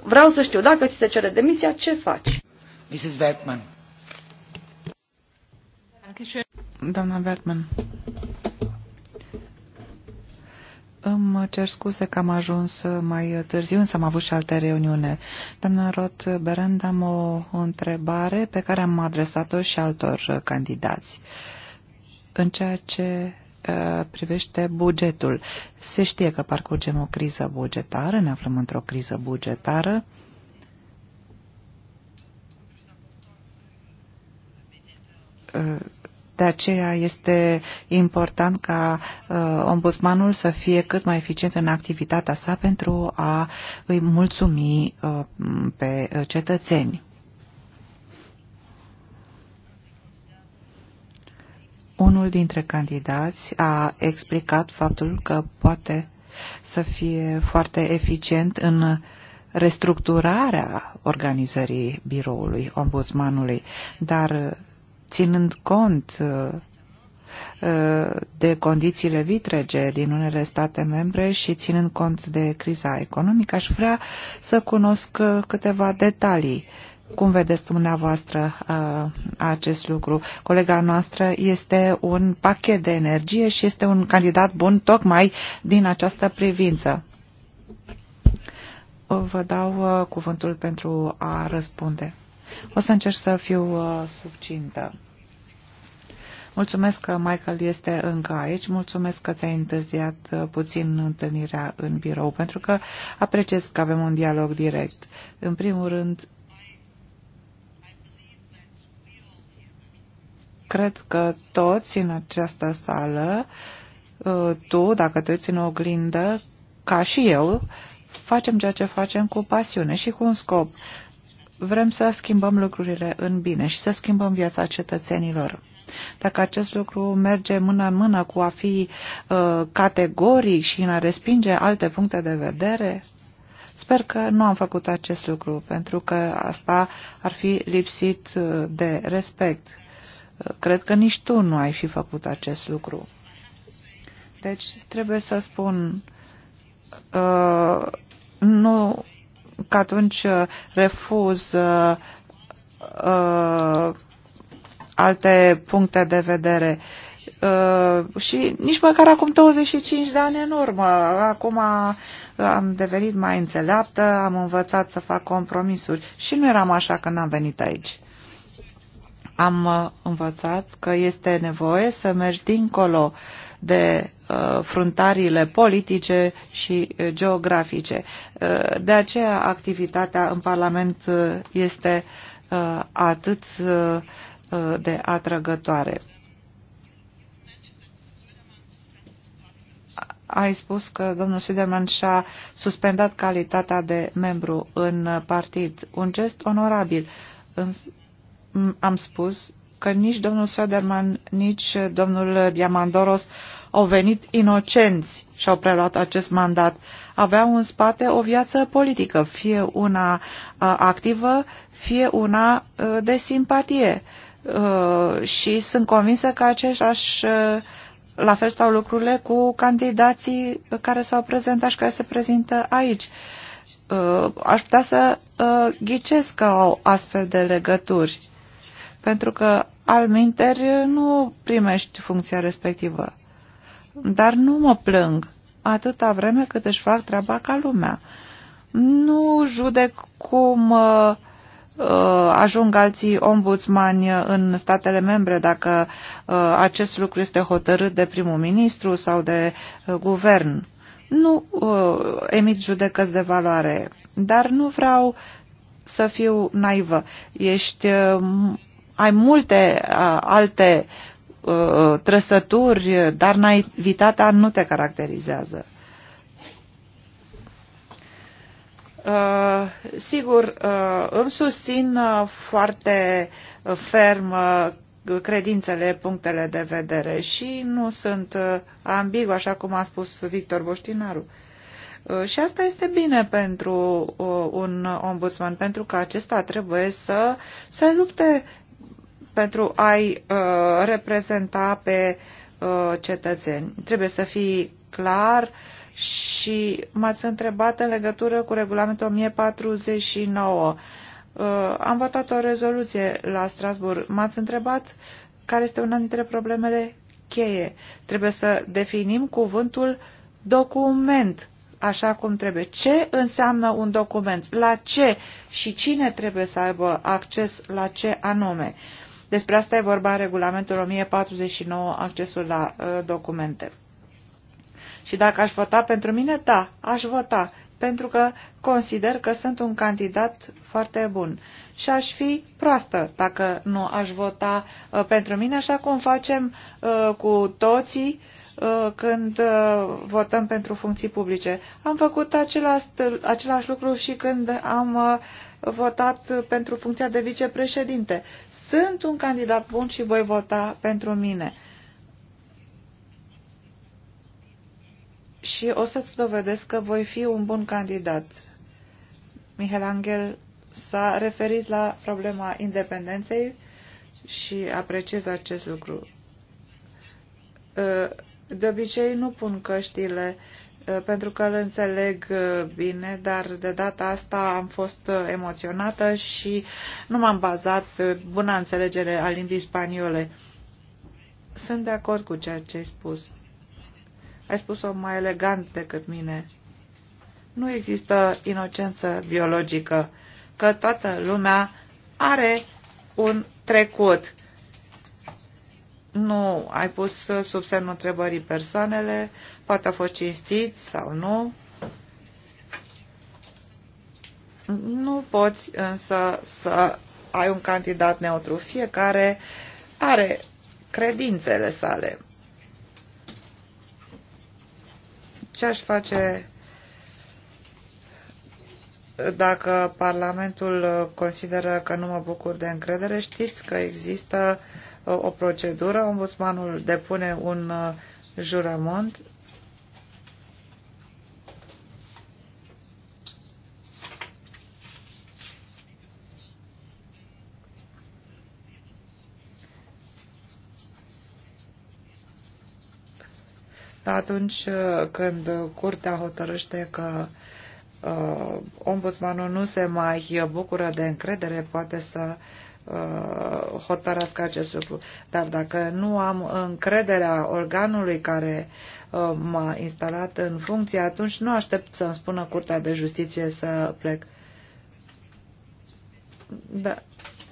Vreau să știu, dacă ți se cere demisia, ce faci? Mrs. Bergman. Doamna Bergman. Îmi cer scuze că am ajuns mai târziu, însă am avut și alte reuniune. Doamna Rot Berend, am o întrebare pe care am adresat-o și altor candidați. Uh, în ceea ce uh, privește bugetul. Se știe că parcurgem o criză bugetară, ne aflăm într-o criză bugetară. Uh, de aceea este important ca uh, ombudsmanul să fie cât mai eficient în activitatea sa pentru a îi mulțumi pe cetățeni. Unul dintre candidați a explicat faptul că poate să fie foarte eficient în restructurarea organizării biroului ombudsmanului, dar ținând cont uh, de condițiile vitrege din unele state membre și ținând cont de criza economică, aș vrea să cunosc uh, câteva detalii cum vedeți dumneavoastră uh, acest lucru? Colega noastră este un pachet de energie și este un candidat bun tocmai din această privință. Vă dau uh, cuvântul pentru a răspunde. O să încerc să fiu uh, subcintă. Mulțumesc că Michael este încă aici, mulțumesc că ți-ai întârziat puțin întâlnirea în birou, pentru că apreciez că avem un dialog direct. În primul rând, cred că toți în această sală, uh, tu, dacă te uiți în oglindă, ca și eu, facem ceea ce facem cu pasiune și cu un scop. Vrem să schimbăm lucrurile în bine și să schimbăm viața cetățenilor. Dacă acest lucru merge mână în mână cu a fi uh, categoric și în a respinge alte puncte de vedere, Sper că nu am făcut acest lucru, pentru că asta ar fi lipsit uh, de respect. Cred că nici tu nu ai fi făcut acest lucru. Deci trebuie să spun, uh, nu că atunci uh, refuz uh, uh, alte puncte de vedere. Uh, și nici măcar acum 25 de ani în urmă. Acum uh, am devenit mai înțeleaptă, am învățat să fac compromisuri și nu eram așa când am venit aici. Am uh, învățat că este nevoie să mergi dincolo de uh, fruntariile politice și uh, geografice. De aceea activitatea în Parlament este atât de atrăgătoare. Ai spus că domnul Siderman și-a suspendat calitatea de membru în partid. Un gest onorabil, am spus că nici domnul Söderman, nici domnul Diamandoros au venit inocenți și au preluat acest mandat. Aveau în spate o viață politică, fie una activă, fie una de simpatie. Și sunt convinsă că aceștiași la fel stau lucrurile cu candidații care s-au prezentat și care se prezintă aici. Aș putea să ghicesc că au astfel de legături pentru că al minteri nu primești funcția respectivă. Dar nu mă plâng atâta vreme cât își fac treaba ca lumea. Nu judec cum uh, uh ajung alții ombudsmani în statele membre dacă uh, acest lucru este hotărât de primul ministru sau de uh, guvern. Nu emit judecăți de valoare, dar nu vreau să fiu naivă. Ești ai multe uh, alte uh, trăsături, dar naivitatea nu te caracterizează. Uh, sigur, uh, îmi susțin uh, foarte ferm uh, credințele, punctele de vedere și nu sunt uh, ambigu, așa cum a spus Victor Boștinaru. Uh, și asta este bine pentru uh, un ombudsman, pentru că acesta trebuie să se lupte pentru a-i uh, reprezenta pe uh, cetățeni. Trebuie să fii clar și m-ați întrebat în legătură cu regulamentul 1049. Uh, am votat o rezoluție la Strasburg. M-ați întrebat care este una dintre problemele cheie. Trebuie să definim cuvântul document așa cum trebuie. Ce înseamnă un document? La ce și cine trebuie să aibă acces la ce anume? Uh, despre asta e vorba în regulamentul 1049, accesul la uh, documente. Și dacă aș vota pentru mine, da, aș vota, pentru că consider că sunt un candidat foarte bun. Și aș fi proastă dacă nu aș vota uh, pentru mine, așa cum facem uh, cu toții uh, când uh, votăm pentru funcții publice. Am făcut același, același lucru și când am uh, votat pentru funcția de vicepreședinte. Sunt un candidat bun și voi vota pentru mine. Și o să-ți dovedesc că voi fi un bun candidat. Mihail Angel s-a referit la problema independenței și apreciez acest lucru. Ă, de obicei nu pun căștile Eh, pentru că îl înțeleg eh, bine, dar de data asta am fost eh, emoționată și nu m-am bazat pe buna înțelegere a limbii spaniole. Sunt de acord cu ceea ce ai spus. Ai spus-o mai elegant decât mine. Nu există inocență biologică, că toată lumea are un trecut. Nu ai pus sub semnul întrebării persoanele, poate a fost cinstit sau nu. Nu poți însă să ai un candidat neutru. Fiecare are credințele sale. Ce aș face dacă Parlamentul consideră că nu mă bucur de încredere? Știți că există uh, o procedură, ombudsmanul depune un uh, jurământ atunci uh, când curtea hotărăște că uh, ombudsmanul nu se mai bucură de încredere, poate să uh, hotărască acest lucru. Dar dacă nu am încrederea organului care uh, m-a instalat în funcție, atunci nu aștept să-mi spună Curtea de Justiție să plec. Da.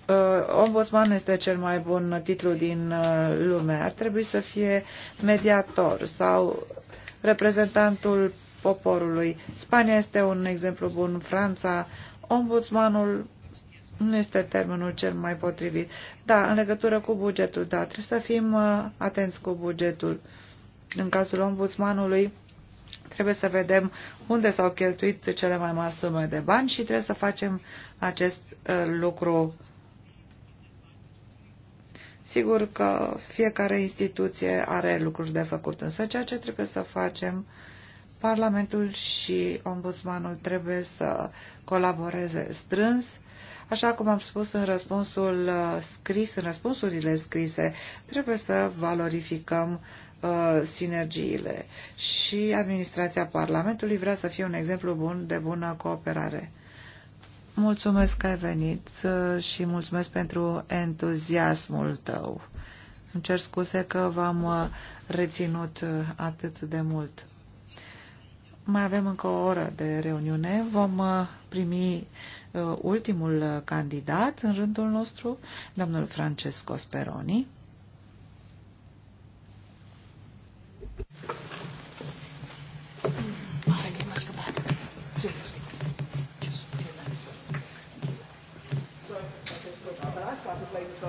Uh, ombudsman este cel mai bun titlu din uh, lume. Ar trebui să fie mediator sau reprezentantul poporului. Spania este un exemplu bun, Franța, ombudsmanul nu este termenul cel mai potrivit. Da, în legătură cu bugetul, da, trebuie să fim uh, atenți cu bugetul. În cazul ombudsmanului, trebuie să vedem unde s-au cheltuit cele mai mari sume de bani și trebuie să facem acest lucru Sigur că fiecare instituție are lucruri de făcut, însă ceea ce trebuie să facem, Parlamentul și Ombudsmanul trebuie să colaboreze strâns, așa cum am spus în răspunsul uh, scris, în răspunsurile scrise, trebuie să valorificăm uh, sinergiile și administrația Parlamentului vrea să fie un exemplu bun de bună cooperare. Mulțumesc că ai venit uh, și mulțumesc pentru entuziasmul tău. Îmi cer scuze că v-am uh, reținut uh, atât de mult. Mai avem încă o oră de reuniune. Vom primi ultimul candidat în rândul nostru, domnul Francesco Speroni. Thank you. It's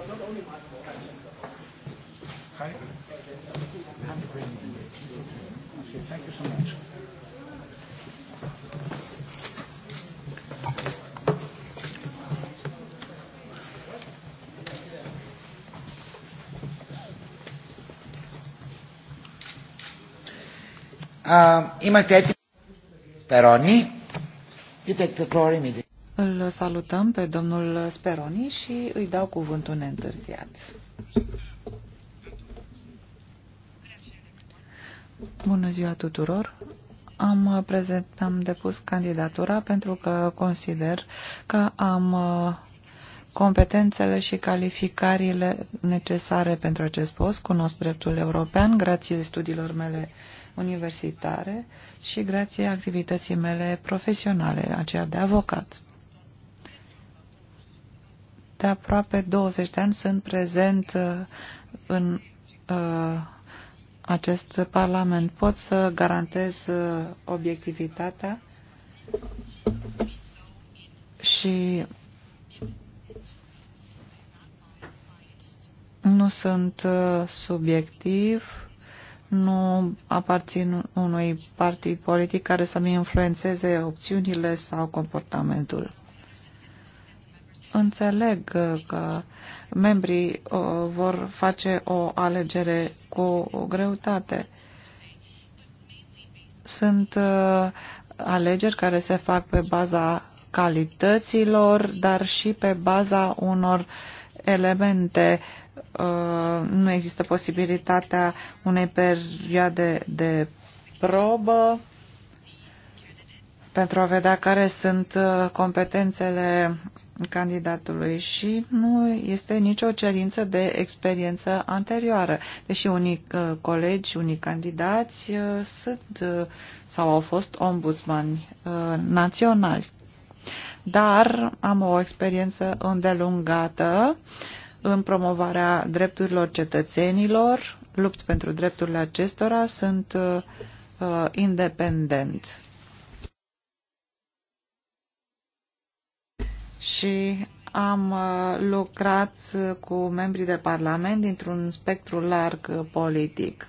thank you so much. Είμαστε έτοιμοι. Περώνει. You take the floor immediately. Îl salutăm pe domnul Speroni și îi dau cuvântul neîntârziat. Bună ziua tuturor! Am, prezent, am depus candidatura pentru că consider că am uh, competențele și calificările necesare pentru acest post, cunosc dreptul european, grație studiilor mele universitare și grație activității mele profesionale, aceea de avocat de aproape 20 de ani sunt prezent uh, în uh, acest Parlament. Pot să garantez uh, obiectivitatea și nu sunt subiectiv, nu aparțin unui partid politic care să-mi influențeze opțiunile sau comportamentul. Înțeleg că membrii uh, vor face o alegere cu greutate. Sunt uh, alegeri care se fac pe baza calităților, dar și pe baza unor elemente. Uh, nu există posibilitatea unei perioade de probă pentru a vedea care sunt competențele candidatului și nu este nicio cerință de experiență anterioară, deși unii uh, colegi, unii candidați uh, sunt uh, sau au fost ombudsmani naționali. Dar am o experiență îndelungată în promovarea drepturilor cetățenilor, lupt pentru drepturile acestora, sunt independent și am uh, lucrat uh, cu membrii de Parlament dintr-un spectru larg uh, politic.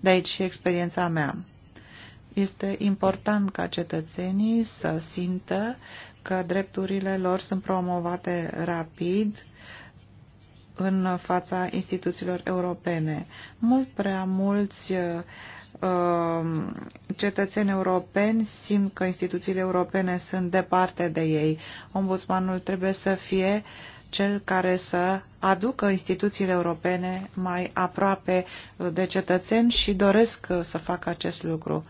De aici și experiența mea. Este important ca cetățenii să simtă că drepturile lor sunt promovate rapid în fața instituțiilor europene. Mult prea mulți Um, cetățeni europeni simt că instituțiile europene sunt departe de ei. Ombudsmanul trebuie să fie cel care să aducă instituțiile europene mai aproape uh, de cetățeni și doresc uh, să facă acest lucru.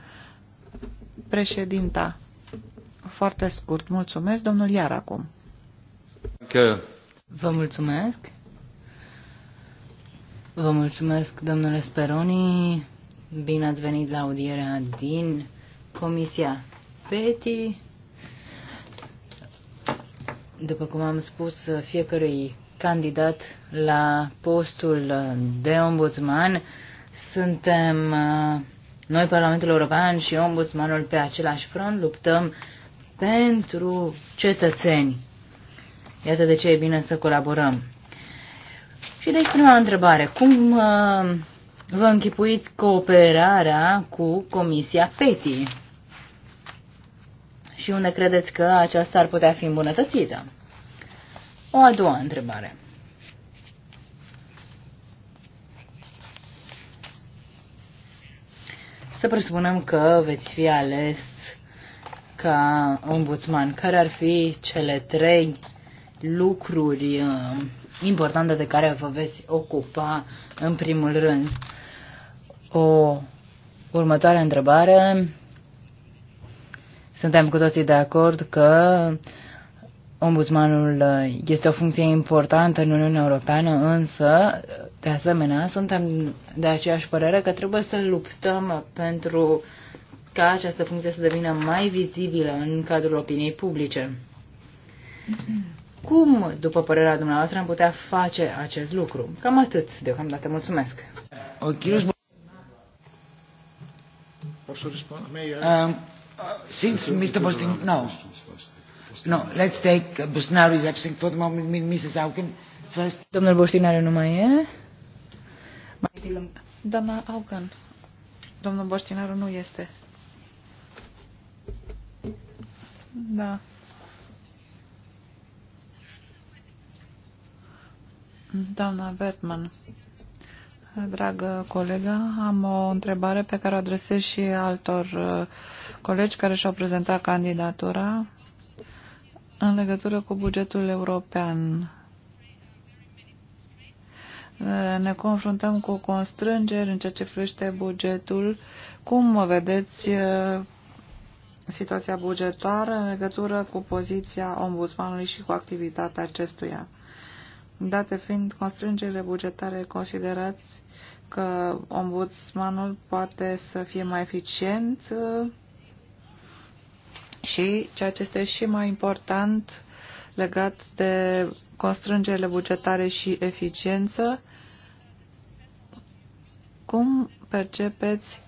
Președinta, foarte scurt, mulțumesc. Domnul Iar acum. Că... Vă mulțumesc. Vă mulțumesc, domnule Speroni. Bine ați venit la audierea din Comisia PETI. După cum am spus, fiecărui candidat la postul de ombudsman suntem uh, noi, Parlamentul European și ombudsmanul pe același front, luptăm pentru cetățeni. Iată de ce e bine să colaborăm. Și deci prima întrebare, cum uh, vă închipuiți cooperarea cu Comisia PETI și unde credeți că aceasta ar putea fi îmbunătățită? O a doua întrebare. Să presupunem că veți fi ales ca ombudsman. Care ar fi cele trei lucruri uh, importante de care vă veți ocupa în primul rând? O următoare întrebare. Suntem cu toții de acord că ombudsmanul este o funcție importantă în Uniunea Europeană, însă, de asemenea, suntem de aceeași părere că trebuie să luptăm pentru ca această funcție să devină mai vizibilă în cadrul opiniei publice. Cum, după părerea dumneavoastră, am putea face acest lucru? Cam atât, deocamdată. Mulțumesc. Posso rispondere? Eh? Um, uh, since Mr. Bostin, no. No, let's take uh, is absent for the moment, Mrs. Auken first. Domnul Bostinaru nu mai e. Mai Doamna Auken, domnul Bostinaru nu este. Da. Doamna Bertman, dragă colegă. Am o întrebare pe care o adresez și altor uh, colegi care și-au prezentat candidatura în legătură cu bugetul european. Uh, ne confruntăm cu constrângeri în ceea ce privește bugetul. Cum vedeți uh, situația bugetară în legătură cu poziția ombudsmanului și cu activitatea acestuia? Date fiind constrângerile bugetare, considerați că ombudsmanul poate să fie mai eficient și, ceea ce este și mai important, legat de constrângerile bugetare și eficiență, cum percepeți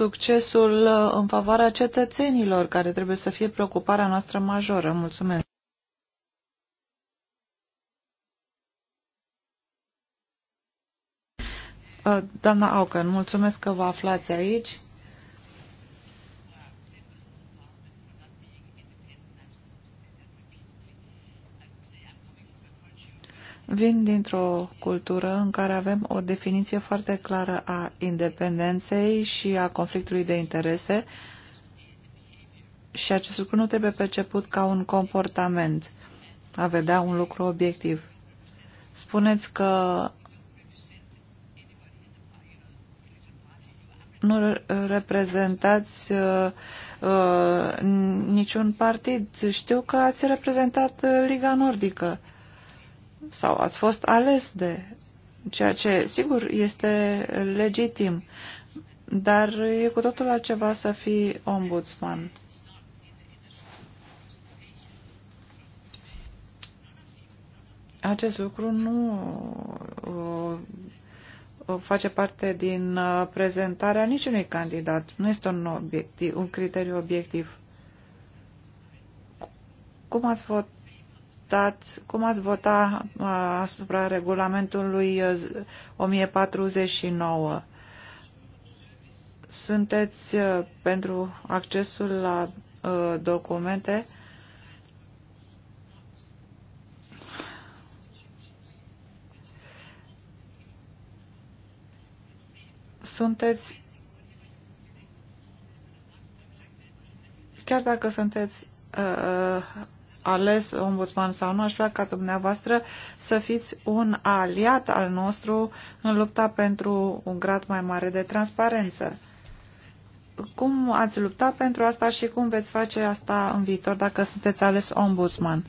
succesul uh, în favoarea cetățenilor, care trebuie să fie preocuparea noastră majoră. Mulțumesc! Uh, doamna Aucan, mulțumesc că vă aflați aici. Vin dintr-o cultură în care avem o definiție foarte clară a independenței și a conflictului de interese și acest lucru nu trebuie perceput ca un comportament, a vedea un lucru obiectiv. Spuneți că nu reprezentați uh, uh, niciun partid. Știu că ați reprezentat uh, Liga Nordică. Uh, sau ați fost ales de ceea ce, sigur, este legitim, dar e cu totul altceva să fii ombudsman. Acest lucru nu uh, uh, face parte din uh, prezentarea niciunui candidat. Nu este un, obiectiv, un criteriu obiectiv. Cum ați, vot, votat, cum ați vota uh, asupra regulamentului 1049? Uh, sunteți uh, pentru accesul la documente? Sunteți chiar dacă sunteți uh, ales ombudsman sau nu, aș vrea ca dumneavoastră să fiți un aliat al nostru în lupta pentru un grad mai mare de transparență. Cum ați luptat pentru asta și cum veți face asta în viitor dacă sunteți ales ombudsman?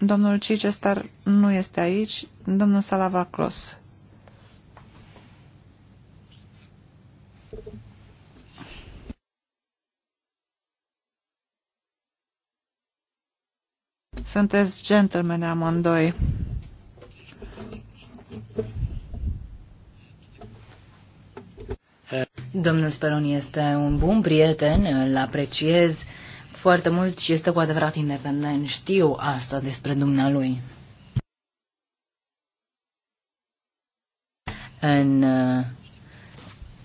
Domnul Cicestar nu este aici, domnul Salavaclos. Sunteți gentlemen amândoi. Domnul Speroni este un bun prieten, îl apreciez foarte mult și este cu adevărat independent. Știu asta despre dumnealui. În uh,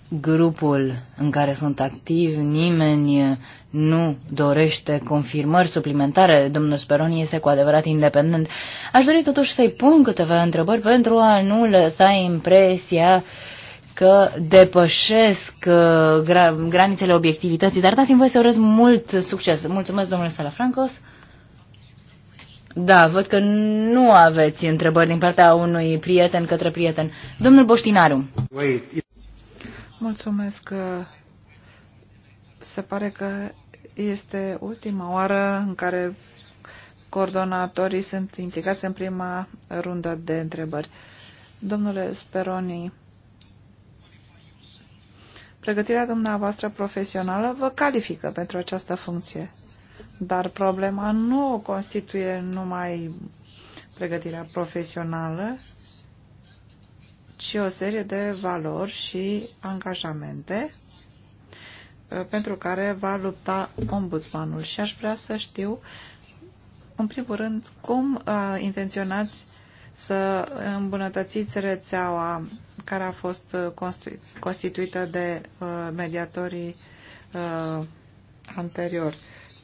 grupul în care sunt activ, nimeni nu dorește confirmări suplimentare. Domnul Speroni este cu adevărat independent. Aș dori totuși să-i pun câteva întrebări pentru a nu lăsa impresia că depășesc uh, gra- granițele obiectivității, dar dați-mi voi să urez mult succes. Mulțumesc, domnule Salafrancos. Da, văd că nu aveți întrebări din partea unui prieten către prieten. Domnul Boștinaru. Mulțumesc. Se pare că este ultima oară în care coordonatorii sunt implicați în prima rundă de întrebări. Domnule Speroni, pregătirea dumneavoastră profesională vă califică pentru această funcție, dar problema nu o constituie numai pregătirea profesională, ci o serie de valori și angajamente uh, pentru care va lupta ombudsmanul. Și aș vrea să știu, în primul rând, cum uh, intenționați să îmbunătățiți rețeaua care a fost uh, constituită de mediatorii anterior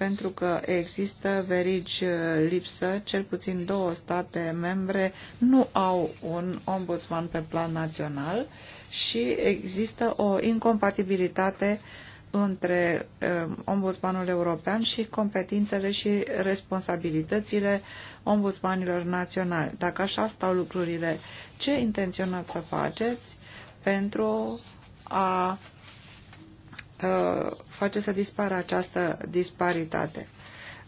pentru că există verigi uh, lipsă, cel puțin două state membre nu au un ombudsman pe plan național și există o incompatibilitate între uh, ombudsmanul european și competințele și responsabilitățile ombudsmanilor naționali. Dacă așa stau lucrurile, ce intenționați să faceți pentru a Uh, face să dispară această disparitate.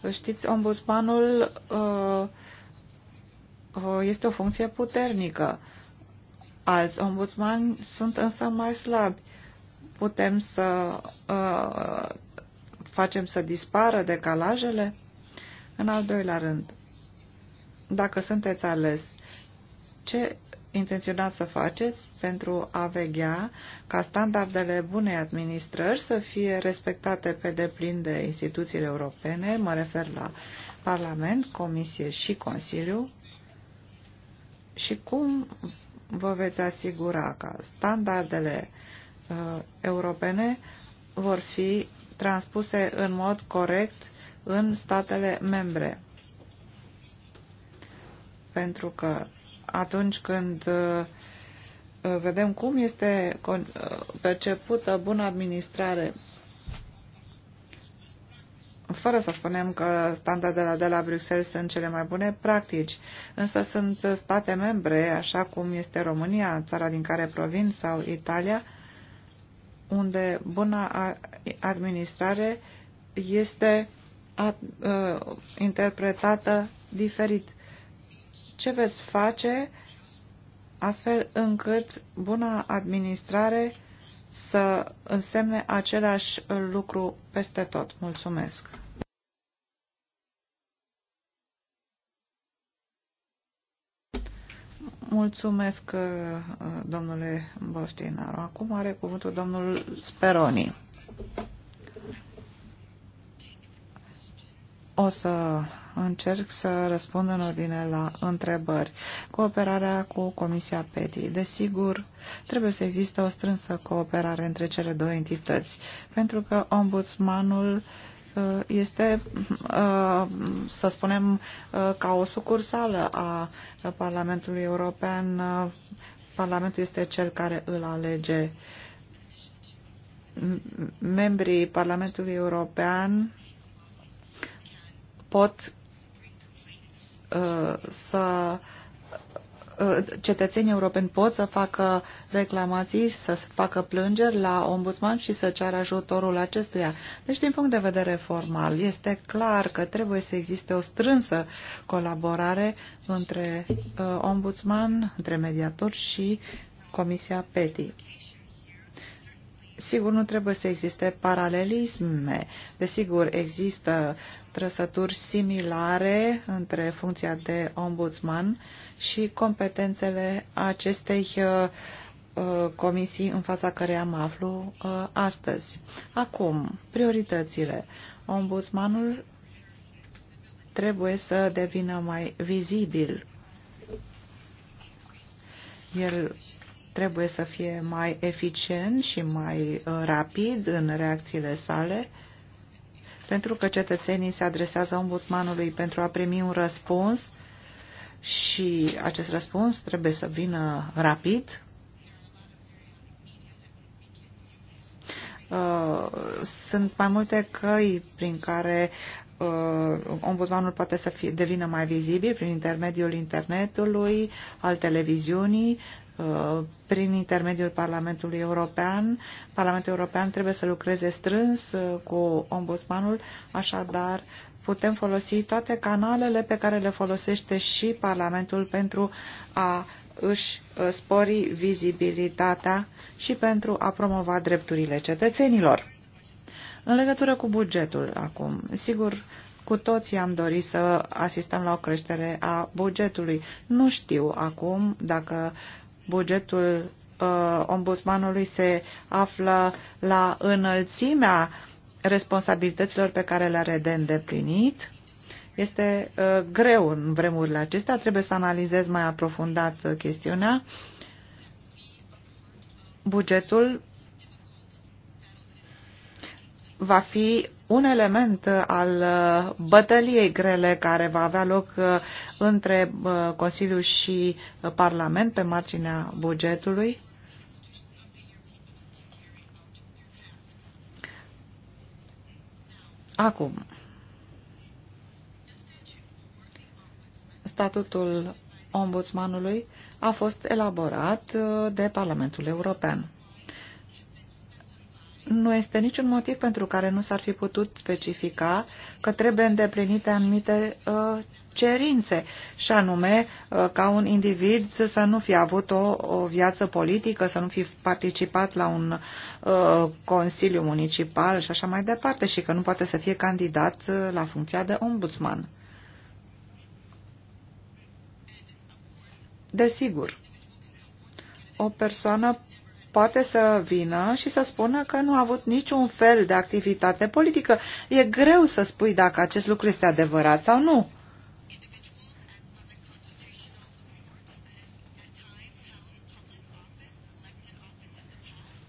Știți, ombudsmanul uh, uh, este o funcție puternică. Alți ombudsmani sunt însă mai slabi. Putem să facem să dispară decalajele? În al doilea rând, dacă sunteți ales, ce intenționați să faceți pentru a veghea ca standardele bunei administrări să fie respectate pe deplin de instituțiile europene, mă refer la Parlament, Comisie și Consiliu, și cum vă veți asigura că standardele uh, europene vor fi transpuse în mod corect în statele membre. Pentru că atunci când uh, vedem cum este uh, percepută bună administrare fără să spunem că standardele de la Bruxelles sunt cele mai bune practici, însă sunt state membre, așa cum este România, țara din care provin, sau Italia, unde buna administrare este uh, interpretată diferit ce veți face astfel încât buna administrare să însemne același lucru peste tot. Mulțumesc! Mulțumesc, domnule Bostinaru. Acum are cuvântul domnul Speroni. O să încerc să răspund în ordine la întrebări. Cooperarea cu Comisia PETI. Desigur, trebuie să existe o strânsă cooperare între cele două entități, pentru că ombudsmanul uh, este, uh, să spunem, uh, ca o sucursală a Parlamentului European. Parlamentul este cel care îl alege. Membrii Parlamentului European pot Uh, să uh, cetățenii europeni pot să facă reclamații, să facă plângeri la ombudsman și să ceară ajutorul acestuia. Deci, din punct de vedere formal, este clar că trebuie să existe o strânsă colaborare între uh, ombudsman, între mediator și Comisia PETI. Sigur, nu trebuie să existe paralelisme. Desigur, există trăsături similare între funcția de ombudsman și competențele acestei uh, uh, comisii în fața căreia mă aflu uh, astăzi. Acum, prioritățile. Ombudsmanul trebuie să devină mai vizibil. El trebuie să fie mai eficient și mai uh, rapid în reacțiile sale, pentru că cetățenii se adresează ombudsmanului pentru a primi un răspuns și acest răspuns trebuie să vină rapid. Uh, sunt mai multe căi prin care Uh, ombudsmanul poate să fie, devină mai vizibil prin intermediul internetului, al televiziunii, uh, prin intermediul Parlamentului European. Parlamentul European trebuie să lucreze strâns uh, cu ombudsmanul, așadar putem folosi toate canalele pe care le folosește și Parlamentul pentru a își spori vizibilitatea și pentru a promova drepturile cetățenilor. În legătură cu bugetul acum, sigur, cu toții am dorit să asistăm la o creștere a bugetului. Nu știu acum dacă bugetul uh, ombudsmanului se află la înălțimea responsabilităților pe care le are de îndeplinit. Este uh, greu în vremurile acestea, trebuie să analizez mai aprofundat uh, chestiunea. Bugetul va fi un element al uh, bătăliei grele care va avea loc uh, între uh, Consiliu și Parlament pe marginea bugetului. Acum, statutul ombudsmanului a fost elaborat de Parlamentul European nu este niciun motiv pentru care nu s-ar fi putut specifica că trebuie îndeplinite anumite uh, cerințe, și anume uh, ca un individ să nu fi avut o, o viață politică, să nu fi participat la un uh, consiliu municipal și așa mai departe, și că nu poate să fie candidat uh, la funcția de ombudsman. Desigur, o persoană poate să vină și să spună că nu a avut niciun fel de activitate politică. E greu să spui dacă acest lucru este adevărat sau nu.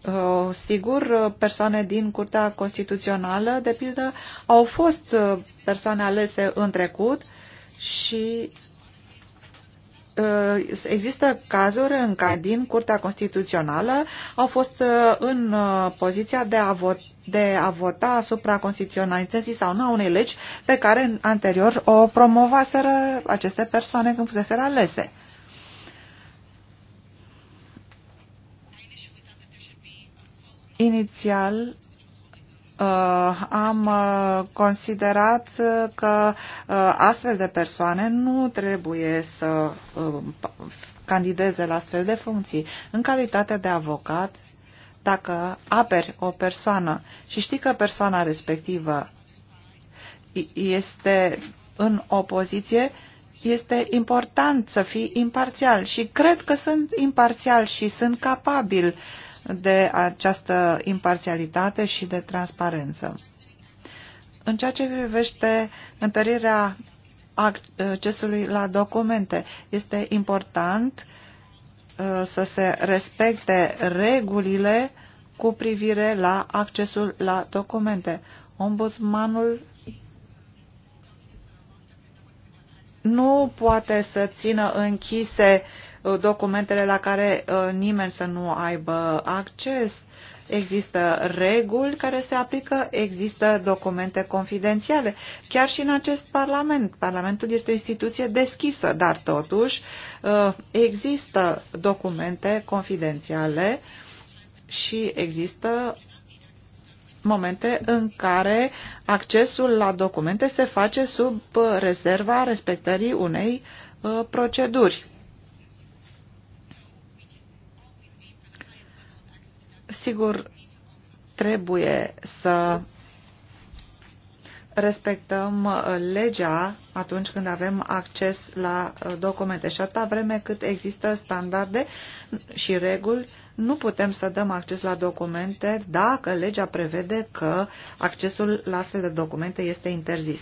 Uh, sigur, persoane din Curtea Constituțională, de pildă, au fost uh, persoane alese în trecut și Uh, există cazuri în care din Curtea Constituțională au fost uh, în uh, poziția de a, vot, de a vota asupra constituționalității sau nu a unei legi pe care anterior o promovaseră aceste persoane când fuseseră alese. Inițial, Uh, am uh, considerat uh, că astfel de persoane nu trebuie să um, candideze la astfel de funcții. În calitate de avocat, dacă aperi o persoană și știi că persoana respectivă este în opoziție, este important să fii imparțial și cred că sunt imparțial și sunt capabil uh, de această imparțialitate și de transparență. În ceea ce privește întărirea accesului la documente, este important uh, să se respecte regulile cu privire la accesul la documente. Ombudsmanul nu poate să țină închise uh, documentele la care uh, nimeni să nu aibă acces. Există reguli care se aplică, există documente confidențiale. Chiar și în acest Parlament. Parlamentul este o instituție deschisă, dar totuși uh, există documente confidențiale și există momente în care accesul la documente se face sub uh, rezerva respectării unei proceduri. Sigur, trebuie să respectăm uh, legea atunci când avem acces la uh, documente și atâta vreme cât există standarde și reguli, nu putem să dăm acces la documente dacă legea prevede că accesul la astfel de documente este interzis.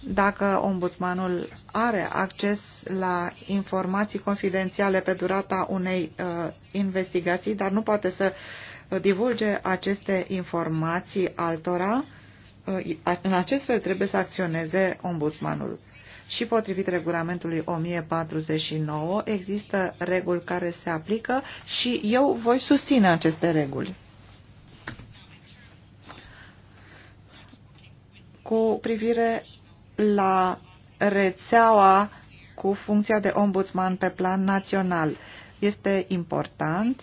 Dacă ombudsmanul are acces la informații confidențiale pe durata unei uh, investigații, dar nu poate să uh, divulge aceste informații altora, uh, în acest fel trebuie să acționeze ombudsmanul. Și potrivit regulamentului 1049 există reguli care se aplică și eu voi susține aceste reguli. Cu privire la rețeaua cu funcția de ombudsman pe plan național. Este important.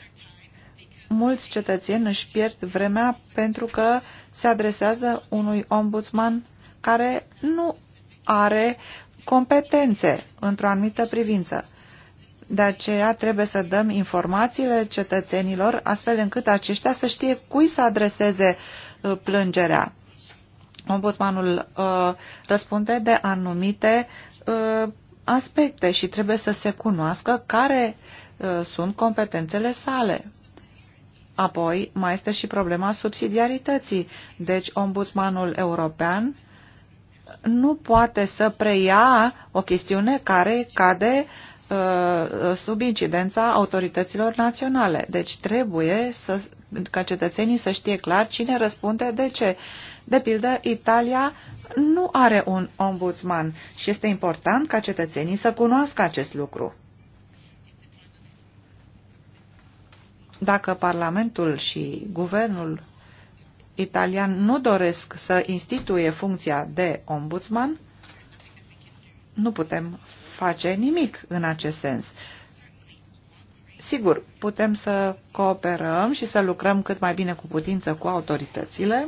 Mulți cetățeni își pierd vremea pentru că se adresează unui ombudsman care nu are competențe într-o anumită privință. De aceea trebuie să dăm informațiile cetățenilor astfel încât aceștia să știe cui să adreseze uh, plângerea ombudsmanul uh, răspunde de anumite uh, aspecte și trebuie să se cunoască care uh, sunt competențele sale. Apoi mai este și problema subsidiarității. Deci ombudsmanul european nu poate să preia o chestiune care cade uh, sub incidența autorităților naționale. Deci trebuie să, ca cetățenii să știe clar cine răspunde de ce. Uh, de pildă, Italia nu are un ombudsman și este important ca cetățenii să cunoască acest lucru. Dacă Parlamentul și Guvernul italian nu doresc să instituie funcția de ombudsman, nu putem face nimic în acest sens. Sigur, putem să cooperăm și să lucrăm cât mai bine cu putință cu autoritățile,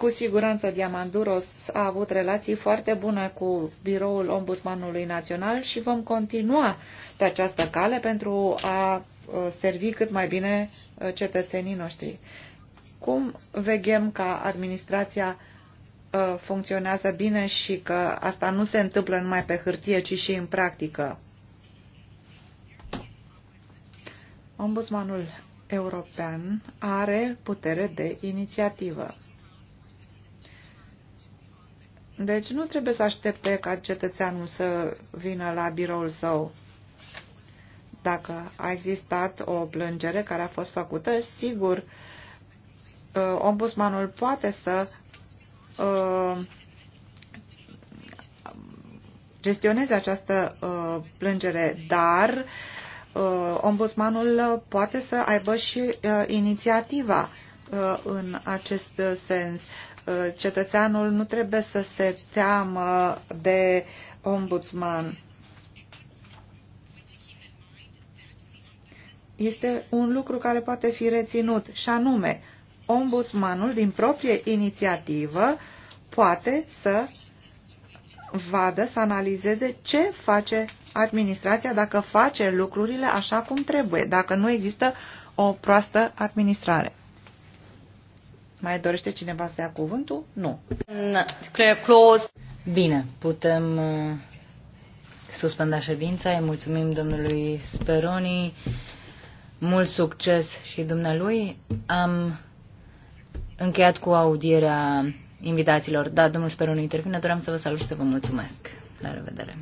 Cu siguranță Diamanduros a avut relații foarte bune cu biroul Ombudsmanului Național și vom continua pe această cale pentru a uh, servi cât mai bine uh, cetățenii noștri. Cum vegem ca administrația uh, funcționează bine și că asta nu se întâmplă numai pe hârtie, ci și în practică? Ombudsmanul european are putere de inițiativă. Deci nu trebuie să aștepte ca cetățeanul să vină la biroul său. Dacă a existat o plângere care a fost făcută, sigur, uh, ombudsmanul poate să uh, gestioneze această uh, plângere, dar ombudsmanul poate să aibă și inițiativa în acest sens. Cetățeanul nu trebuie să se teamă de ombudsman. Este un lucru care poate fi reținut și anume, ombudsmanul din proprie inițiativă poate să vadă, să analizeze ce face administrația dacă face lucrurile așa cum trebuie, dacă nu există o proastă administrare. Mai dorește cineva să ia cuvântul? Nu. Bine, putem uh, suspenda ședința. Îi mulțumim domnului Speroni. Mult succes și dumnealui. Am încheiat cu audierea invitațiilor. Da, domnul Speroni intervine. Doream să vă salut și să vă mulțumesc. La revedere.